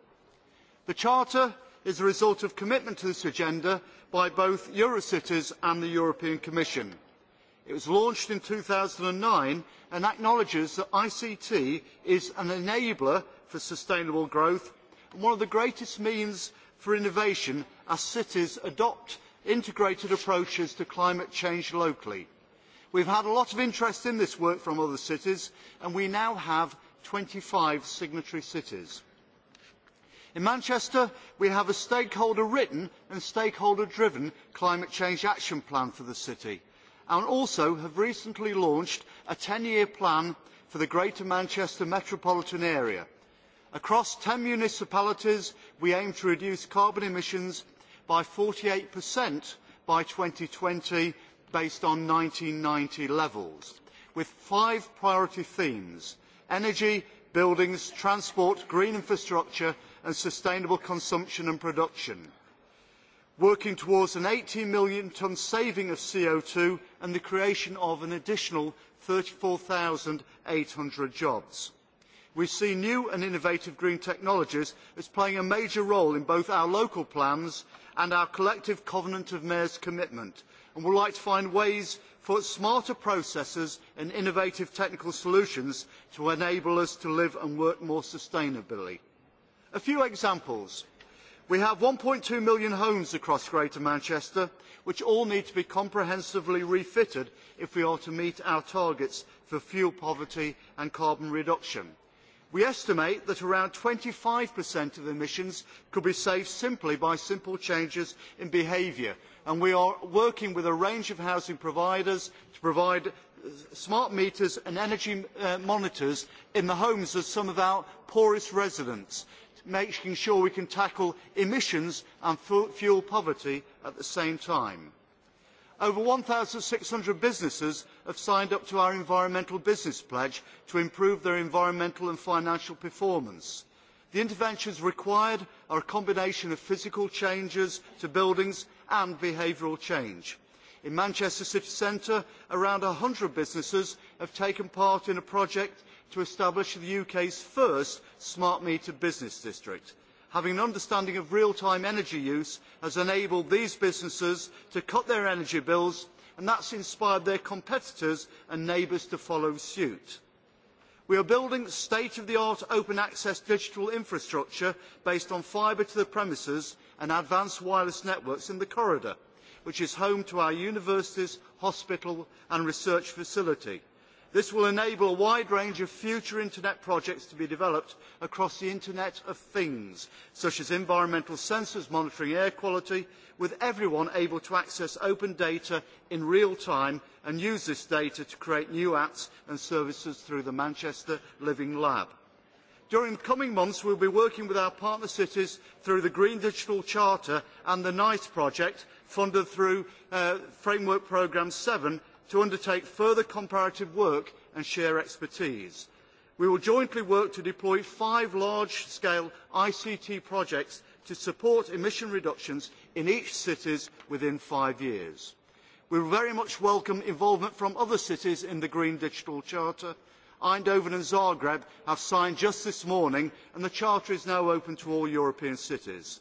The Charter is a result of commitment to this agenda by both Eurocities and the European Commission. It was launched in 2009 and acknowledges that ICT is an enabler for sustainable growth and one of the greatest means for innovation as cities adopt integrated approaches to climate change locally. We've had a lot of interest in this work from other cities and we now have 25 signatory cities in manchester we have a stakeholder written and stakeholder driven climate change action plan for the city and also have recently launched a ten year plan for the greater manchester metropolitan area. across ten municipalities we aim to reduce carbon emissions by forty eight by two thousand and twenty based on one thousand nine hundred and ninety levels with five priority themes energy buildings transport green infrastructure and sustainable consumption and production working towards an 18 million tonne saving of CO2 and the creation of an additional 34,800 jobs. We see new and innovative green technologies as playing a major role in both our local plans and our collective Covenant of Mayors commitment and would like to find ways for smarter processes and innovative technical solutions to enable us to live and work more sustainably. A few examples. We have 1.2 million homes across Greater Manchester, which all need to be comprehensively refitted if we are to meet our targets for fuel poverty and carbon reduction. We estimate that around 25% of emissions could be saved simply by simple changes in behaviour, and we are working with a range of housing providers to provide uh, smart meters and energy uh, monitors in the homes of some of our poorest residents making sure we can tackle emissions and fuel poverty at the same time. Over 1,600 businesses have signed up to our Environmental Business Pledge to improve their environmental and financial performance. The interventions required are a combination of physical changes to buildings and behavioural change. In Manchester City Centre, around 100 businesses have taken part in a project to establish the UK's first smart meter business district. Having an understanding of real-time energy use has enabled these businesses to cut their energy bills and that's inspired their competitors and neighbours to follow suit. We are building state-of-the-art open access digital infrastructure based on fibre to the premises and advanced wireless networks in the corridor, which is home to our universities, hospital and research facilities. This will enable a wide range of future Internet projects to be developed across the Internet of Things, such as environmental sensors monitoring air quality, with everyone able to access open data in real time and use this data to create new apps and services through the Manchester Living Lab. During the coming months, we will be working with our partner cities through the Green Digital Charter and the NICE project, funded through uh, Framework Programme 7 to undertake further comparative work and share expertise. We will jointly work to deploy five large-scale ICT projects to support emission reductions in each cities within five years. We very much welcome involvement from other cities in the Green Digital Charter. Eindhoven and Zagreb have signed just this morning and the Charter is now open to all European cities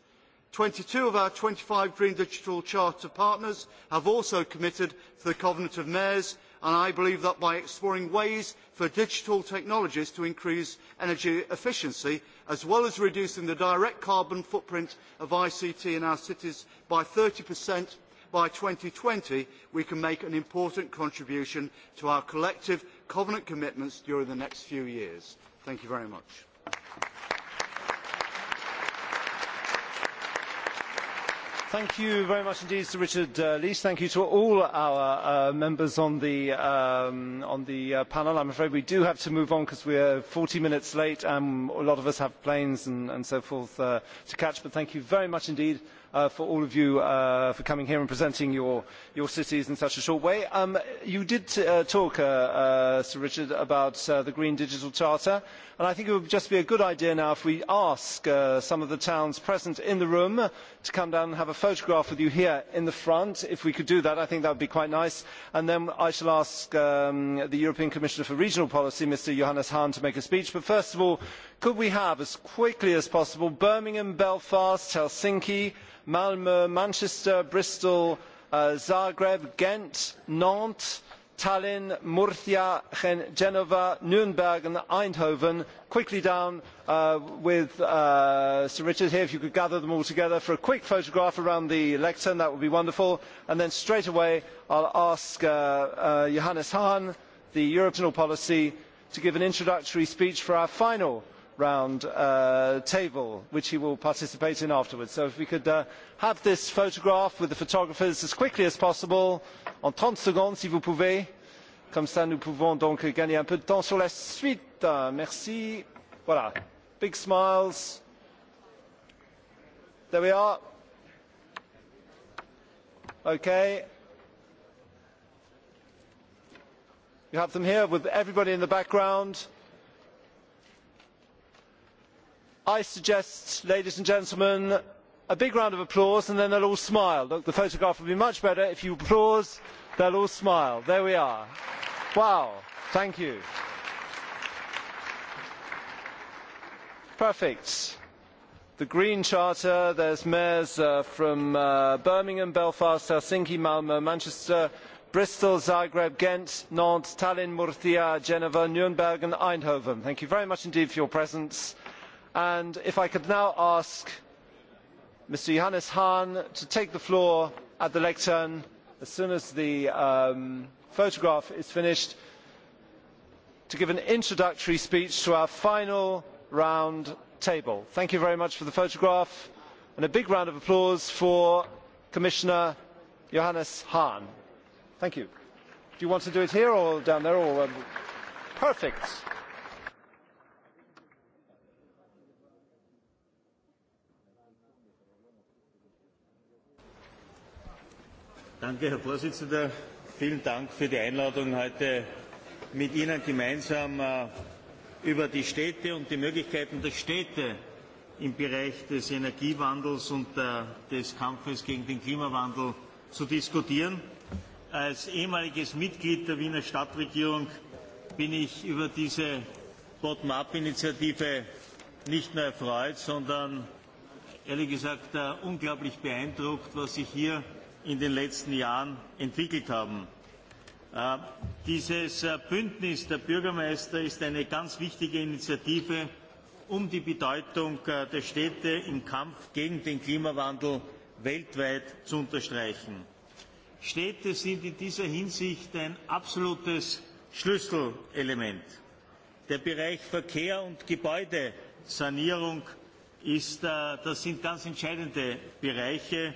twenty two of our twenty five green digital charter partners have also committed to the covenant of mayors and i believe that by exploring ways for digital technologies to increase energy efficiency as well as reducing the direct carbon footprint of ict in our cities by thirty by two thousand and twenty we can make an important contribution to our collective covenant commitments during the next few years. thank you very much. Thank you very much indeed to Richard uh, Thank you to all our uh, members on the, um, uh, panel. i am afraid we do have to move on because we are forty minutes late. and a lot of us have planes and, so forth uh, to catch, but thank you very much indeed Uh, for all of you uh, for coming here and presenting your, your cities in such a short way. Um, you did uh, talk, uh, uh, Sir Richard, about uh, the Green Digital Charter, and I think it would just be a good idea now if we ask uh, some of the towns present in the room to come down and have a photograph with you here in the front. If we could do that, I think that would be quite nice. And then I shall ask um, the European Commissioner for Regional Policy, Mr. Johannes Hahn, to make a speech. But first of all, could we have as quickly as possible birmingham belfast helsinki malm manchester bristol uh, zagreb ghent nantes tallinn murcia genova nuremberg and eindhoven quickly down uh, with uh, sir richard here if you could gather them all together for a quick photograph around the lectern that would be wonderful and then straight away i will ask johannes hahn the european policy to give an introductory speech for our final round uh, table which he will participate in afterwards. so if we could uh, have this photograph with the photographers as quickly as possible en trente secondes s'il vous pouvez comme cela nous pouvons donc gagner un peu de temps sur la suite. merci. voilà big smiles. there we are. okay. you have them here with everybody in the background i suggest ladies and gentlemen a big round of applause and then they will all smile. Look, the photograph will be much better if you applause they will all smile. there we are. wow thank you. perfect. the green charter there are mayors uh, from uh, birmingham belfast helsinki malm manchester bristol zagreb ghent nantes tallinn murcia geneva nuremberg and eindhoven. thank you very much indeed for your presence and if i could now ask mr johannes hahn to take the floor at the lectern as soon as the um, photograph is finished to give an introductory speech to our final round table. thank you very much for the photograph and a big round of applause for commissioner johannes hahn. thank you. do you want to do it here or down there? Or, um, perfect. Danke, Herr Vorsitzender. Vielen Dank für die Einladung, heute mit Ihnen gemeinsam äh, über die Städte und die Möglichkeiten der Städte im Bereich des Energiewandels und äh, des Kampfes gegen den Klimawandel zu diskutieren. Als ehemaliges Mitglied der Wiener Stadtregierung bin ich über diese Bottom-up-Initiative nicht nur erfreut, sondern ehrlich gesagt äh, unglaublich beeindruckt, was sich hier in den letzten jahren entwickelt haben. Äh, dieses äh, bündnis der bürgermeister ist eine ganz wichtige initiative um die bedeutung äh, der städte im kampf gegen den klimawandel weltweit zu unterstreichen. städte sind in dieser hinsicht ein absolutes schlüsselelement. der bereich verkehr und gebäudesanierung ist, das sind ganz entscheidende bereiche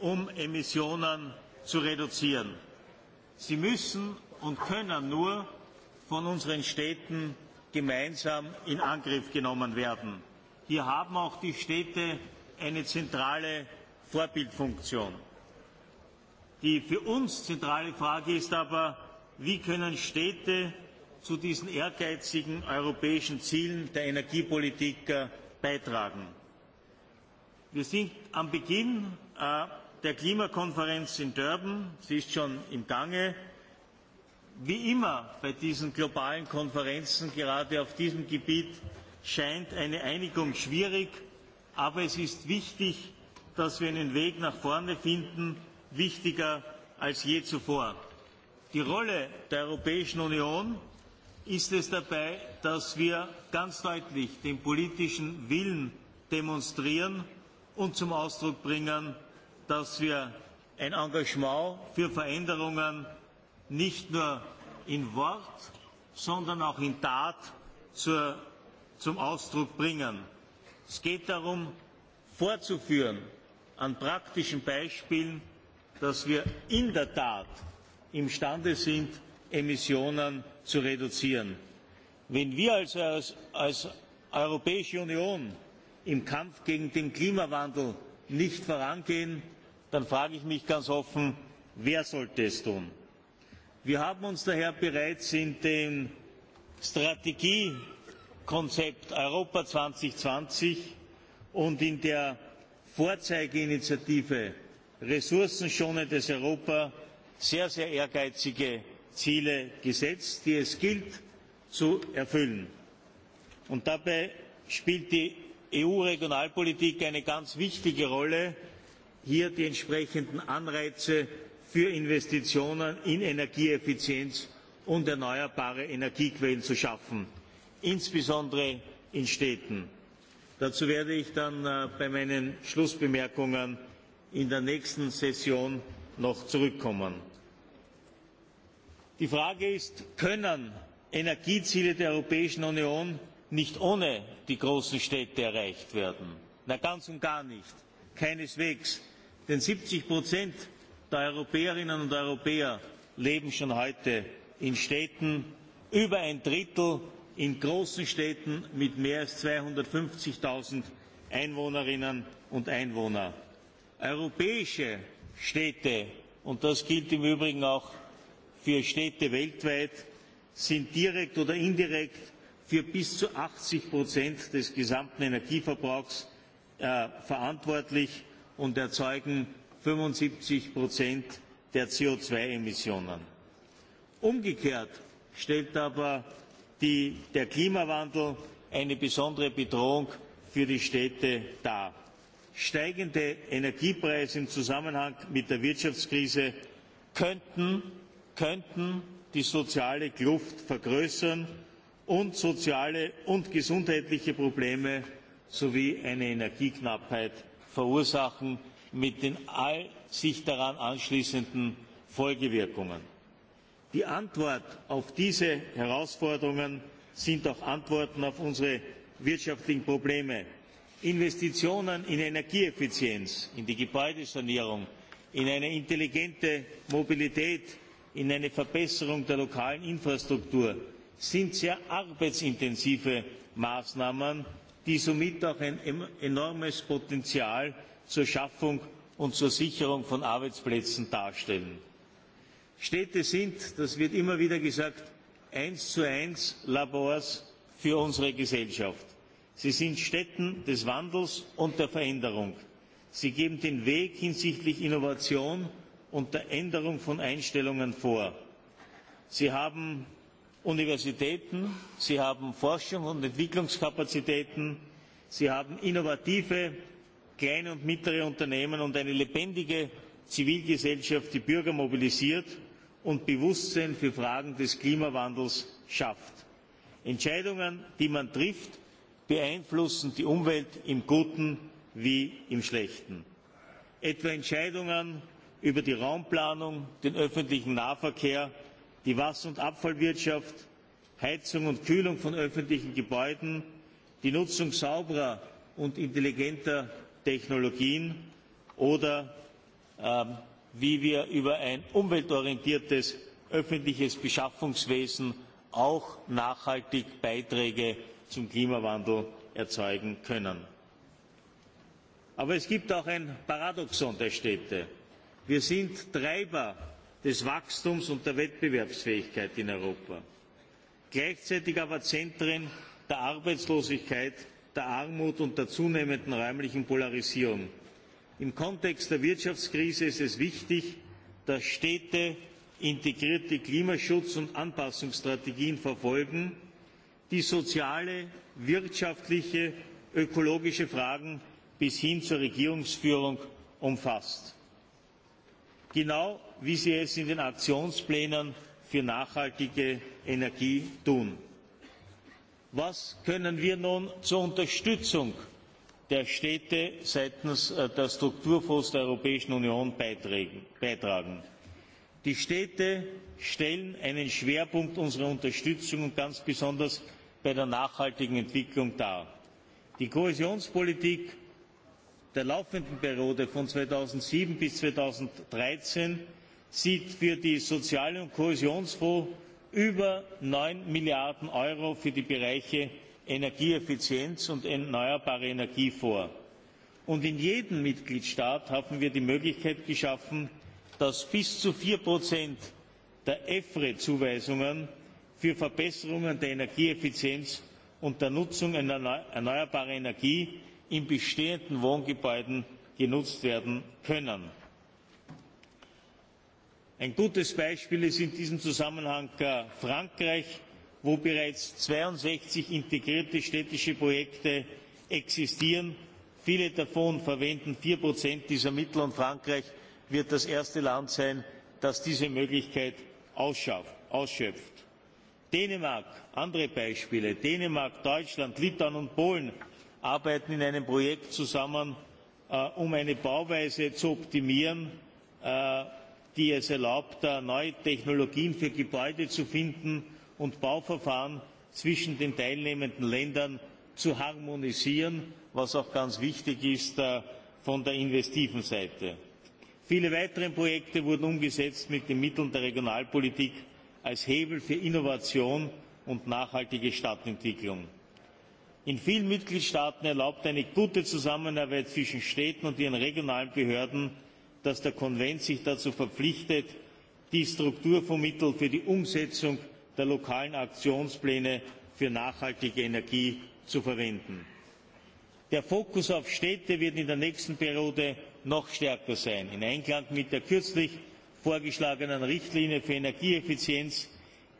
um Emissionen zu reduzieren. Sie müssen und können nur von unseren Städten gemeinsam in Angriff genommen werden. Hier haben auch die Städte eine zentrale Vorbildfunktion. Die für uns zentrale Frage ist aber, wie können Städte zu diesen ehrgeizigen europäischen Zielen der Energiepolitik äh, beitragen? Wir sind am Beginn äh, der klimakonferenz in durban sie ist schon im gange wie immer bei diesen globalen konferenzen gerade auf diesem gebiet scheint eine einigung schwierig aber es ist wichtig dass wir einen weg nach vorne finden wichtiger als je zuvor. die rolle der europäischen union ist es dabei dass wir ganz deutlich den politischen willen demonstrieren und zum ausdruck bringen dass wir ein Engagement für Veränderungen nicht nur in Wort, sondern auch in Tat zur, zum Ausdruck bringen. Es geht darum, vorzuführen an praktischen Beispielen, dass wir in der Tat imstande sind, Emissionen zu reduzieren. Wenn wir als, als, als Europäische Union im Kampf gegen den Klimawandel nicht vorangehen, dann frage ich mich ganz offen wer sollte es tun? wir haben uns daher bereits in dem strategiekonzept europa zweitausendzwanzig und in der vorzeigeinitiative ressourcenschonendes europa sehr sehr ehrgeizige ziele gesetzt die es gilt zu erfüllen. und dabei spielt die eu regionalpolitik eine ganz wichtige rolle hier die entsprechenden anreize für investitionen in energieeffizienz und erneuerbare energiequellen zu schaffen insbesondere in städten. dazu werde ich dann äh, bei meinen schlussbemerkungen in der nächsten session noch zurückkommen. die frage ist können energieziele der europäischen union nicht ohne die großen städte erreicht werden? na ganz und gar nicht keineswegs! denn siebzig Prozent der Europäerinnen und Europäer leben schon heute in Städten, über ein Drittel in großen Städten mit mehr als zweihundertfünfzig null Einwohnerinnen und Einwohnern. Europäische Städte, und das gilt im Übrigen auch für Städte weltweit, sind direkt oder indirekt für bis zu achtzig des gesamten Energieverbrauchs äh, verantwortlich und erzeugen fünfundsiebzig der co zwei emissionen. umgekehrt stellt aber der klimawandel eine besondere bedrohung für die städte dar. steigende energiepreise im zusammenhang mit der wirtschaftskrise könnten die soziale kluft vergrößern und soziale und gesundheitliche probleme sowie eine energieknappheit verursachen mit den all sich daran anschließenden Folgewirkungen. Die Antwort auf diese Herausforderungen sind auch Antworten auf unsere wirtschaftlichen Probleme. Investitionen in Energieeffizienz, in die Gebäudesanierung, in eine intelligente Mobilität, in eine Verbesserung der lokalen Infrastruktur sind sehr arbeitsintensive Maßnahmen, die somit auch ein enormes Potenzial zur Schaffung und zur Sicherung von Arbeitsplätzen darstellen. Städte sind, das wird immer wieder gesagt, eins zu eins Labors für unsere Gesellschaft. Sie sind Städten des Wandels und der Veränderung. Sie geben den Weg hinsichtlich Innovation und der Änderung von Einstellungen vor. Sie haben universitäten sie haben forschungs und entwicklungskapazitäten sie haben innovative kleine und mittlere unternehmen und eine lebendige zivilgesellschaft die bürger mobilisiert und bewusstsein für fragen des klimawandels schafft. entscheidungen die man trifft beeinflussen die umwelt im guten wie im schlechten etwa entscheidungen über die raumplanung den öffentlichen nahverkehr die Wasser- und Abfallwirtschaft, Heizung und Kühlung von öffentlichen Gebäuden, die Nutzung sauberer und intelligenter Technologien oder ähm, wie wir über ein umweltorientiertes öffentliches Beschaffungswesen auch nachhaltig Beiträge zum Klimawandel erzeugen können. Aber es gibt auch ein Paradoxon der Städte. Wir sind Treiber des Wachstums und der Wettbewerbsfähigkeit in Europa. Gleichzeitig aber Zentren der Arbeitslosigkeit, der Armut und der zunehmenden räumlichen Polarisierung. Im Kontext der Wirtschaftskrise ist es wichtig, dass Städte integrierte Klimaschutz- und Anpassungsstrategien verfolgen, die soziale, wirtschaftliche, ökologische Fragen bis hin zur Regierungsführung umfasst. Genau wie sie es in den aktionsplänen für nachhaltige energie tun. was können wir nun zur unterstützung der städte seitens äh, der strukturfonds der europäischen union beitragen? die städte stellen einen schwerpunkt unserer unterstützung und ganz besonders bei der nachhaltigen entwicklung dar. die kohäsionspolitik der laufenden periode von zweitausendsieben bis zweitausenddreizehn sieht für die Sozial- und Kohäsionsfonds über neun Milliarden Euro für die Bereiche Energieeffizienz und erneuerbare Energie vor. Und in jedem Mitgliedstaat haben wir die Möglichkeit geschaffen, dass bis zu vier Prozent der EFRE-Zuweisungen für Verbesserungen der Energieeffizienz und der Nutzung erneuerbarer Energie in bestehenden Wohngebäuden genutzt werden können ein gutes beispiel ist in diesem zusammenhang äh, frankreich wo bereits zweiundsechzig integrierte städtische projekte existieren. viele davon verwenden vier dieser mittel und frankreich wird das erste land sein das diese möglichkeit ausschöpft. dänemark andere beispiele dänemark deutschland litauen und polen arbeiten in einem projekt zusammen äh, um eine bauweise zu optimieren äh, die es erlaubt, neue Technologien für Gebäude zu finden und Bauverfahren zwischen den teilnehmenden Ländern zu harmonisieren, was auch ganz wichtig ist äh, von der investiven Seite. Viele weitere Projekte wurden umgesetzt mit den Mitteln der Regionalpolitik als Hebel für Innovation und nachhaltige Stadtentwicklung. In vielen Mitgliedstaaten erlaubt eine gute Zusammenarbeit zwischen Städten und ihren regionalen Behörden dass der Konvent sich dazu verpflichtet, die Strukturfondsmittel für die Umsetzung der lokalen Aktionspläne für nachhaltige Energie zu verwenden. Der Fokus auf Städte wird in der nächsten Periode noch stärker sein. In Einklang mit der kürzlich vorgeschlagenen Richtlinie für Energieeffizienz,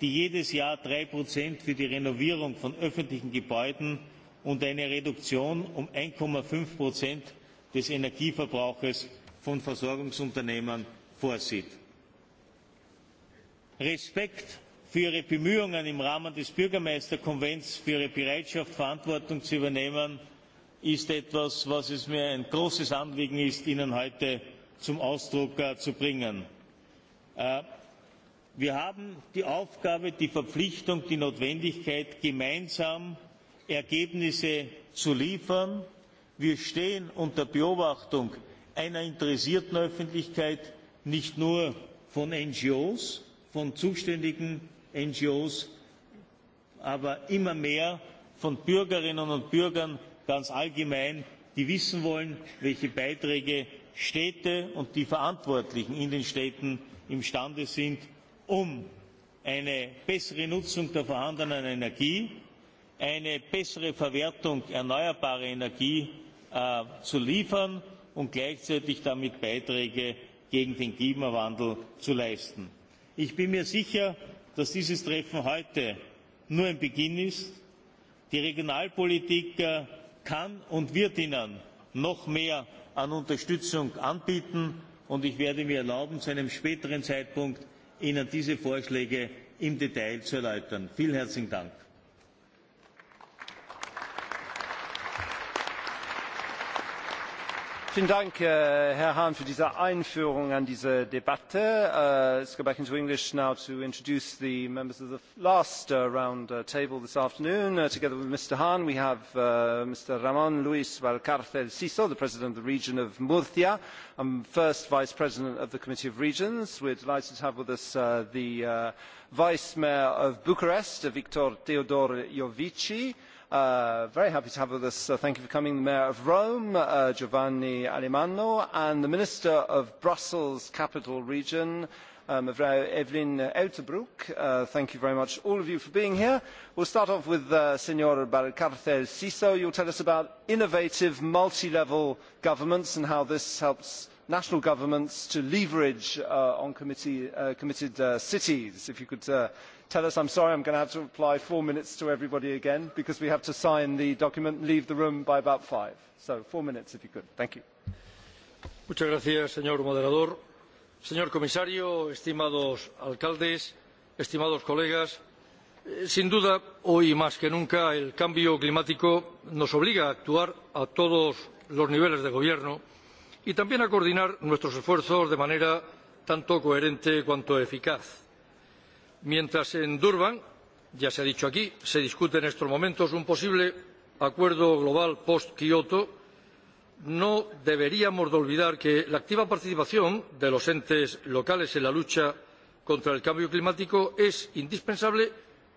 die jedes Jahr drei Prozent für die Renovierung von öffentlichen Gebäuden und eine Reduktion um 1,5 Prozent des Energieverbrauchs von Versorgungsunternehmen vorsieht. Respekt für Ihre Bemühungen im Rahmen des Bürgermeisterkonvents, für Ihre Bereitschaft, Verantwortung zu übernehmen, ist etwas, was es mir ein großes Anliegen ist, Ihnen heute zum Ausdruck äh, zu bringen. Äh, wir haben die Aufgabe, die Verpflichtung, die Notwendigkeit, gemeinsam Ergebnisse zu liefern. Wir stehen unter Beobachtung einer interessierten Öffentlichkeit, nicht nur von NGOs, von zuständigen NGOs, aber immer mehr von Bürgerinnen und Bürgern ganz allgemein, die wissen wollen, welche Beiträge Städte und die Verantwortlichen in den Städten imstande sind, um eine bessere Nutzung der vorhandenen Energie, eine bessere Verwertung erneuerbarer Energie äh, zu liefern und gleichzeitig damit beiträge gegen den klimawandel zu leisten. ich bin mir sicher dass dieses treffen heute nur ein beginn ist. die regionalpolitik kann und wird ihnen noch mehr an unterstützung anbieten und ich werde mir erlauben zu einem späteren zeitpunkt ihnen diese vorschläge im detail zu erläutern. vielen herzlichen dank! Vielen Dank, äh, Herr Hahn, für diese Einführung an diese Debatte. Uh, äh, let's go back into English now to introduce the members of the last äh, round table this afternoon. together with Mr. Hahn, we have Mr. Ramon Luis Valcarcel Siso, the President of the Region of Murcia, and first Vice President of the Committee of Regions. We're delighted to have with us uh, the uh, Vice Mayor of Bucharest, Victor Teodor Jovici, Uh, very happy to have with us, uh, thank you for coming, the Mayor of Rome, uh, Giovanni Alemanno, and the Minister of Brussels Capital Region, Mevrouw Evelyn uyttebroeck thank you very much, all of you, for being here. we will start off with mr Senor Barcarcel Siso. will tell us about innovative multi-level governments and how this helps national governments to leverage on committed cities. If you could uh, tell us, i am sorry, i am going to have to apply four minutes to everybody again because we have to sign the document and leave the room by about five. So four minutes if you could. Thank you. señor moderador. Señor comisario, estimados alcaldes, estimados colegas, eh, sin duda, hoy más que nunca, el cambio climático nos obliga a actuar a todos los niveles de gobierno y también a coordinar nuestros esfuerzos de manera tanto coherente cuanto eficaz mientras en durban ya se ha dicho aquí se discute en estos momentos un posible acuerdo global post kioto no deberíamos olvidar que la activa participación de los entes locales en la lucha contra el cambio climático es indispensable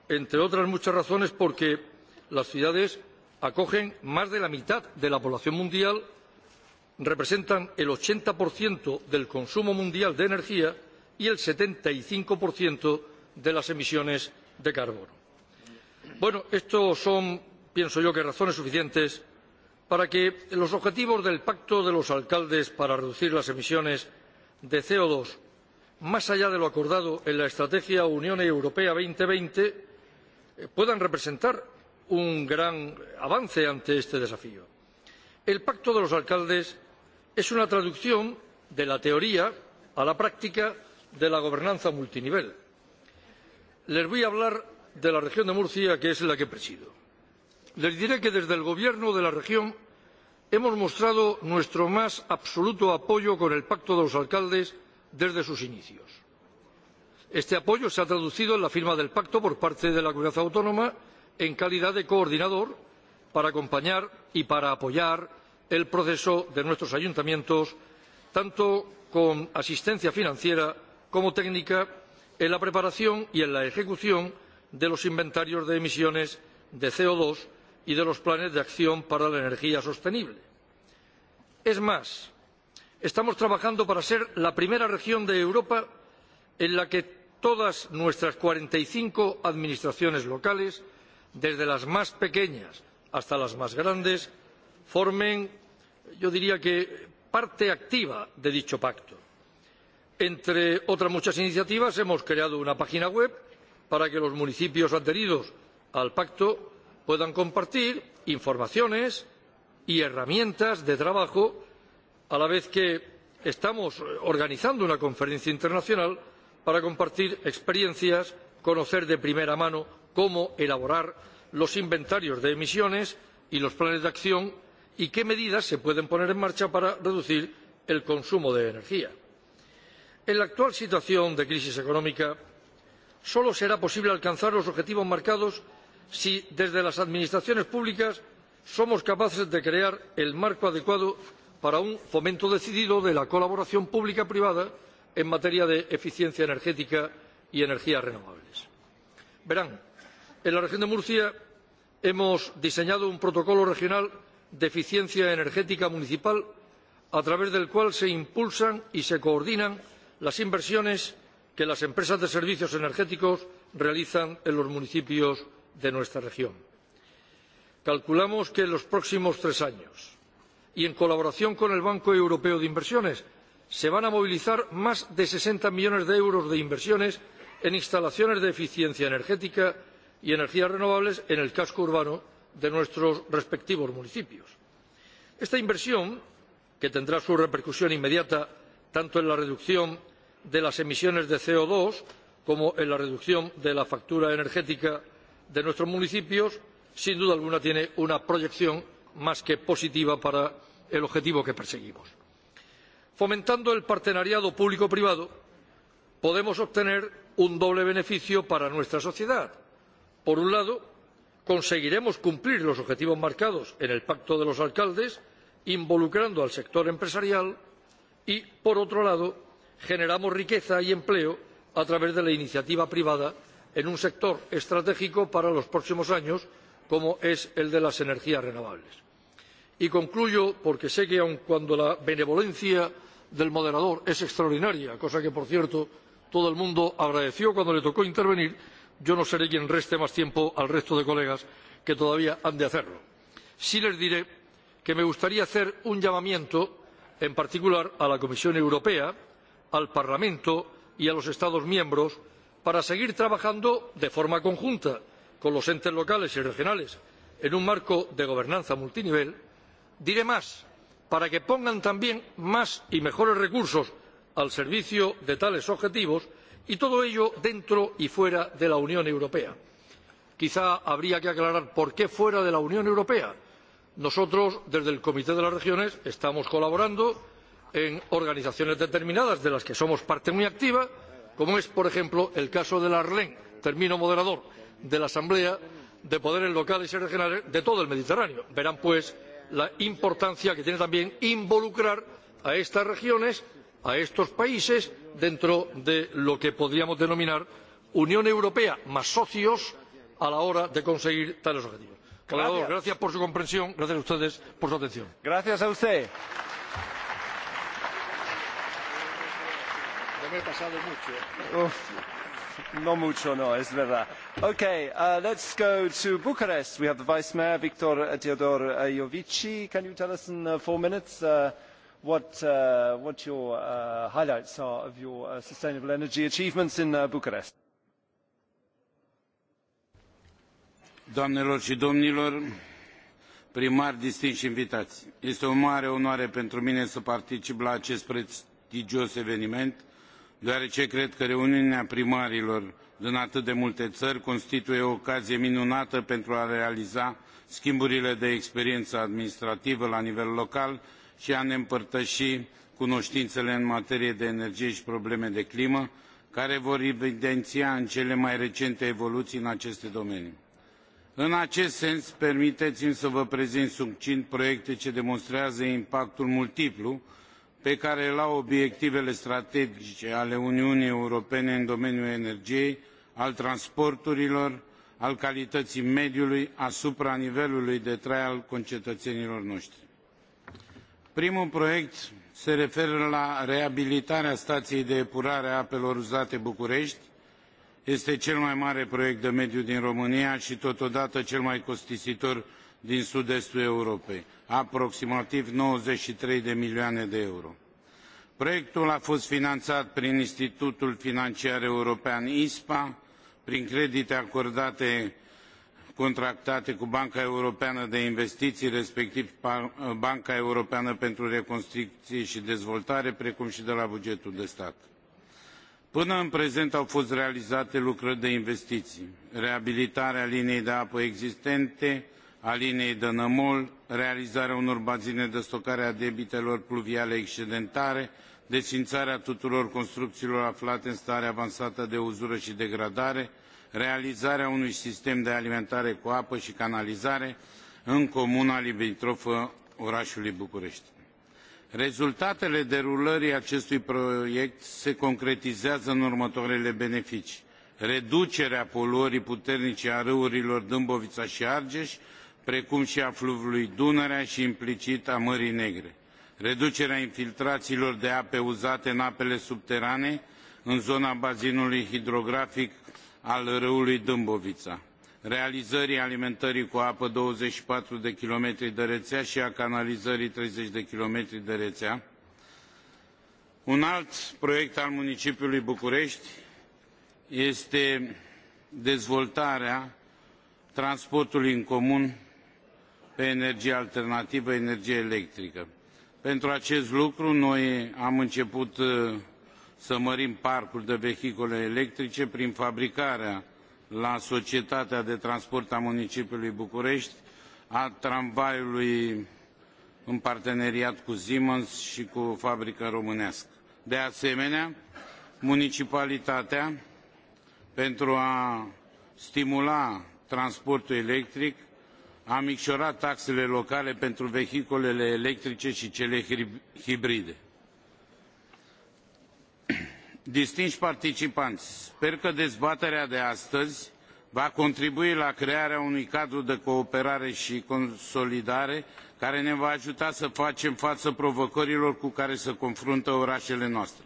entre otras muchas razones porque las ciudades acogen más de la mitad de la población mundial representan el ochenta del consumo mundial de energía y el setenta y cinco de las emisiones de carbono. Bueno, esto son, pienso yo, que razones suficientes para que los objetivos del Pacto de los Alcaldes para reducir las emisiones de co dos más allá de lo acordado en la Estrategia Unión Europea 2020, puedan representar un gran avance ante este desafío. El Pacto de los Alcaldes es una traducción de la teoría a la práctica de la gobernanza multinivel les voy a hablar de la región de murcia que es la que presido. les diré que desde el gobierno de la región hemos mostrado nuestro más absoluto apoyo con el pacto de los alcaldes desde sus inicios. este apoyo se ha traducido en la firma del pacto por parte de la comunidad autónoma en calidad de coordinador para acompañar y para apoyar el proceso de nuestros ayuntamientos tanto con asistencia financiera como técnica en la preparación y en la ejecución de los inventarios de emisiones de co dos y de los planes de acción para la energía sostenible. es más estamos trabajando para ser la primera región de europa en la que todas nuestras cuarenta y cinco administraciones locales desde las más pequeñas hasta las más grandes formen yo diría que parte activa de dicho pacto entre otras muchas iniciativas hemos creado una página web para que los municipios adheridos al pacto puedan compartir informaciones y herramientas de trabajo a la vez que estamos organizando una conferencia internacional para compartir experiencias conocer de primera mano cómo elaborar los inventarios de emisiones y los planes de acción y qué medidas se pueden poner en marcha para reducir el consumo de energía en la actual situación de crisis económica solo será posible alcanzar los objetivos marcados si desde las administraciones públicas somos capaces de crear el marco adecuado para un fomento decidido de la colaboración pública privada en materia de eficiencia energética y energías renovables. verán en la región de murcia hemos diseñado un protocolo regional de eficiencia energética municipal a través del cual se impulsan y se coordinan las inversiones que las empresas de servicios energéticos realizan en los municipios de nuestra región. calculamos que en los próximos tres años y en colaboración con el banco europeo de inversiones se van a movilizar más de sesenta millones de euros de inversiones en instalaciones de eficiencia energética y energías renovables en el casco urbano de nuestros respectivos municipios. esta inversión que tendrá su repercusión inmediata tanto en la reducción de las emisiones de co dos como en la reducción de la factura energética de nuestros municipios sin duda alguna tiene una proyección más que positiva para el objetivo que perseguimos. fomentando el partenariado público privado podemos obtener un doble beneficio para nuestra sociedad por un lado conseguiremos cumplir los objetivos marcados en el pacto de los alcaldes involucrando al sector empresarial y por otro lado generamos riqueza y empleo a través de la iniciativa privada en un sector estratégico para los próximos años como es el de las energías renovables. y concluyo porque sé que aun cuando la benevolencia del moderador es extraordinaria cosa que por cierto todo el mundo agradeció cuando le tocó intervenir yo no seré quien reste más tiempo al resto de colegas que todavía han de hacerlo. sí les diré que me gustaría hacer un llamamiento en particular a la comisión europea al parlamento y a los estados miembros para seguir trabajando de forma conjunta con los entes locales y regionales en un marco de gobernanza multinivel diré más para que pongan también más y mejores recursos al servicio de tales objetivos y todo ello dentro y fuera de la unión europea. quizá habría que aclarar por qué fuera de la unión europea? nosotros desde el comité de las regiones estamos colaborando en organizaciones determinadas de las que somos parte muy activa como es por ejemplo el caso de la arlen termino moderador de la asamblea de poderes locales y regionales de todo el mediterráneo. verán pues la importancia que tiene también involucrar a estas regiones a estos países dentro de lo que podríamos denominar unión europea más socios a la hora de conseguir tales objetivos. Claro, gracias. gracias por su comprensión, gracias a ustedes por su atención. Gracias a usted. Ya me he pasado mucho. Uf, no mucho, no, es verdad. Okay, uh, let's go to Bucharest. We have the Vice Mayor, Victor Teodor Iovici. Can you tell us in uh, four minutes uh, what, uh, what your uh, highlights are of your uh, sustainable energy achievements in uh, Bucharest? Doamnelor și domnilor, primari distinși invitați, este o mare onoare pentru mine să particip la acest prestigios eveniment, deoarece cred că reuniunea primarilor din atât de multe țări constituie o ocazie minunată pentru a realiza schimburile de experiență administrativă la nivel local și a ne împărtăși cunoștințele în materie de energie și probleme de climă, care vor evidenția în cele mai recente evoluții în aceste domenii în acest sens permitei mi să vă prezint succint proiecte ce demonstrează impactul multiplu pe care îl au obiectivele strategice ale uniunii europene în domeniul energiei al transporturilor al calităii mediului asupra nivelului de trai al concetăenilor notri. primul proiect se referă la reabilitarea staiei de epurare a apelor uzate bucureti este cel mai mare proiect de mediu din românia i totodată cel mai costisitor din sud estul europei aproximativ nouăzeci și trei de milioane de euro. proiectul a fost finanat prin institutul financiar european ispa prin credite acordate contractate cu banca europeană de investiii respectiv banca europeană pentru reconstrucie i dezvoltare precum i de la bugetul de stat până în prezent au fost realizate lucrări de investiții reabilitarea liniei de apă existente a liniei dănămol realizarea unor bazine de stocare a debitelor pluviale excedentare desfințarea tuturor construcțiilor aflate în stare avansată de uzură și degradare realizarea unui sistem de alimentare cu apă și canalizare în comuna limitrofă orașului bucurești rezultatele derulării acestui proiect se concretizează în următoarele beneficii reducerea poluării puternice a râurilor dâmbovița și argeș precum și a fluviului dunărea și implicit a mării negre reducerea infiltrațiilor de ape uzate în apele subterane în zona bazinului hidrografic al râului dâmbovița realizării alimentării cu apă douăzeci și patru de kilometri de reea i a canalizării treizeci de kilometri de reea un alt proiect al municipiului bucureti este dezvoltarea transportului în comun pe energie alternativă energie electrică. pentru acest lucru noi am început uh, să mărim parcul de vehicule electrice prin fabricarea la societatea de transport a municipiului bucurești a tramvaiului în parteneriat cu siemens și cu o fabrică românească. de asemenea municipalitatea pentru a stimula transportul electric a micșorat taxele locale pentru vehiculele electrice și cele hibride distinși participanți sper că dezbaterea de astăzi va contribui la crearea unui cadru de cooperare și consolidare care ne va ajuta să facem față provocărilor cu care se confruntă orașele noastre.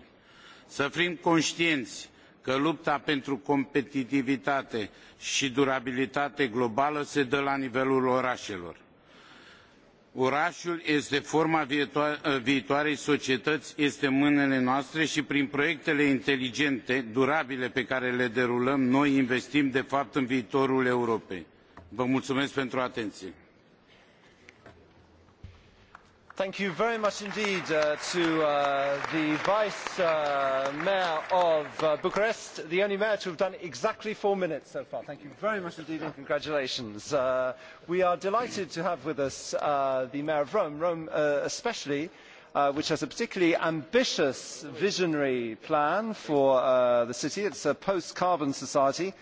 să fim conștienți că lupta pentru competitivitate și durabilitate globală se dă la nivelul orașelor orașul este forma viitoarei societăți este în mâinile noastre și prin proiectele inteligente durabile pe care le derulăm noi investim de fapt în viitorul europei. vă mulțumesc pentru atenție. Thank you very much indeed uh, to uh, the Vice uh, Mayor of Bucharest, the only mayor to have done exactly four minutes so far. Thank you very much indeed and congratulations. we are delighted to have with us the Mayor of Rome, Rome especially, which has a particularly ambitious visionary plan for the city. it is a post-carbon society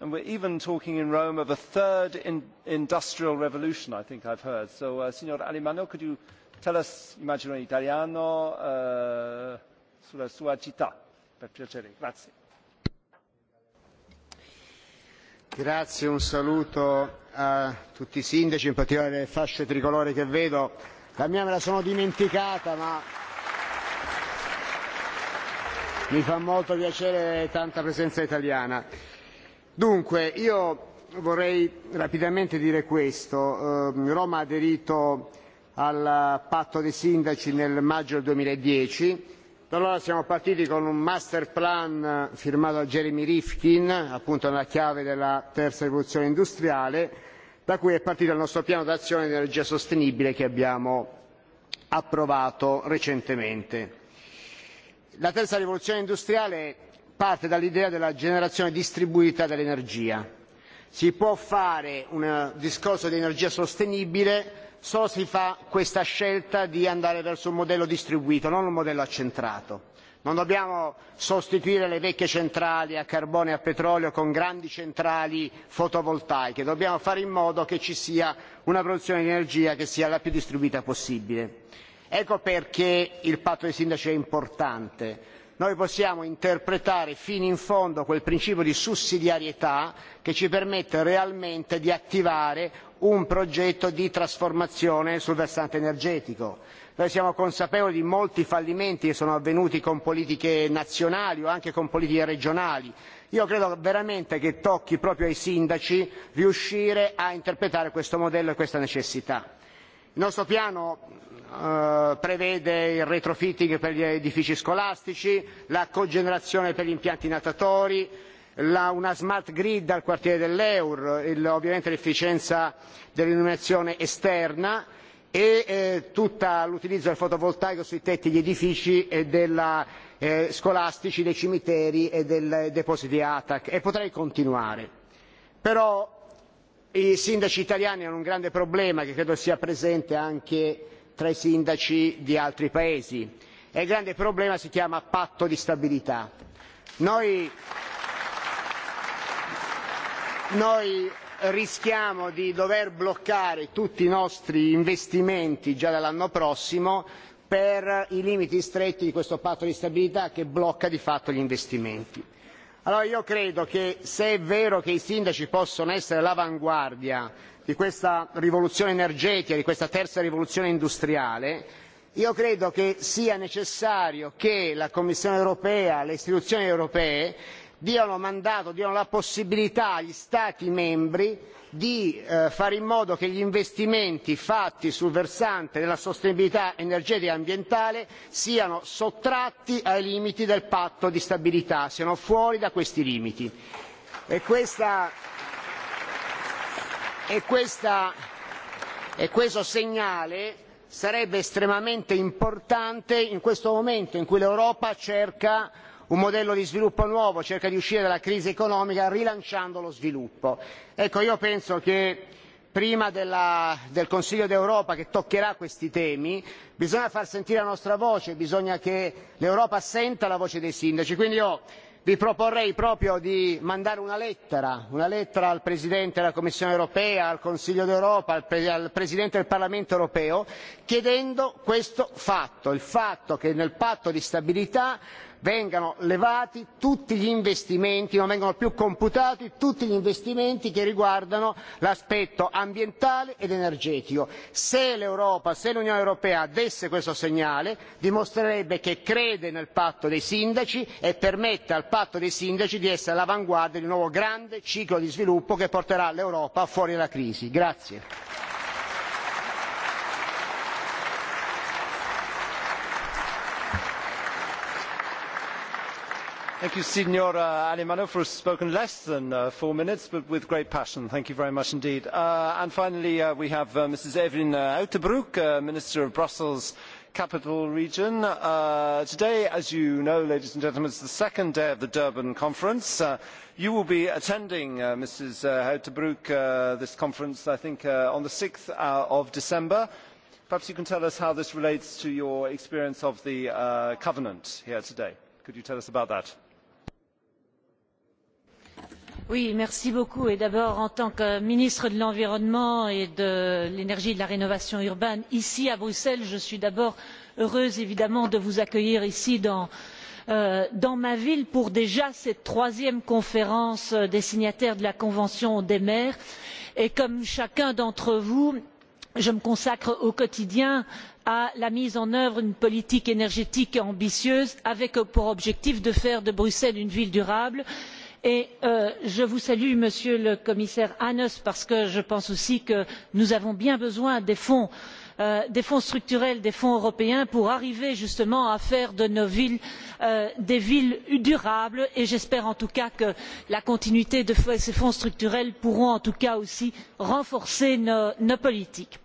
and we are even talking in Rome of a third industrial revolution, I think i have heard. So, Signor Alimano, could you Teles immagino in italiano eh, sulla sua città, per piacere, grazie. Grazie, un saluto a tutti i sindaci, in particolare le fasce tricolore che vedo. La mia me la sono dimenticata, ma mi fa molto piacere tanta presenza italiana. Dunque, io vorrei rapidamente dire questo. Ehm, Roma ha aderito al patto dei sindaci nel maggio duemiladieci da allora siamo partiti con un master plan firmato da jeremy rifkin appunto nella chiave della terza rivoluzione industriale da cui è partito il nostro piano d'azione di energia sostenibile che abbiamo approvato recentemente. la terza rivoluzione industriale parte dall'idea della generazione distribuita dell'energia. si può fare un discorso di energia sostenibile solo si fa questa scelta di andare verso un modello distribuito non un modello accentrato. non dobbiamo sostituire le vecchie centrali a carbone e a petrolio con grandi centrali fotovoltaiche dobbiamo fare in modo che ci sia una produzione di energia che sia la più distribuita possibile. ecco perché il patto dei sindaci è importante noi possiamo interpretare fino in fondo quel principio di sussidiarietà che ci permette realmente di attivare un progetto di trasformazione sul versante energetico. noi siamo consapevoli di molti fallimenti che sono avvenuti con politiche nazionali o anche con politiche regionali io credo veramente che tocchi proprio ai sindaci riuscire a interpretare questo modello e questa necessità. Il nostro piano eh, prevede il retrofitting per gli edifici scolastici, la cogenerazione per gli impianti natatori, la, una smart grid al quartiere dell'Eur, il, ovviamente l'efficienza dell'illuminazione esterna e eh, tutta l'utilizzo del fotovoltaico sui tetti degli edifici e della, eh, scolastici, dei cimiteri e dei depositi ATAC e potrei continuare. Però E i sindaci italiani hanno un grande problema che credo sia presente anche tra i sindaci di altri paesi e il grande problema si chiama patto di stabilità. noi, noi rischiamo di dover bloccare tutti i nostri investimenti già dall'anno prossimo per i limiti stretti di questo patto di stabilità che blocca di fatto gli investimenti allora io credo che se è vero che i sindaci possono essere all'avanguardia di questa rivoluzione energetica di questa terza rivoluzione industriale io credo che sia necessario che la commissione europea le istituzioni europee diano mandato diano la possibilità agli stati membri di eh, fare in modo che gli investimenti fatti sul versante della sostenibilità energetica e ambientale siano sottratti ai limiti del patto di stabilità siano fuori da questi limiti. e, e, e questo segnale sarebbe estremamente importante in questo momento in cui l'europa cerca un modello di sviluppo nuovo cerca di uscire dalla crisi economica rilanciando lo sviluppo. ecco io penso che prima del consiglio d'europa che toccherà questi temi bisogna far sentire la nostra voce bisogna che l'europa senta la voce dei sindaci quindi io vi proporrei proprio di mandare una lettera una lettera al presidente della commissione europea al consiglio d'europa al presidente del parlamento europeo chiedendo questo fatto il fatto che nel patto di stabilità vengano levati tutti gli investimenti non vengano più computati tutti gli investimenti che riguardano l'aspetto ambientale ed energetico. se l'europa se l'unione europea desse questo segnale dimostrerebbe che crede nel patto dei sindaci e permette al patto dei sindaci di essere all'avanguardia di un nuovo grande ciclo di sviluppo che porterà l'europa fuori dalla crisi. Thank you, Signora Alemano, for spoken less than uh, four minutes, but with great passion. Thank you very much indeed. Uh, and finally, uh, we have uh, Mrs. Evelyn uh, Uiterbroek, uh, Minister of Brussels Capital Region. Uh, today, as you know, ladies and gentlemen, is the second day of the Durban Conference. Uh, you will be attending, uh, Mrs. Uh, Uiterbroek, uh, this conference, I think, uh, on the 6th uh, of December perhaps you can tell us how this relates to your experience of the uh, covenant here today. could you tell us about that? d'abord en tant que ministre de l'environnement et de l'énergie et de la rénovation urbaine ici à bruxelles je suis d'abord heureuse évidemment de vous accueillir ici euh, dans ma ville pour déjà cette troisième conférence des signataires de la convention des maires et comme chacun d'entre vous je me consacre au quotidien à la mise en œuvre d'une politique énergétique ambitieuse avec pour objectif de faire de bruxelles une ville durable et euh, je vous salue monsieur le commissaire hannes parce que je pense aussi que nous avons bien besoin des fonds euh, structurels des fonds européens pour arriver justement à faire de nos villes euh, des villes durables et j'espère en tout cas que la continuité de ces fonds structurels pourra en tout cas aussi renforcer nos, politiques.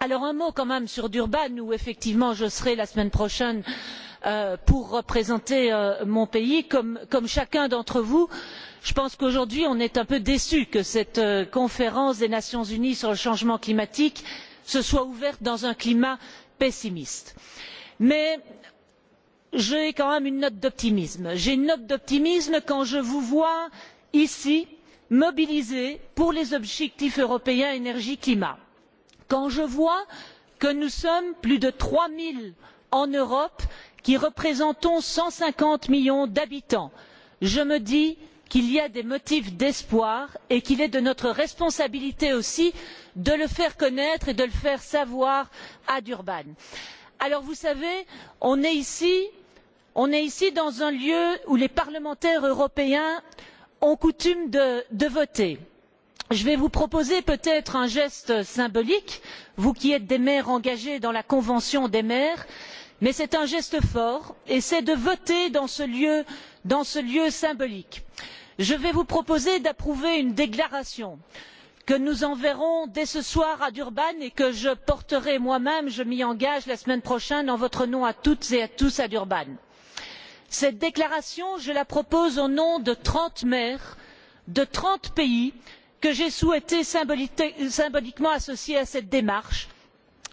alors un mot quand même sur durban où effectivement je serai la semaine prochaine à Euh, pour représenter euh, mon pays comme chacun d'entre vous je pense qu'aujourd'hui on est un peu déçus que cette euh, conférence des nations unies sur le changement climatique se soit ouverte dans un climat pessimiste. mais j'ai quand même une note d'optimisme. j'ai une note d'optimisme quand je vous vois ici mobilisés pour les objectifs européens énergie climat quand je vois que nous sommes plus de trois zéro en europe qui représentons cent cinquante millions d'habitants je me dis qu'il y a des motifs d'espoir et qu'il est de notre responsabilité aussi de le faire connaître et de le faire savoir à durban. vous savez on est ici dans un lieu où les parlementaires européens ont coutume de voter. je vais vous proposer peut être un geste symbolique vous qui êtes des maires engagés dans la convention des maires mais c'est un geste fort et c'est de voter dans ce lieu symbolique. je vais vous proposer d'approuver une déclaration que nous enverrons dès ce soir à durban et que je porterai moi même je m'y engage la semaine prochaine en votre nom à toutes et à tous à durban. cette déclaration je la propose au nom de trente maires de trente pays que j'ai souhaité symboliquement associer à cette démarche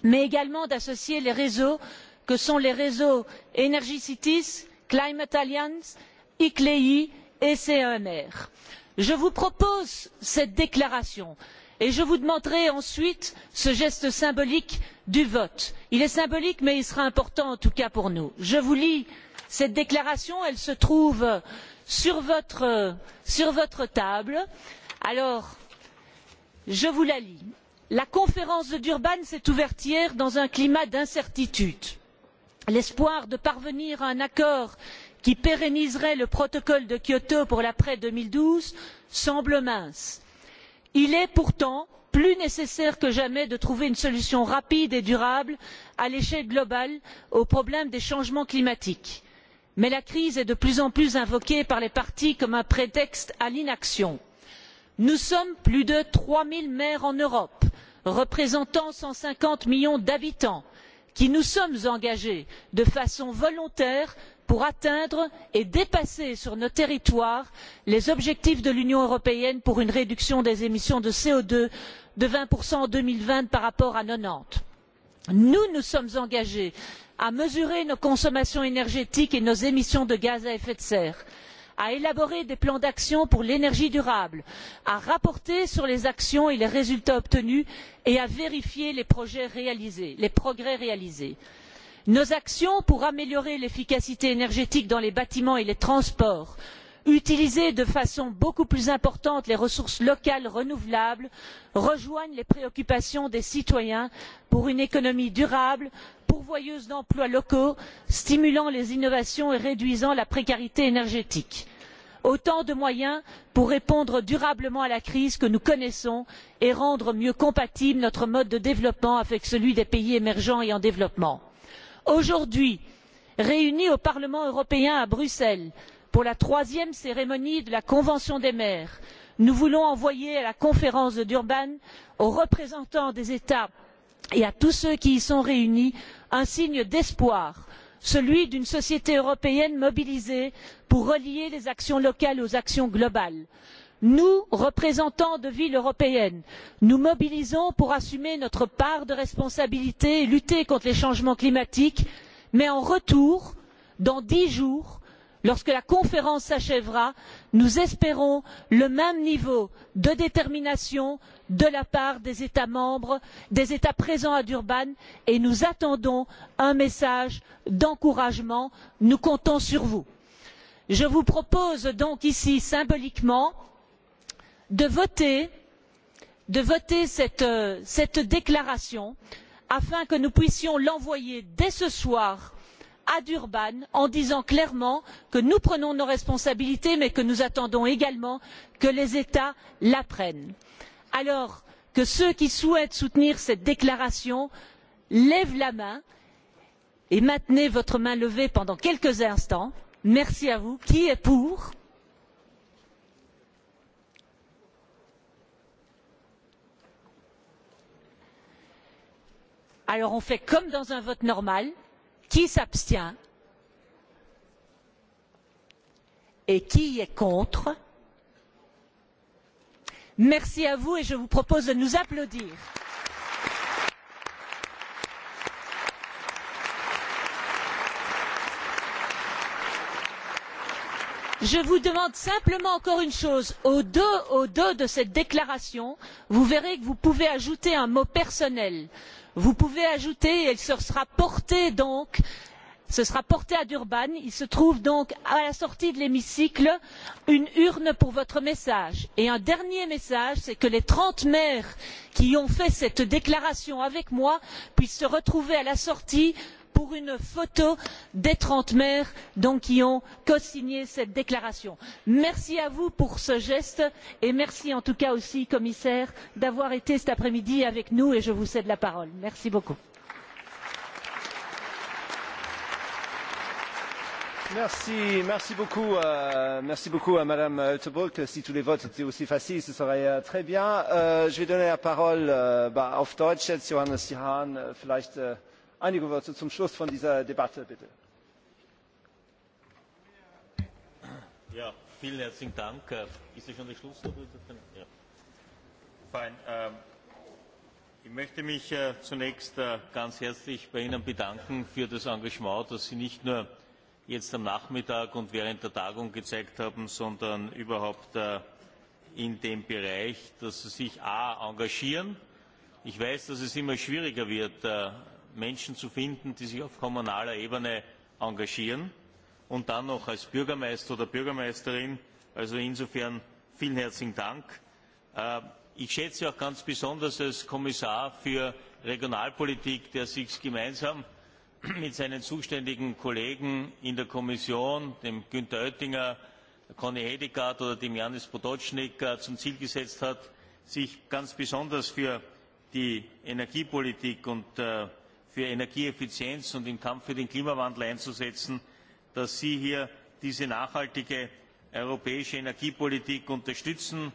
mais également d'associer les réseaux que sont les réseaux energy cities climate alliance iclei e et cemr. je vous propose cette déclaration et je vous demanderai ensuite ce geste symbolique du vote. il est symbolique mais il sera important en tout cas pour nous. je vous lis cette déclaration elle se trouve sur votre, table. je vous la lis la conférence de durban s'est ouverte hier dans un climat d'incertitude l'espoir de parvenir à un accord qui pérenniserait le protocole de kyoto pour l'après deux mille douze semble mince. il est pourtant plus nécessaire que jamais de trouver une solution rapide et durable à l'échelle globale au problème des changements climatiques mais la crise est de plus en plus invoquée par les parties comme un prétexte à l'inaction. nous sommes plus de trois zéro maires en europe représentant cent cinquante millions d'habitants qui nous sommes engagés de façon volontaire pour atteindre et dépasser sur nos territoires les objectifs de l'union européenne pour une réduction des émissions de co deux de vingt en deux mille vingt par rapport à. mille neuf cent quatre vingt dix nous nous sommes engagés à mesurer nos consommations énergétiques et nos émissions de gaz à effet de serre à élaborer des plans d'action pour l'énergie durable à rapporter sur les actions et les résultats obtenus et à vérifier les progrès réalisés. nos actions pour améliorer l'efficacité énergétique dans les bâtiments et les transports et utiliser de façon beaucoup plus importante les ressources locales renouvelables rejoignent les préoccupations des citoyens pour une économie durable pourvoyeuse d'emplois locaux stimulant les innovations et réduisant la précarité énergétique autant de moyens pour répondre durablement à la crise que nous connaissons et rendre mieux compatible notre mode de développement avec celui des pays émergents et en développement. aujourd'hui réunis au parlement européen à bruxelles pour la troisième cérémonie de la convention des maires nous voulons envoyer à la conférence de durban aux représentants des états et à tous ceux qui y sont réunis un signe d'espoir celui d'une société européenne mobilisée pour relier les actions locales aux actions globales. nous représentants de villes européennes nous mobilisons pour assumer notre part de responsabilité et lutter contre les changements climatiques mais en retour dans dix jours lorsque la conférence s'achèvera nous espérons le même niveau de détermination de la part des états membres des états présents à durban et nous attendons un message d'encouragement. nous comptons sur vous. je vous propose donc ici symboliquement de voter euh, cette déclaration afin que nous puissions l'envoyer dès ce soir à durban en disant clairement que nous prenons nos responsabilités mais que nous attendons également que les états la prennent. alors que ceux qui souhaitent soutenir cette déclaration lèvent la main et maintenez votre main levée pendant quelques instants. merci à vous. qui est pour? alors on fait comme dans un vote normal qui s'abstient et qui est contre? merci à vous et je vous propose de nous applaudir. applaudissements je vous demande simplement encore une chose au dos de cette déclaration vous verrez que vous pouvez ajouter un mot personnel vous pouvez ajouter et ce sera porté donc ce sera porté à durban il se trouve donc à la sortie de l'hémicycle une urne pour votre message. et un dernier message c'est que les trente maires qui ont fait cette déclaration avec moi puissent se retrouver à la sortie pour une photo des trente maires qui ont cosigné cette déclaration. merci à vous pour ce geste et merci en tout cas aussi commissaire d'avoir été cet après midi avec nous et je vous cède la parole. merci beaucoup. Merci, merci beaucoup, euh, merci beaucoup à Madame Hüttebrook. Si tous les votes étaient aussi faciles, ce serait euh, très bien. Euh, je vais donner la parole euh, bah, auf Deutsch jetzt Johannes Jahan. Euh, vielleicht äh, einige worte zum schluss von dieser debatte bitte. vielen herzlichen dank. Äh, ist das schon der schluss? Ähm, ich möchte mich äh, zunächst äh, ganz herzlich bei ihnen bedanken für das engagement das sie nicht nur jetzt am nachmittag und während der tagung gezeigt haben sondern überhaupt in dem bereich dass sie sich a engagieren ich weiß dass es immer schwieriger wird menschen zu finden die sich auf kommunaler ebene engagieren und dann noch als bürgermeister oder bürgermeisterin. also insofern vielen herzlichen dank! Äh, ich schätze auch ganz besonders als kommissar für regionalpolitik der sich gemeinsam mit seinen zuständigen kollegen in der kommission dem günther oettinger connie hedegaard oder dem janez potonik äh, zum ziel gesetzt hat sich ganz besonders für die energiepolitik und äh, für energieeffizienz und im kampf für den klimawandel einzusetzen dass sie hier diese nachhaltige europäische energiepolitik unterstützen.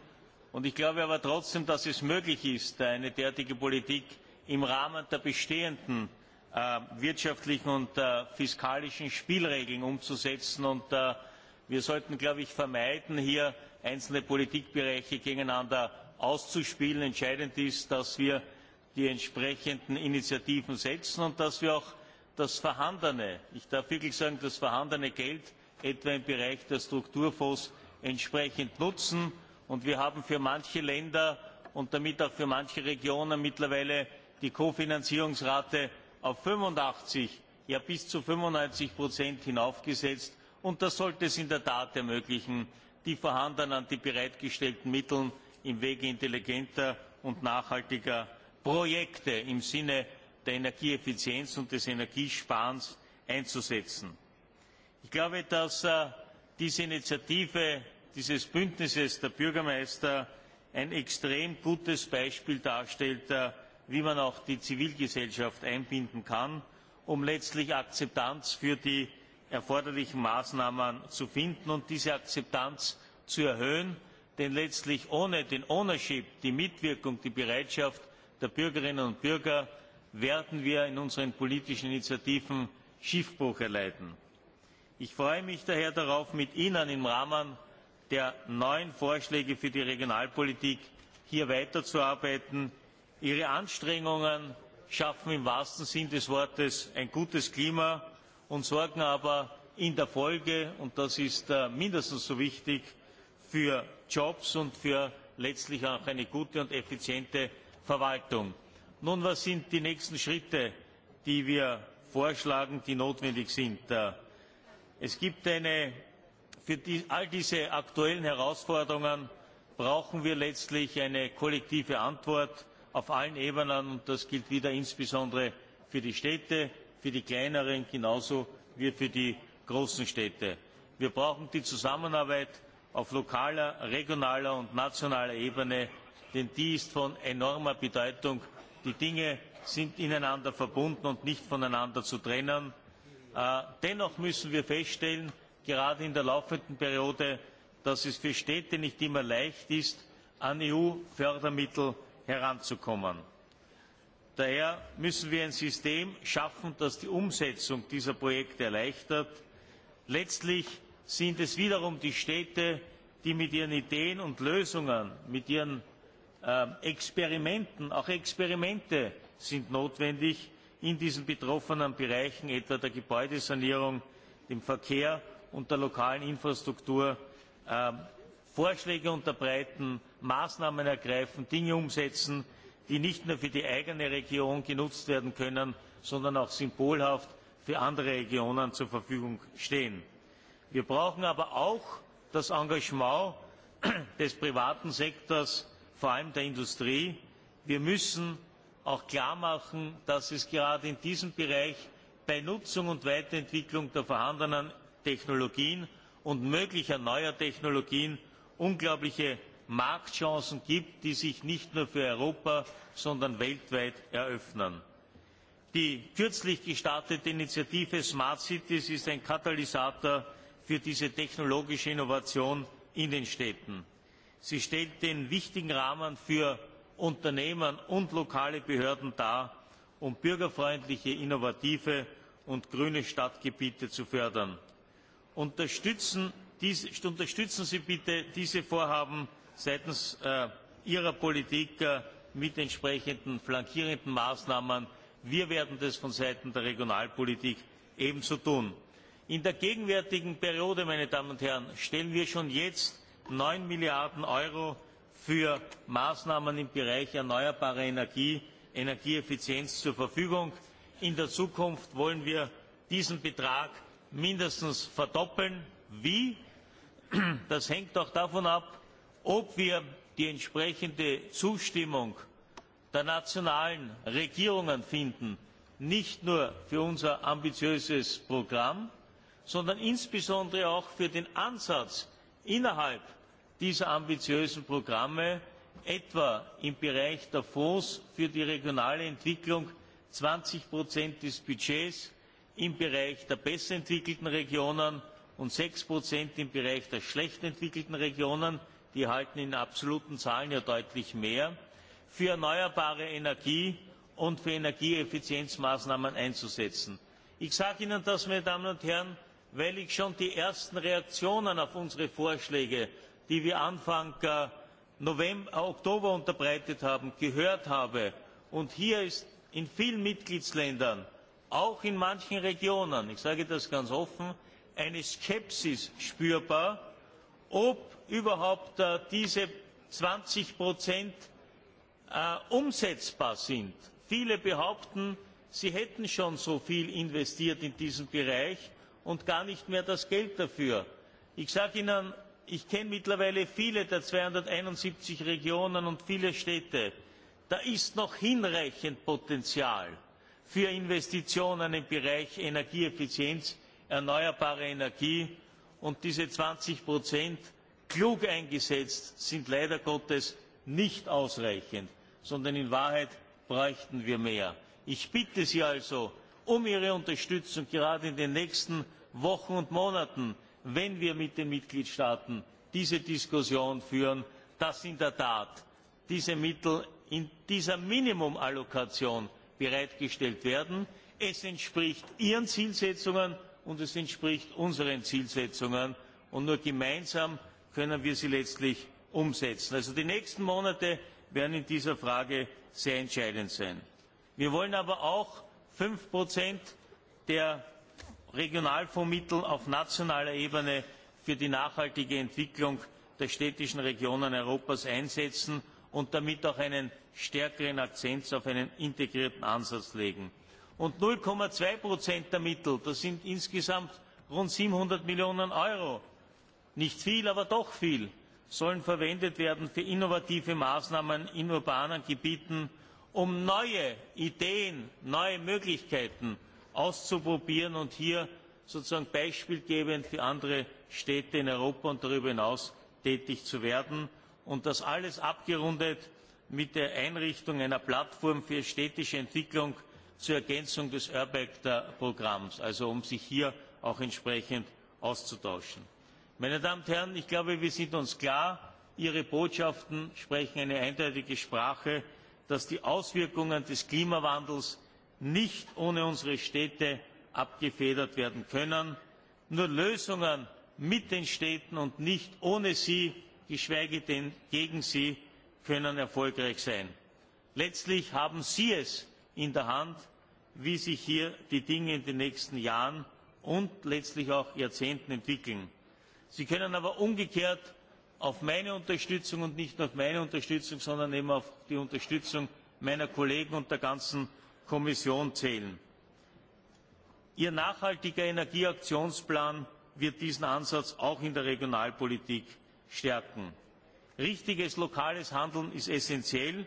ich glaube aber trotzdem dass es möglich ist eine derartige politik im rahmen der bestehenden äh, wirtschaftlichen und äh, fiskalischen spielregeln umzusetzen. Äh, wir sollten vermeiden hier einzelne politikbereiche gegeneinander auszuspielen. entscheidend ist dass die entsprechenden initiativen setzen und dass wir auch das vorhandene ich darf wirklich sagen das vorhandene geld etwa im bereich der strukturfonds entsprechend nutzen. wir haben für manche länder und damit auch für manche regionen mittlerweile die kofinanzierungsrate auf fünfundachtzig ja bis zu fünfundneunzig hinaufgesetzt und das sollte es in der tat ermöglichen die vorhandenen die bereitgestellten mittel im wege intelligenter und nachhaltiger projekte im sinne der energieeffizienz und des energiesparens einzusetzen. ich glaube dass äh, diese initiative dieses bündnisses der bürgermeister ein extrem gutes beispiel darstellt äh, wie man auch die zivilgesellschaft einbinden kann um letztlich akzeptanz für die erforderlichen maßnahmen zu finden und diese akzeptanz zu erhöhen denn letztlich ohne die mitwirkung die bereitschaft der bürgerinnen und bürger werden wir in unseren politischen initiativen schiffbruch erleiden. ich freue mich daher darauf mit ihnen im rahmen der neuen vorschläge für die regionalpolitik hier weiterzuarbeiten. ihre anstrengungen schaffen im wahrsten sinn des wortes ein gutes klima und sorgen aber in der folge und das ist äh, mindestens so wichtig für jobs und letztlich auch für eine gute und effiziente verwaltung. nun was sind die nächsten schritte die wir vorschlagen die notwendig sind? Äh, es gibt eine für all diese aktuellen herausforderungen brauchen wir letztlich eine kollektive antwort auf allen ebenen und das gilt wieder insbesondere für die städte für die kleineren genauso wie für die großen städte. wir brauchen die zusammenarbeit auf lokaler regionaler und nationaler ebene denn die ist von enormer bedeutung. die dinge sind ineinander verbunden und nicht voneinander zu trennen. Äh, dennoch müssen wir feststellen gerade in der laufenden periode dass es für städte nicht immer leicht ist an eu fördermittel heranzukommen. daher müssen wir ein system schaffen das die umsetzung dieser projekte erleichtert. letztlich sind es wiederum die städte die mit ihren ideen und lösungen mit Ähm, experimenten auch experimente sind notwendig in diesen betroffenen bereichen etwa der gebäudesanierung dem verkehr und der lokalen infrastruktur ähm, vorschläge unterbreiten maßnahmen ergreifen dinge umsetzen die nicht nur für die eigene region genutzt werden können sondern auch symbolhaft für andere regionen zur verfügung stehen. wir brauchen aber auch das engagement des privaten sektors vor allem der industrie wir müssen auch klarmachen dass es gerade in diesem bereich bei nutzung und weiterentwicklung der vorhandenen technologien und möglicher neuer technologien unglaubliche marktchancen gibt die sich nicht nur für europa sondern weltweit eröffnen. die kürzlich gestartete initiative smart cities ist ein katalysator für diese technologische innovation in den städten sie stellt den wichtigen rahmen für unternehmen und lokale behörden dar um bürgerfreundliche innovative und grüne stadtgebiete zu fördern. unterstützen sie bitte diese vorhaben seitens äh, ihrer politik äh, mit entsprechenden flankierenden maßnahmen. wir werden das von seiten der regionalpolitik ebenso tun. in der gegenwärtigen periode stellen wir schon jetzt neun milliarden euro für maßnahmen im bereich erneuerbare energie energieeffizienz zur verfügung. in der zukunft wollen wir diesen betrag mindestens verdoppeln. wie? das hängt auch davon ab ob wir die entsprechende zustimmung der nationalen regierungen finden nicht nur für unser ambitiöses programm sondern insbesondere auch für den ansatz innerhalb dieser ambitiösen programme etwa im bereich der fonds für die regionale entwicklung zwanzig des budgets im bereich der besser entwickelten regionen und sechs im bereich der schlecht entwickelten regionen die erhalten in absoluten zahlen ja deutlich mehr für erneuerbare energie und für energieeffizienzmaßnahmen einzusetzen. ich sage ihnen das meine damen und herren weil ich schon die ersten reaktionen auf unsere vorschläge die wir anfang äh, äh, oktober unterbreitet haben gehört habe und hier ist in vielen mitgliedstaaten auch in manchen regionen ich sage das ganz offen eine skepsis spürbar ob überhaupt äh, diese zwanzig umsetzbar sind. viele behaupten sie hätten schon so viel investiert in diesen bereich und gar nicht mehr das geld dafür. ich sage ihnen ich kenne mittlerweile viele der zweihunderteinundsiebzig regionen und viele städte da ist noch hinreichend potenzial für investitionen im bereich energieeffizienz erneuerbare energie und diese zwanzig klug eingesetzt sind leider gottes nicht ausreichend sondern in wahrheit bräuchten wir mehr. ich bitte sie also um ihre unterstützung gerade in den nächsten wochen und monaten wenn wir mit den mitgliedstaaten diese diskussion führen dass in der tat diese mittel in dieser minimumallokation bereitgestellt werden. es entspricht ihren zielsetzungen und es entspricht unseren zielsetzungen und nur gemeinsam können wir sie letztlich umsetzen. also die nächsten monate werden in dieser frage sehr entscheidend sein. wir wollen aber auch fünf der regionalfondsmittel auf nationaler ebene für die nachhaltige entwicklung der städtischen regionen europas einsetzen und damit auch einen stärkeren akzent auf einen integrierten ansatz legen. null zwei der mittel das sind insgesamt rund siebenhundert millionen euro nicht viel aber doch viel sollen verwendet werden für innovative maßnahmen in urbanen gebieten um neue ideen neue möglichkeiten auszuprobieren und hier sozusagen beispielgebend für andere städte in europa und darüber hinaus tätig zu werden und das alles abgerundet mit der einrichtung einer plattform für städtische entwicklung zur ergänzung des urbact programms also um sich hier auch entsprechend auszutauschen. meine damen und herren ich glaube wir sind uns klar ihre botschaften sprechen eine eindeutige sprache dass die auswirkungen des klimawandels nicht ohne unsere städte abgefedert werden können. nur lösungen mit den städten und nicht ohne sie geschweige denn gegen sie können erfolgreich sein. letztlich haben sie es in der hand wie sich hier die dinge in den nächsten jahren und letztlich auch jahrzehnten entwickeln. sie können aber umgekehrt auf meine unterstützung und nicht nur auf meine unterstützung sondern eben auf die unterstützung meiner kollegen und der ganzen kommission zählen. ihr nachhaltiger energieaktionsplan wird diesen ansatz auch in der regionalpolitik stärken. richtiges lokales handeln ist essenziell.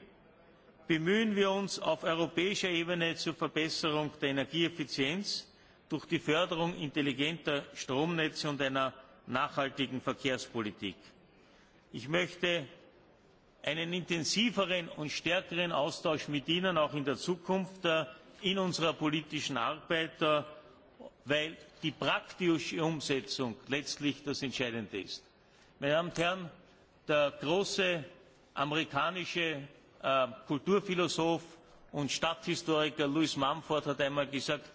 bemühen wir uns auf europäischer ebene zur verbesserung der energieeffizienz durch die förderung intelligenter stromnetze und einer nachhaltigen verkehrspolitik. ich möchte einen intensiveren und stärkeren austausch mit ihnen auch in der zukunft äh, in unserer politischen arbeit äh, weil die praktische umsetzung letztlich das entscheidende ist. meine damen und herren der große amerikanische äh, kulturphilosoph und stadthistoriker louis mumford hat einmal gesagt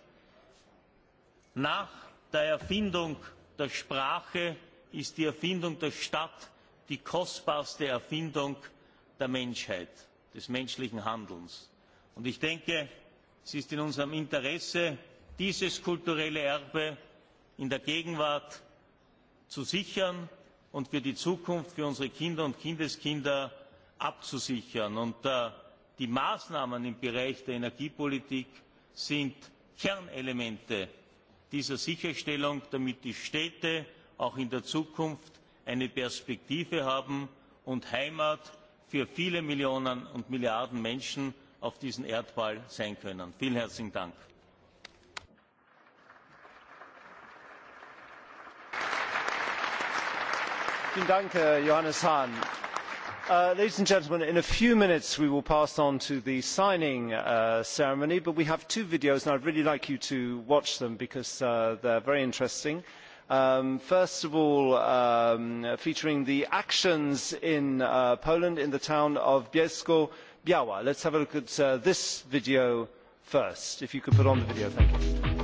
nach der erfindung der sprache ist die erfindung der stadt die kostbarste erfindung der menschheit des menschlichen handelns. ich denke es ist in unserem interesse dieses kulturelle erbe in der gegenwart zu sichern und für die zukunft für unsere kinder und kindeskinder abzusichern. Äh, die maßnahmen im bereich der energiepolitik sind kernelemente dieser sicherstellung damit die städte auch in der zukunft eine perspektive haben und heimat für viele millionen und milliarden menschen auf diesem erdball sein können. vielen herzlichen dank! vielen dank herr äh, johannes hahn. Äh, ladies and gentlemen in a few minutes we will pass on to the signing uh, ceremony but we have two videos and i would really like you to watch them because uh, they are very interesting. Um, first of all um, featuring the actions in uh, poland in the town of bielsko biała. let us have a look at uh, this video first if you could put on the video thank you.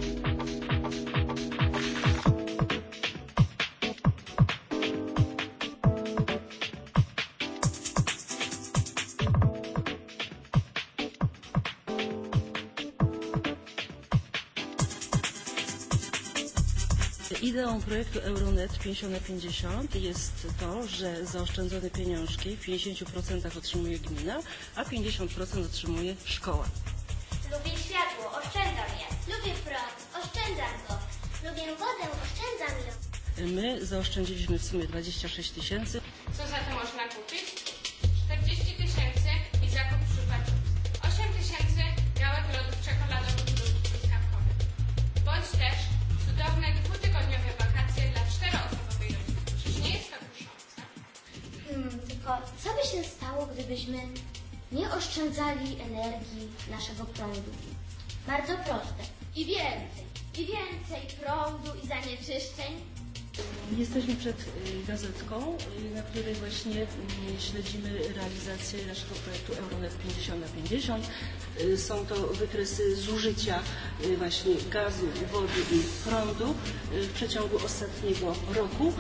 Cechą projektu Euronet 50 na 50 jest to, że zaoszczędzone pieniążki w 50% otrzymuje gmina, a 50% otrzymuje szkoła. Lubię światło, oszczędzam je. Lubię prąd, oszczędzam go. Lubię wodę, oszczędzam ją. My zaoszczędziliśmy w sumie 26 tysięcy. oszczędzali energii naszego prądu. Bardzo proste. I więcej, i więcej prądu i zanieczyszczeń. Jesteśmy przed gazetką, na której właśnie śledzimy realizację naszego projektu Euronet 50 na 50. Są to wykresy zużycia właśnie gazu, wody i prądu w przeciągu ostatniego roku.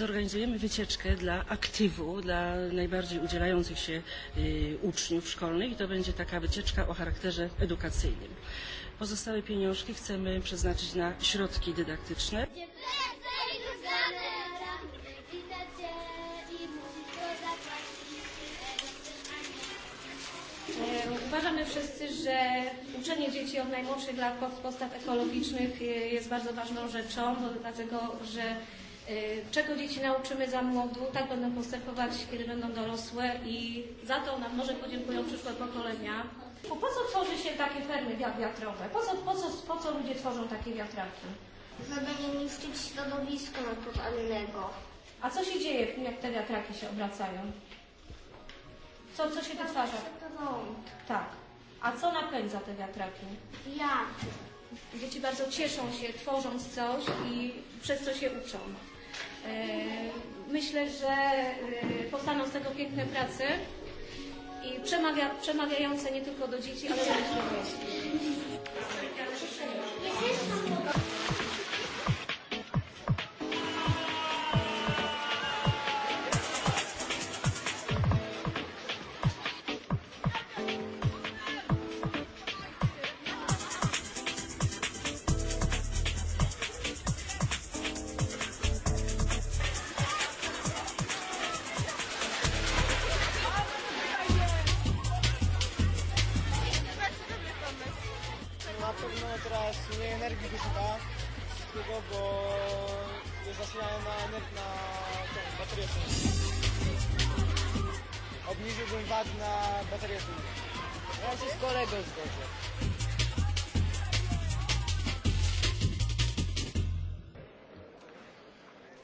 zorganizujemy wycieczkę dla aktywu, dla najbardziej udzielających się uczniów szkolnych i to będzie taka wycieczka o charakterze edukacyjnym. Pozostałe pieniążki chcemy przeznaczyć na środki dydaktyczne. E, uważamy wszyscy, że uczenie dzieci od najmłodszych lat podstaw ekologicznych e, jest bardzo ważną rzeczą, dlatego że E, czego dzieci nauczymy za młodu, tak będą postępować, kiedy będą dorosłe i za to nam może podziękują przyszłe pokolenia. Bo po co tworzy się takie fermy wiatrowe? Po co, po co, po co ludzie tworzą takie wiatraki? Żeby nie niszczyć środowiska naturalnego. A co się dzieje, jak te wiatraki się obracają? Co, co się wytwarza? Tak. A co napędza te wiatraki? Wiatr. Dzieci bardzo cieszą się, tworząc coś i przez co się uczą. E, myślę, że e, powstaną z tego piękne prace i przemawia, przemawiające nie tylko do dzieci, ale do dorosłych.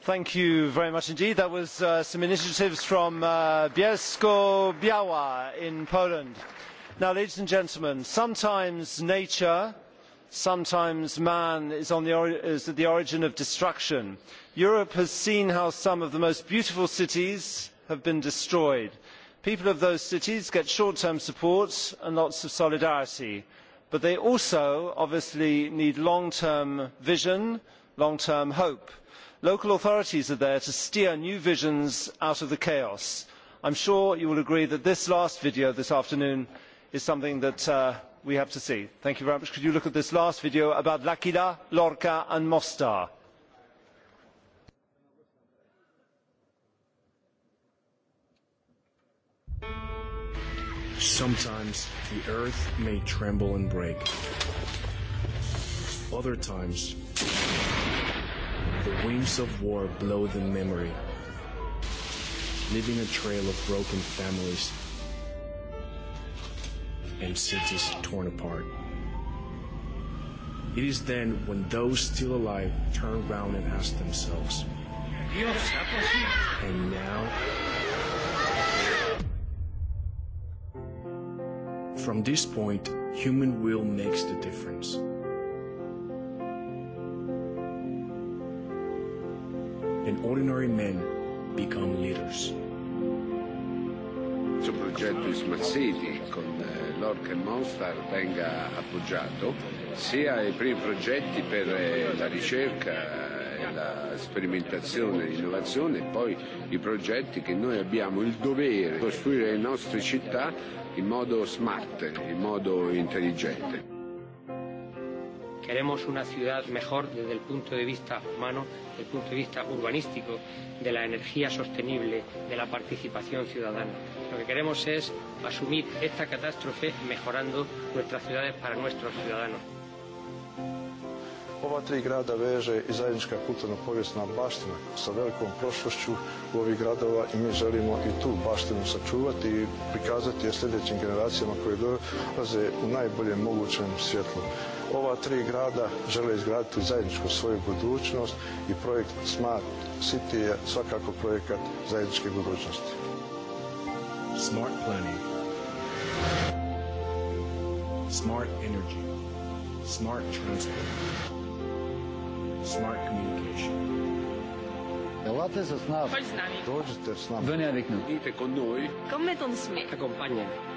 Thank you very much indeed. That was uh, some initiatives from uh, Bielsko-Biała in Poland. Now, ladies and gentlemen, sometimes nature, sometimes man is, on the is at the origin of destruction. Europe has seen how some of the most beautiful cities have been destroyed. People of those cities get short-term support and lots of solidarity, but they also obviously need long-term vision, long-term hope local authorities are there to steer new visions out of the chaos. i am sure you will agree that this last video this afternoon is something that uh, we have to see. thank you very much. could you look at this last video about l'aquila lorca and mostar? Sometimes the earth may tremble and break. Other times, the winds of war blow the memory, leaving a trail of broken families and cities torn apart. It is then when those still alive turn around and ask themselves, and now? From this point, human will makes the difference. and ordinary men become leaders. Questo progetto Smart City con eh, l'Orca e Mostar venga appoggiato sia ai primi progetti per eh, la ricerca e la sperimentazione e l'innovazione e poi i progetti che noi abbiamo il dovere di costruire le nostre città in modo smart, in modo intelligente. Queremos una ciudad mejor desde el punto de vista humano, desde el punto de vista urbanístico, de la energía sostenible, de la participación ciudadana. Lo que queremos es asumir esta catástrofe mejorando nuestras ciudades para nuestros ciudadanos. Ova tri grada veže i zajednička kulturno-povijesna baština sa velikom prošlošću u ovih gradova i mi želimo i tu baštinu sačuvati i prikazati je sljedećim generacijama koje dolaze u najboljem mogućem svjetlu ova tri grada žele izgraditi zajedničku svoju budućnost i projekt Smart City je svakako projekat zajedničke budućnosti. Smart planning. Smart energy. Smart transport. Smart communication. Elate se s nas. Dođite s nama. Venite con noi. Come con me. Accompagnami.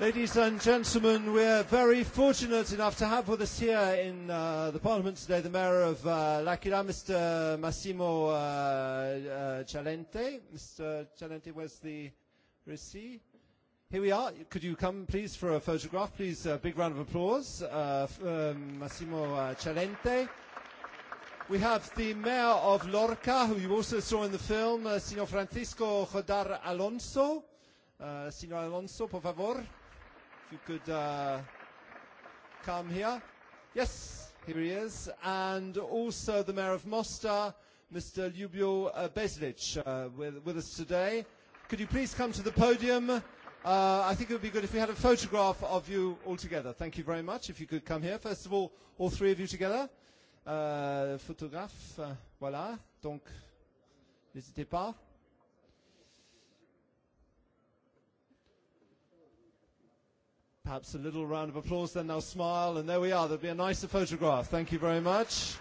Ladies and gentlemen, we're very fortunate enough to have with us here in uh, the Parliament today the Mayor of uh, L'Aquila, Mr. Massimo uh, uh, Cialente. Mr. Cialente, where's the receipt? Here we are. Could you come, please, for a photograph? Please, a big round of applause. Uh, um, Massimo uh, Cialente. We have the Mayor of Lorca, who you also saw in the film, uh, Signor Francisco Jodar Alonso. Uh, Signor Alonso, por favor you could uh, come here. Yes, here he is. And also the Mayor of Mostar, Mr. Ljubio uh, Bezlic, uh, with, with us today. Could you please come to the podium? Uh, I think it would be good if we had a photograph of you all together. Thank you very much. If you could come here. First of all, all three of you together. Uh, photograph, uh, voilà. Donc, n'hésitez pas. Perhaps a little round of applause, then they'll smile, and there we are. There'll be a nicer photograph. Thank you very much.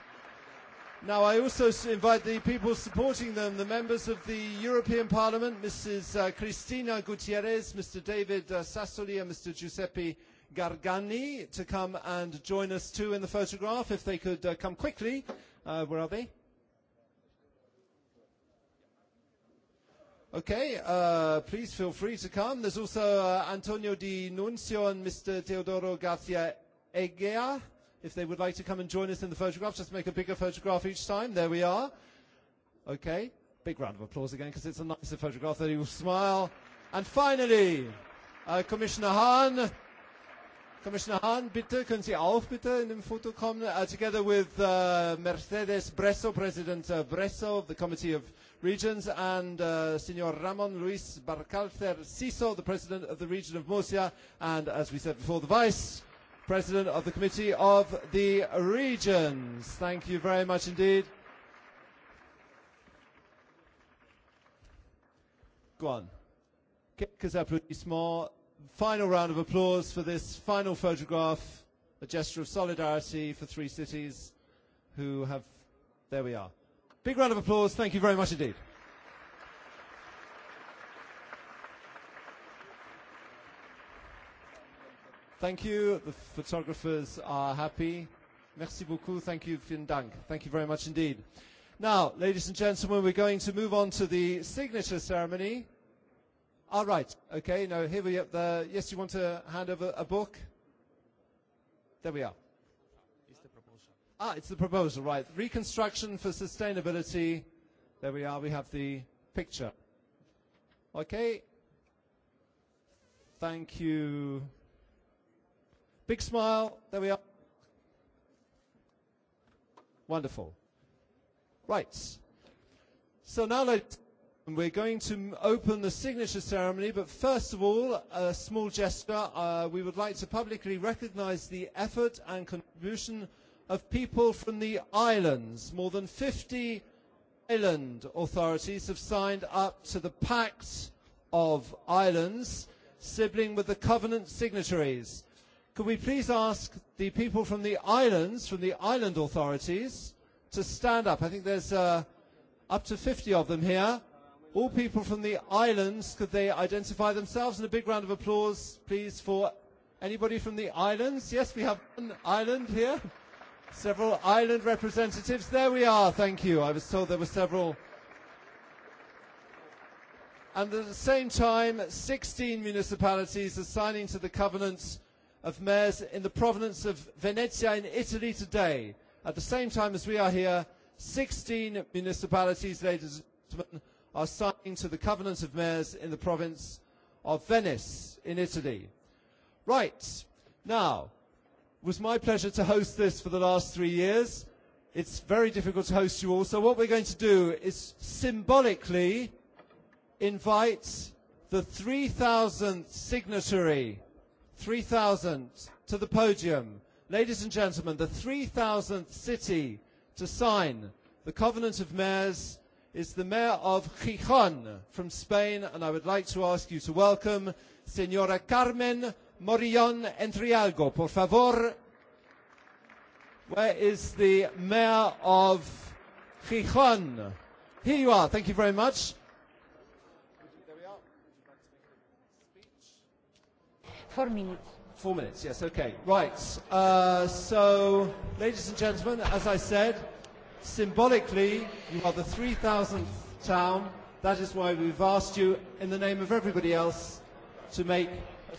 Now, I also invite the people supporting them, the members of the European Parliament, Mrs. Uh, Cristina Gutierrez, Mr. David uh, Sassoli, and Mr. Giuseppe Gargani, to come and join us too in the photograph. If they could uh, come quickly. Uh, where are they? Okay, uh, please feel free to come. There's also uh, Antonio Di Nuncio and Mr. Teodoro Garcia Egea. If they would like to come and join us in the photograph, just make a bigger photograph each time. There we are. Okay, big round of applause again because it's a nice photograph that he will smile. And finally, uh, Commissioner Hahn. Commissioner Hahn, bitte, können Sie auch bitte, in dem Foto kommen. Uh, together with uh, Mercedes Bresso, President uh, Bresso of the Committee of regions, and uh, Senor Ramon Luis Barcalcer Ciso, the President of the Region of Murcia, and as we said before, the Vice President of the Committee of the Regions. Thank you very much indeed. Go on. Final round of applause for this final photograph, a gesture of solidarity for three cities who have, there we are. Big round of applause. Thank you very much indeed. Thank you. The photographers are happy. Merci beaucoup. Thank you. Vielen Dank. Thank you very much indeed. Now, ladies and gentlemen, we're going to move on to the signature ceremony. All right. Okay. Now, here we are. Uh, yes, you want to hand over a book? There we are. Ah, it's the proposal, right. Reconstruction for sustainability. There we are. We have the picture. Okay. Thank you. Big smile. There we are. Wonderful. Right. So now let's, we're going to open the signature ceremony, but first of all, a small gesture. Uh, we would like to publicly recognize the effort and contribution of people from the islands. More than 50 island authorities have signed up to the Pact of Islands, sibling with the Covenant signatories. Could we please ask the people from the islands, from the island authorities, to stand up? I think there's uh, up to 50 of them here. All people from the islands, could they identify themselves? And a big round of applause, please, for anybody from the islands. Yes, we have an island here. Several island representatives. There we are. Thank you. I was told there were several. And at the same time, 16 municipalities are signing to the covenants of mayors in the province of Venezia in Italy today. At the same time as we are here, 16 municipalities, ladies and gentlemen, are signing to the covenant of mayors in the province of Venice in Italy. Right. Now, was my pleasure to host this for the last three years. It's very difficult to host you all, so what we're going to do is symbolically invite the 3,000th signatory, 3,000 to the podium. Ladies and gentlemen, the 3,000th city to sign the Covenant of Mayors is the mayor of Gijón from Spain, and I would like to ask you to welcome Senora Carmen Morion Entrialgo, por favor. Where is the mayor of Gijón? Here you are. Thank you very much. Four minutes. Four minutes, yes, okay. Right. Uh, so, ladies and gentlemen, as I said, symbolically, you are the 3,000th town. That is why we've asked you, in the name of everybody else, to make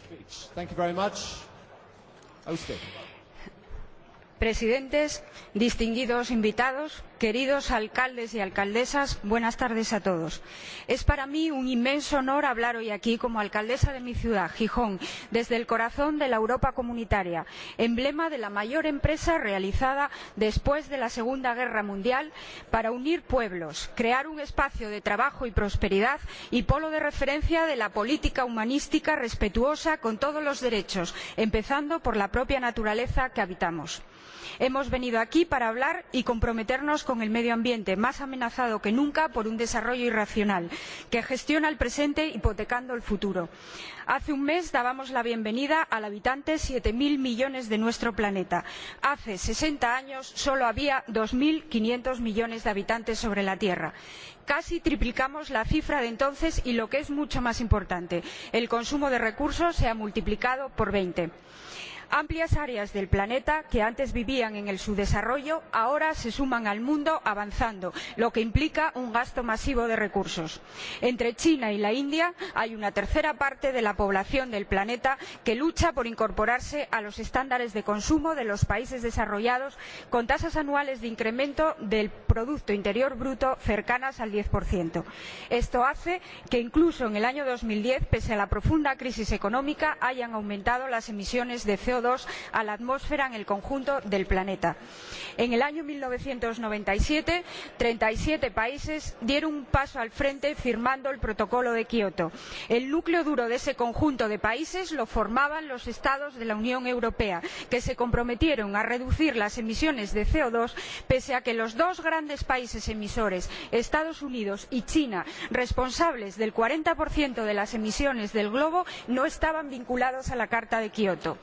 speech. Thank you very much. Ousted presidentes distinguidos invitados queridos alcaldes y alcaldesas buenas tardes a todos. es para mí un inmenso honor hablar hoy aquí como alcaldesa de mi ciudad gijón desde el corazón de la europa comunitaria emblema de la mayor empresa realizada después de la segunda guerra mundial para unir pueblos crear un espacio de trabajo y prosperidad y polo de referencia de la política humanística respetuosa con todos los derechos empezando por la propia naturaleza que habitamos hemos venido aquí para hablar y comprometernos con el medio ambiente más amenazado que nunca por un desarrollo irracional que gestiona el presente hipotecando el futuro. hace un mes dábamos la bienvenida al habitante siete cero millones de nuestro planeta. hace sesenta años solo había dos quinientos millones de habitantes sobre la tierra. casi triplicamos la cifra de entonces y lo que es mucho más importante el consumo de recursos se ha multiplicado por veinte amplias áreas del planeta que antes vivían en el subdesarrollo ahora se suman al mundo avanzando lo que implica un gasto masivo de recursos. entre china y la india hay una tercera parte de la población del planeta que lucha por incorporarse a los estándares de consumo de los países desarrollados con tasas anuales de incremento del producto interior bruto cercanas al. diez esto hace que incluso en el año dos mil diez pese a la profunda crisis económica hayan aumentado las emisiones de co dos a la atmósfera en el conjunto del planeta. en el año mil novecientos noventa y siete treinta y siete países dieron un paso al frente firmando el protocolo de kioto. el núcleo duro de ese conjunto de países lo formaban los estados de la unión europea que se comprometieron a reducir las emisiones de co dos pese a que los dos grandes países emisores estados unidos y china responsables del cuarenta de las emisiones del globo no estaban vinculados a la carta de kioto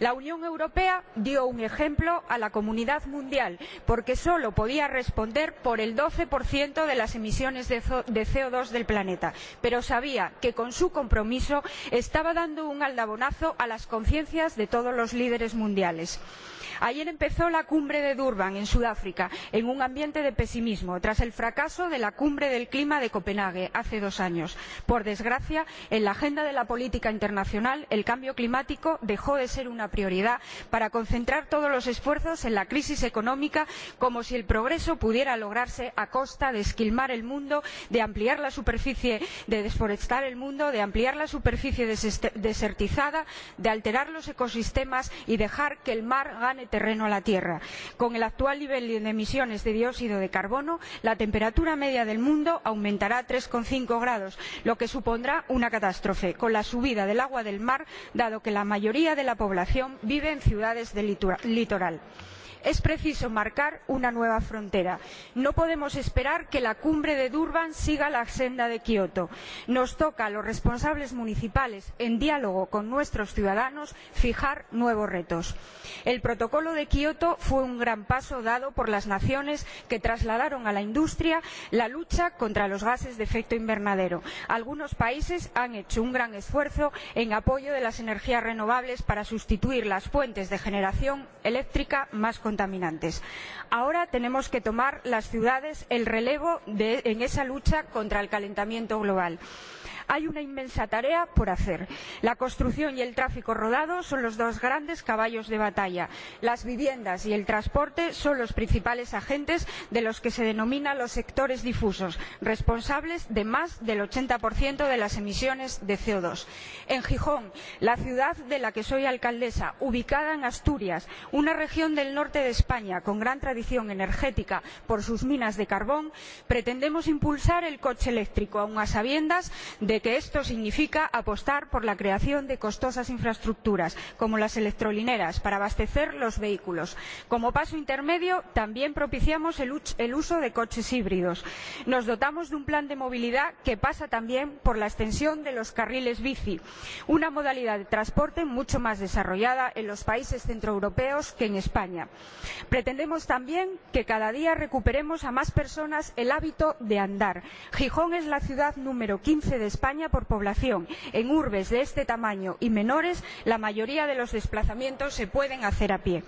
la unión europea dio un ejemplo a la comunidad mundial porque solo podía responder por el doce de las emisiones de co dos del planeta pero sabía que con su compromiso estaba dando un aldabonazo a las conciencias de todos los líderes mundiales. por ayer empezó la cumbre de durban en sudáfrica en un ambiente de pesimismo tras el fracaso de la cumbre del clima de copenhague hace dos años. por desgracia en la agenda de la política internacional el cambio climático dejó de ser una prioridad para concentrar todos los esfuerzos en la crisis económica como si el progreso pudiera lograrse a costa de esquilmar el mundo de ampliar la superficie de desforestar el mundo de ampliar la superficie desertizada de alterar los ecosistemas y dejar que el mar gane terreno a la tierra. con el actual nivel de emisiones de dióxido de carbono la temperatura media del mundo aumentará tres cinco grados lo que supondrá una catástrofe con la subida del agua del mar dado que la mayoría de la población vive en ciudades del litoral es preciso marcar una nueva frontera. no podemos esperar que la cumbre de durban siga la senda de kioto. nos toca a los responsables municipales en diálogo con nuestros ciudadanos fijar nuevos retos. el protocolo de kioto fue un gran paso dado por las naciones que trasladaron a la industria la lucha contra los gases de efecto invernadero. algunos países han hecho un gran esfuerzo en apoyo de las energías renovables para sustituir las fuentes de generación eléctrica más contaminantes. ahora tenemos que tomar las ciudades el relevo de, en esa lucha contra el calentamiento global hay una inmensa tarea por hacer. La construcción y el tráfico rodado son los dos grandes caballos de batalla. Las viviendas y el transporte son los principales agentes de los que se denomina los sectores difusos, responsables de más del 80% de las emisiones de CO2. En Gijón, la ciudad de la que soy alcaldesa, ubicada en Asturias, una región del norte de España con gran tradición energética por sus minas de carbón, pretendemos impulsar el coche eléctrico, aun a sabiendas de que esto significa apostar por la creación de costosas infraestructuras como las electrolineras para abastecer los vehículos. como paso intermedio también propiciamos el uso de coches híbridos. nos dotamos de un plan de movilidad que pasa también por la extensión de los carriles bici una modalidad de transporte mucho más desarrollada en los países centroeuropeos que en españa. pretendemos también que cada día recuperemos a más personas el hábito de andar. gijón es la ciudad número quince de españa españa por población en urbes de este tamaño y menores la mayoría de los desplazamientos se pueden hacer a pie.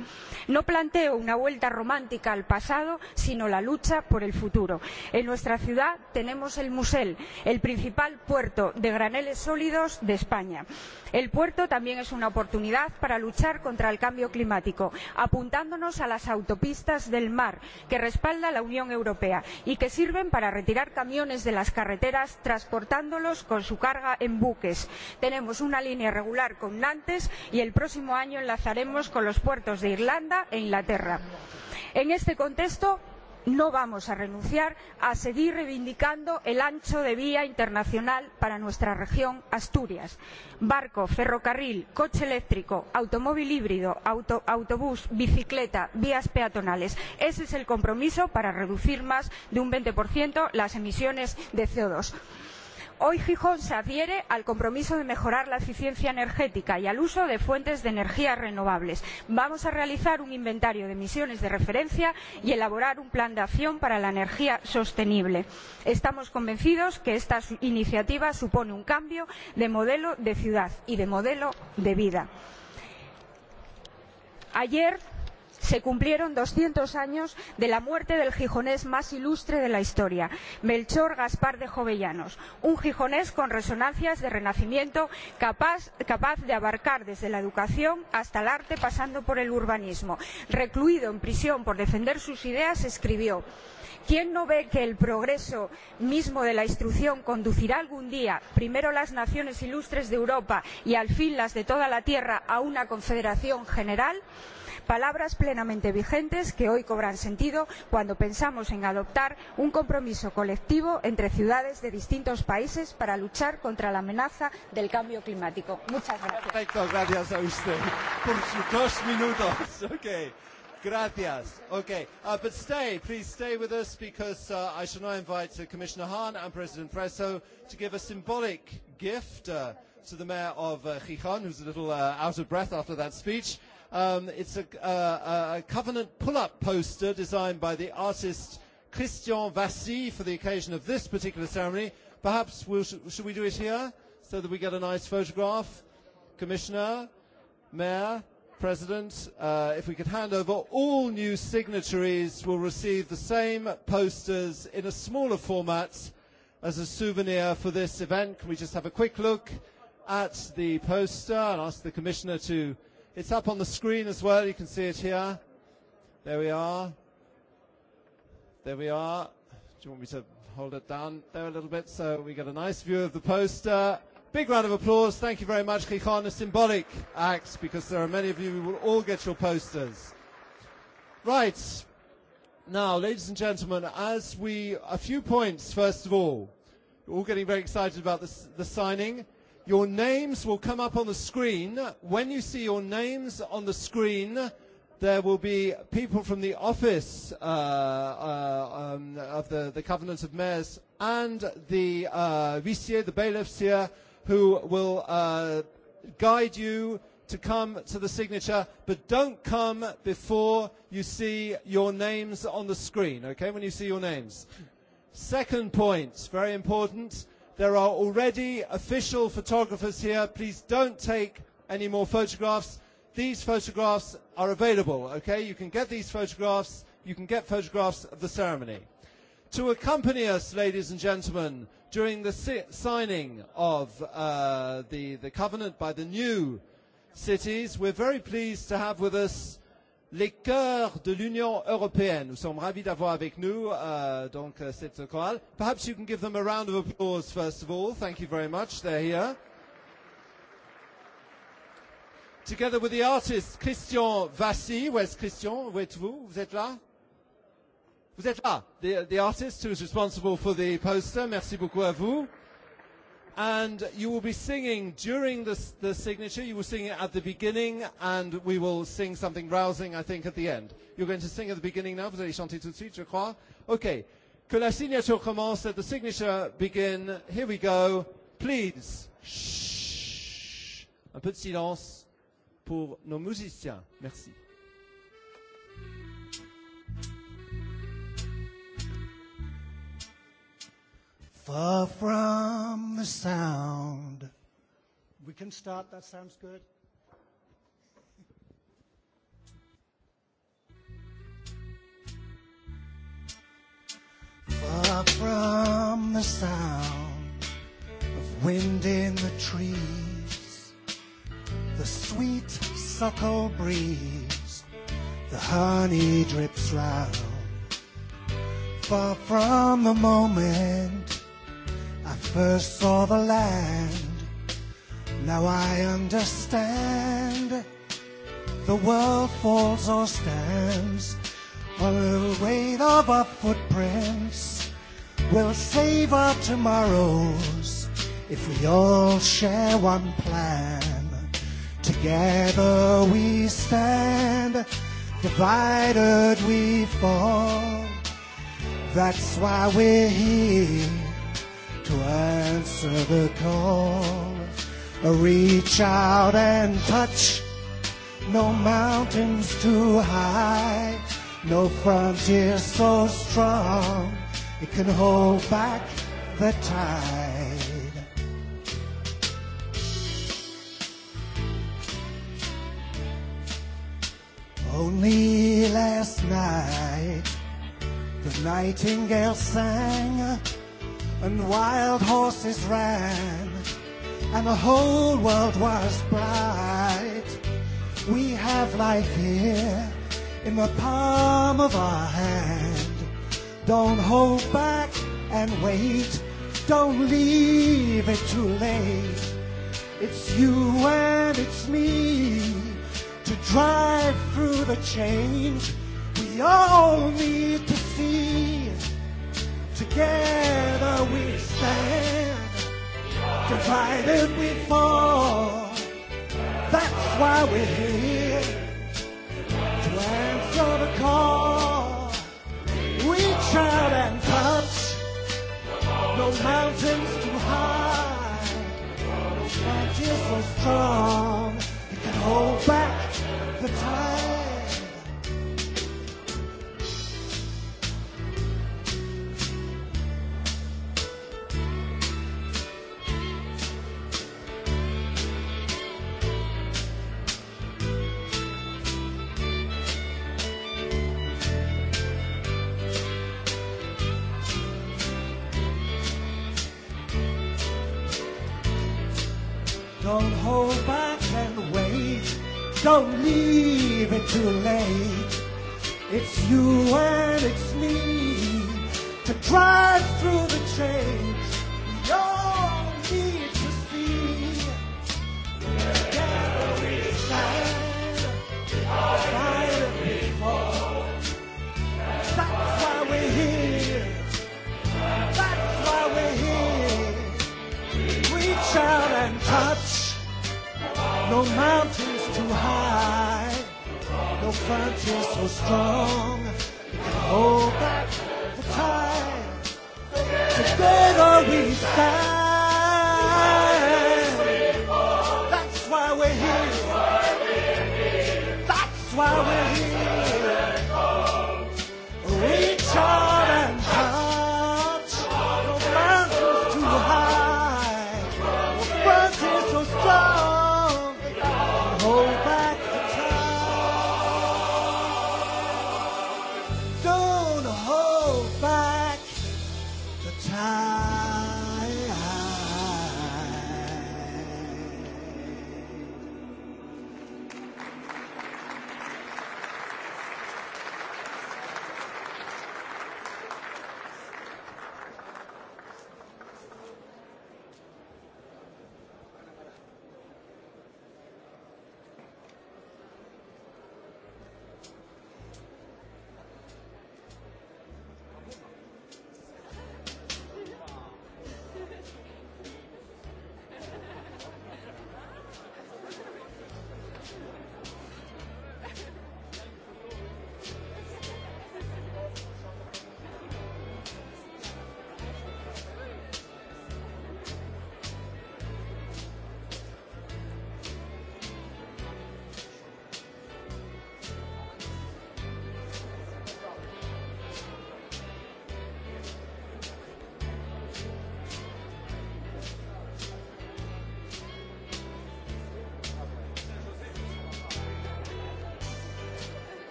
no planteo una vuelta romántica al pasado sino la lucha por el futuro. en nuestra ciudad tenemos el musel el principal puerto de graneles sólidos de españa. el puerto también es una oportunidad para luchar contra el cambio climático apuntándonos a las autopistas del mar que respalda la unión europea y que sirven para retirar camiones de las carreteras transportándolos con su carga en buques. tenemos una línea regular con nantes y el próximo año enlazaremos con los puertos de irlanda e inglaterra. en este contexto no vamos a renunciar a seguir reivindicando el ancho de vía internacional para nuestra región asturias barco ferrocarril coche eléctrico automóvil híbrido auto, autobús bicicleta vías peatonales. ese es el compromiso para reducir más de un veinte las emisiones de co hoy Gijón se adhiere al compromiso de mejorar la eficiencia energética y al uso de fuentes de energías renovables. Vamos a realizar un inventario de emisiones de referencia y elaborar un plan de acción para la energía sostenible. Estamos convencidos de que esta iniciativa supone un cambio de modelo de ciudad y de modelo de vida. Ayer se cumplieron doscientos años de la muerte del gijonés más ilustre de la historia melchor gaspar de jovellanos un gijonés con resonancias de renacimiento capaz, de abarcar desde la educación hasta el arte pasando por el urbanismo. recluido en prisión por defender sus ideas escribió quién no ve que el progreso mismo de la instrucción conducirá algún día primero las naciones ilustres de europa y al fin las de toda la tierra a una confederación general? palabras plenamente vigentes que hoy cobran sentido cuando pensamos en adoptar un compromiso colectivo entre ciudades de distintos países para luchar contra la amenaza del cambio climático. Muchas gracias. Perfecto, gracias a usted por sus dos minutos. Okay. Gracias. Okay. Uh, but stay, please stay with us because uh, I shall now invite uh, Commissioner Hahn and President Presso to give a symbolic gift uh, to the mayor of uh, Gijón, who's a little uh, out of breath after that speech. Um, it's a, a, a covenant pull-up poster designed by the artist Christian Vassy for the occasion of this particular ceremony. Perhaps we'll, sh- should we do it here so that we get a nice photograph? Commissioner, Mayor, President, uh, if we could hand over, all new signatories will receive the same posters in a smaller format as a souvenir for this event. Can we just have a quick look at the poster and ask the Commissioner to It's up on the screen as well. You can see it here. There we are. There we are. Do you want me to hold it down there a little bit so we get a nice view of the poster? Big round of applause. Thank you very much, Kikhan. A symbolic act because there are many of you who will all get your posters. Right. Now, ladies and gentlemen, as we, a few points first of all. We're all getting very excited about this, the signing. Your names will come up on the screen. When you see your names on the screen, there will be people from the office uh, uh, um, of the, the Covenant of Mayors and the uh, huissier, the bailiffs here, who will uh, guide you to come to the signature, but don't come before you see your names on the screen, okay, when you see your names. Second point, very important, There are already official photographers here. Please don't take any more photographs. These photographs are available, okay? You can get these photographs. You can get photographs of the ceremony. To accompany us, ladies and gentlemen, during the si- signing of uh, the, the covenant by the new cities, we're very pleased to have with us les chœurs de l'Union européenne. Nous sommes ravis d'avoir avec nous uh, donc uh, cette chorale. Perhaps you can give them a round of applause first of all. Thank you very much. They're here. Together with the artist Christian Vassy. Where's Christian? Où êtes-vous? Vous êtes là? Vous êtes là. The, the artist who is responsible for the poster. Merci beaucoup à vous and you will be singing during the, the signature. You will sing it at the beginning, and we will sing something rousing, I think, at the end. You're going to sing at the beginning now. Vous allez chanter tout de suite, je crois. Okay. Que la signature commence. Let the signature begin. Here we go. Please. Shh. Un peu de silence pour nos musiciens. Merci. Far from the sound. We can start, that sounds good. Far from the sound of wind in the trees, the sweet suckle breeze, the honey drips round. Far from the moment first saw the land, now I understand. The world falls or stands, a little weight of our footprints will save our tomorrows if we all share one plan. Together we stand, divided we fall. That's why we're here to answer the call. Reach out and touch. No mountains too high. No frontier so strong. It can hold back the tide. Only last night, the nightingale sang and wild horses ran, and the whole world was bright. We have life here in the palm of our hand. Don't hold back and wait, don't leave it too late. It's you and it's me to drive through the change we all need to see. Together we stand, divided we fall. That's why we're here to answer the call. Reach out and touch, no mountains too high, no is so strong it can hold back the tide.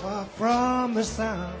far from the sound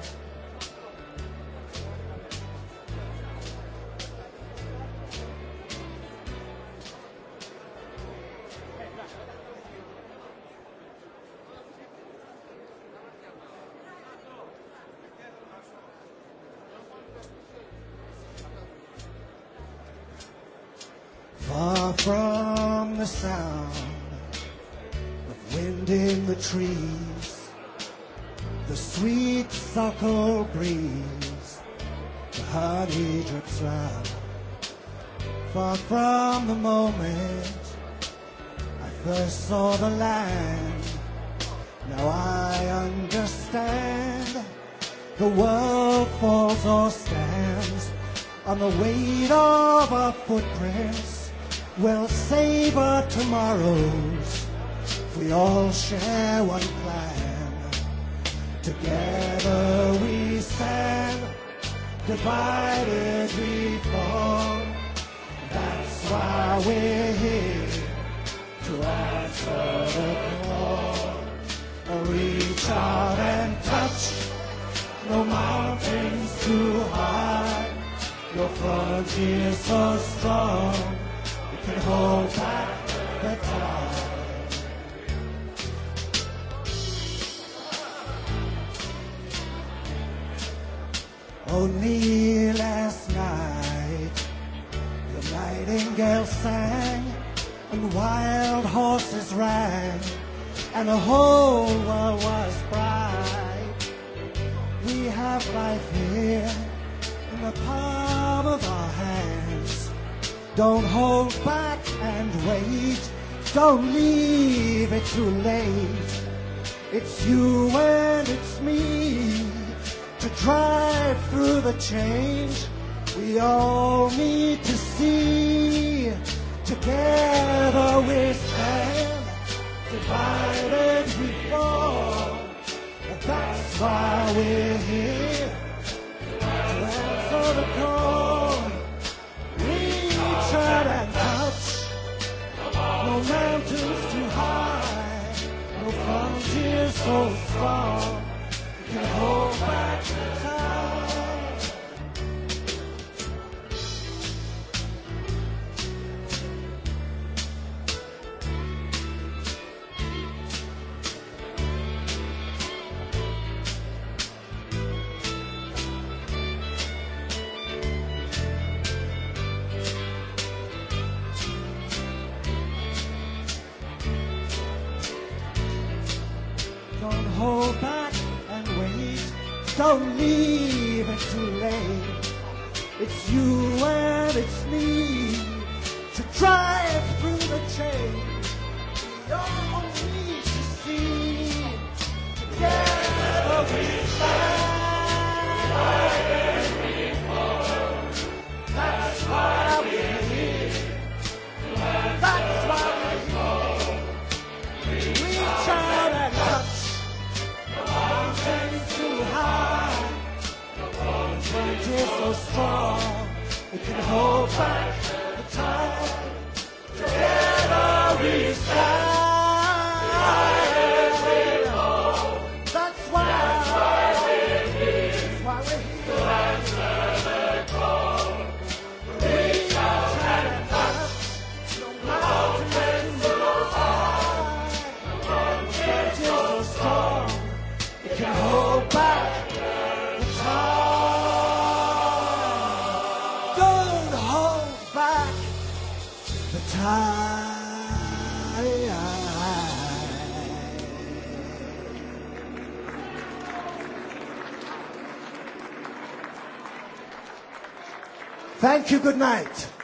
Thank you. Good night.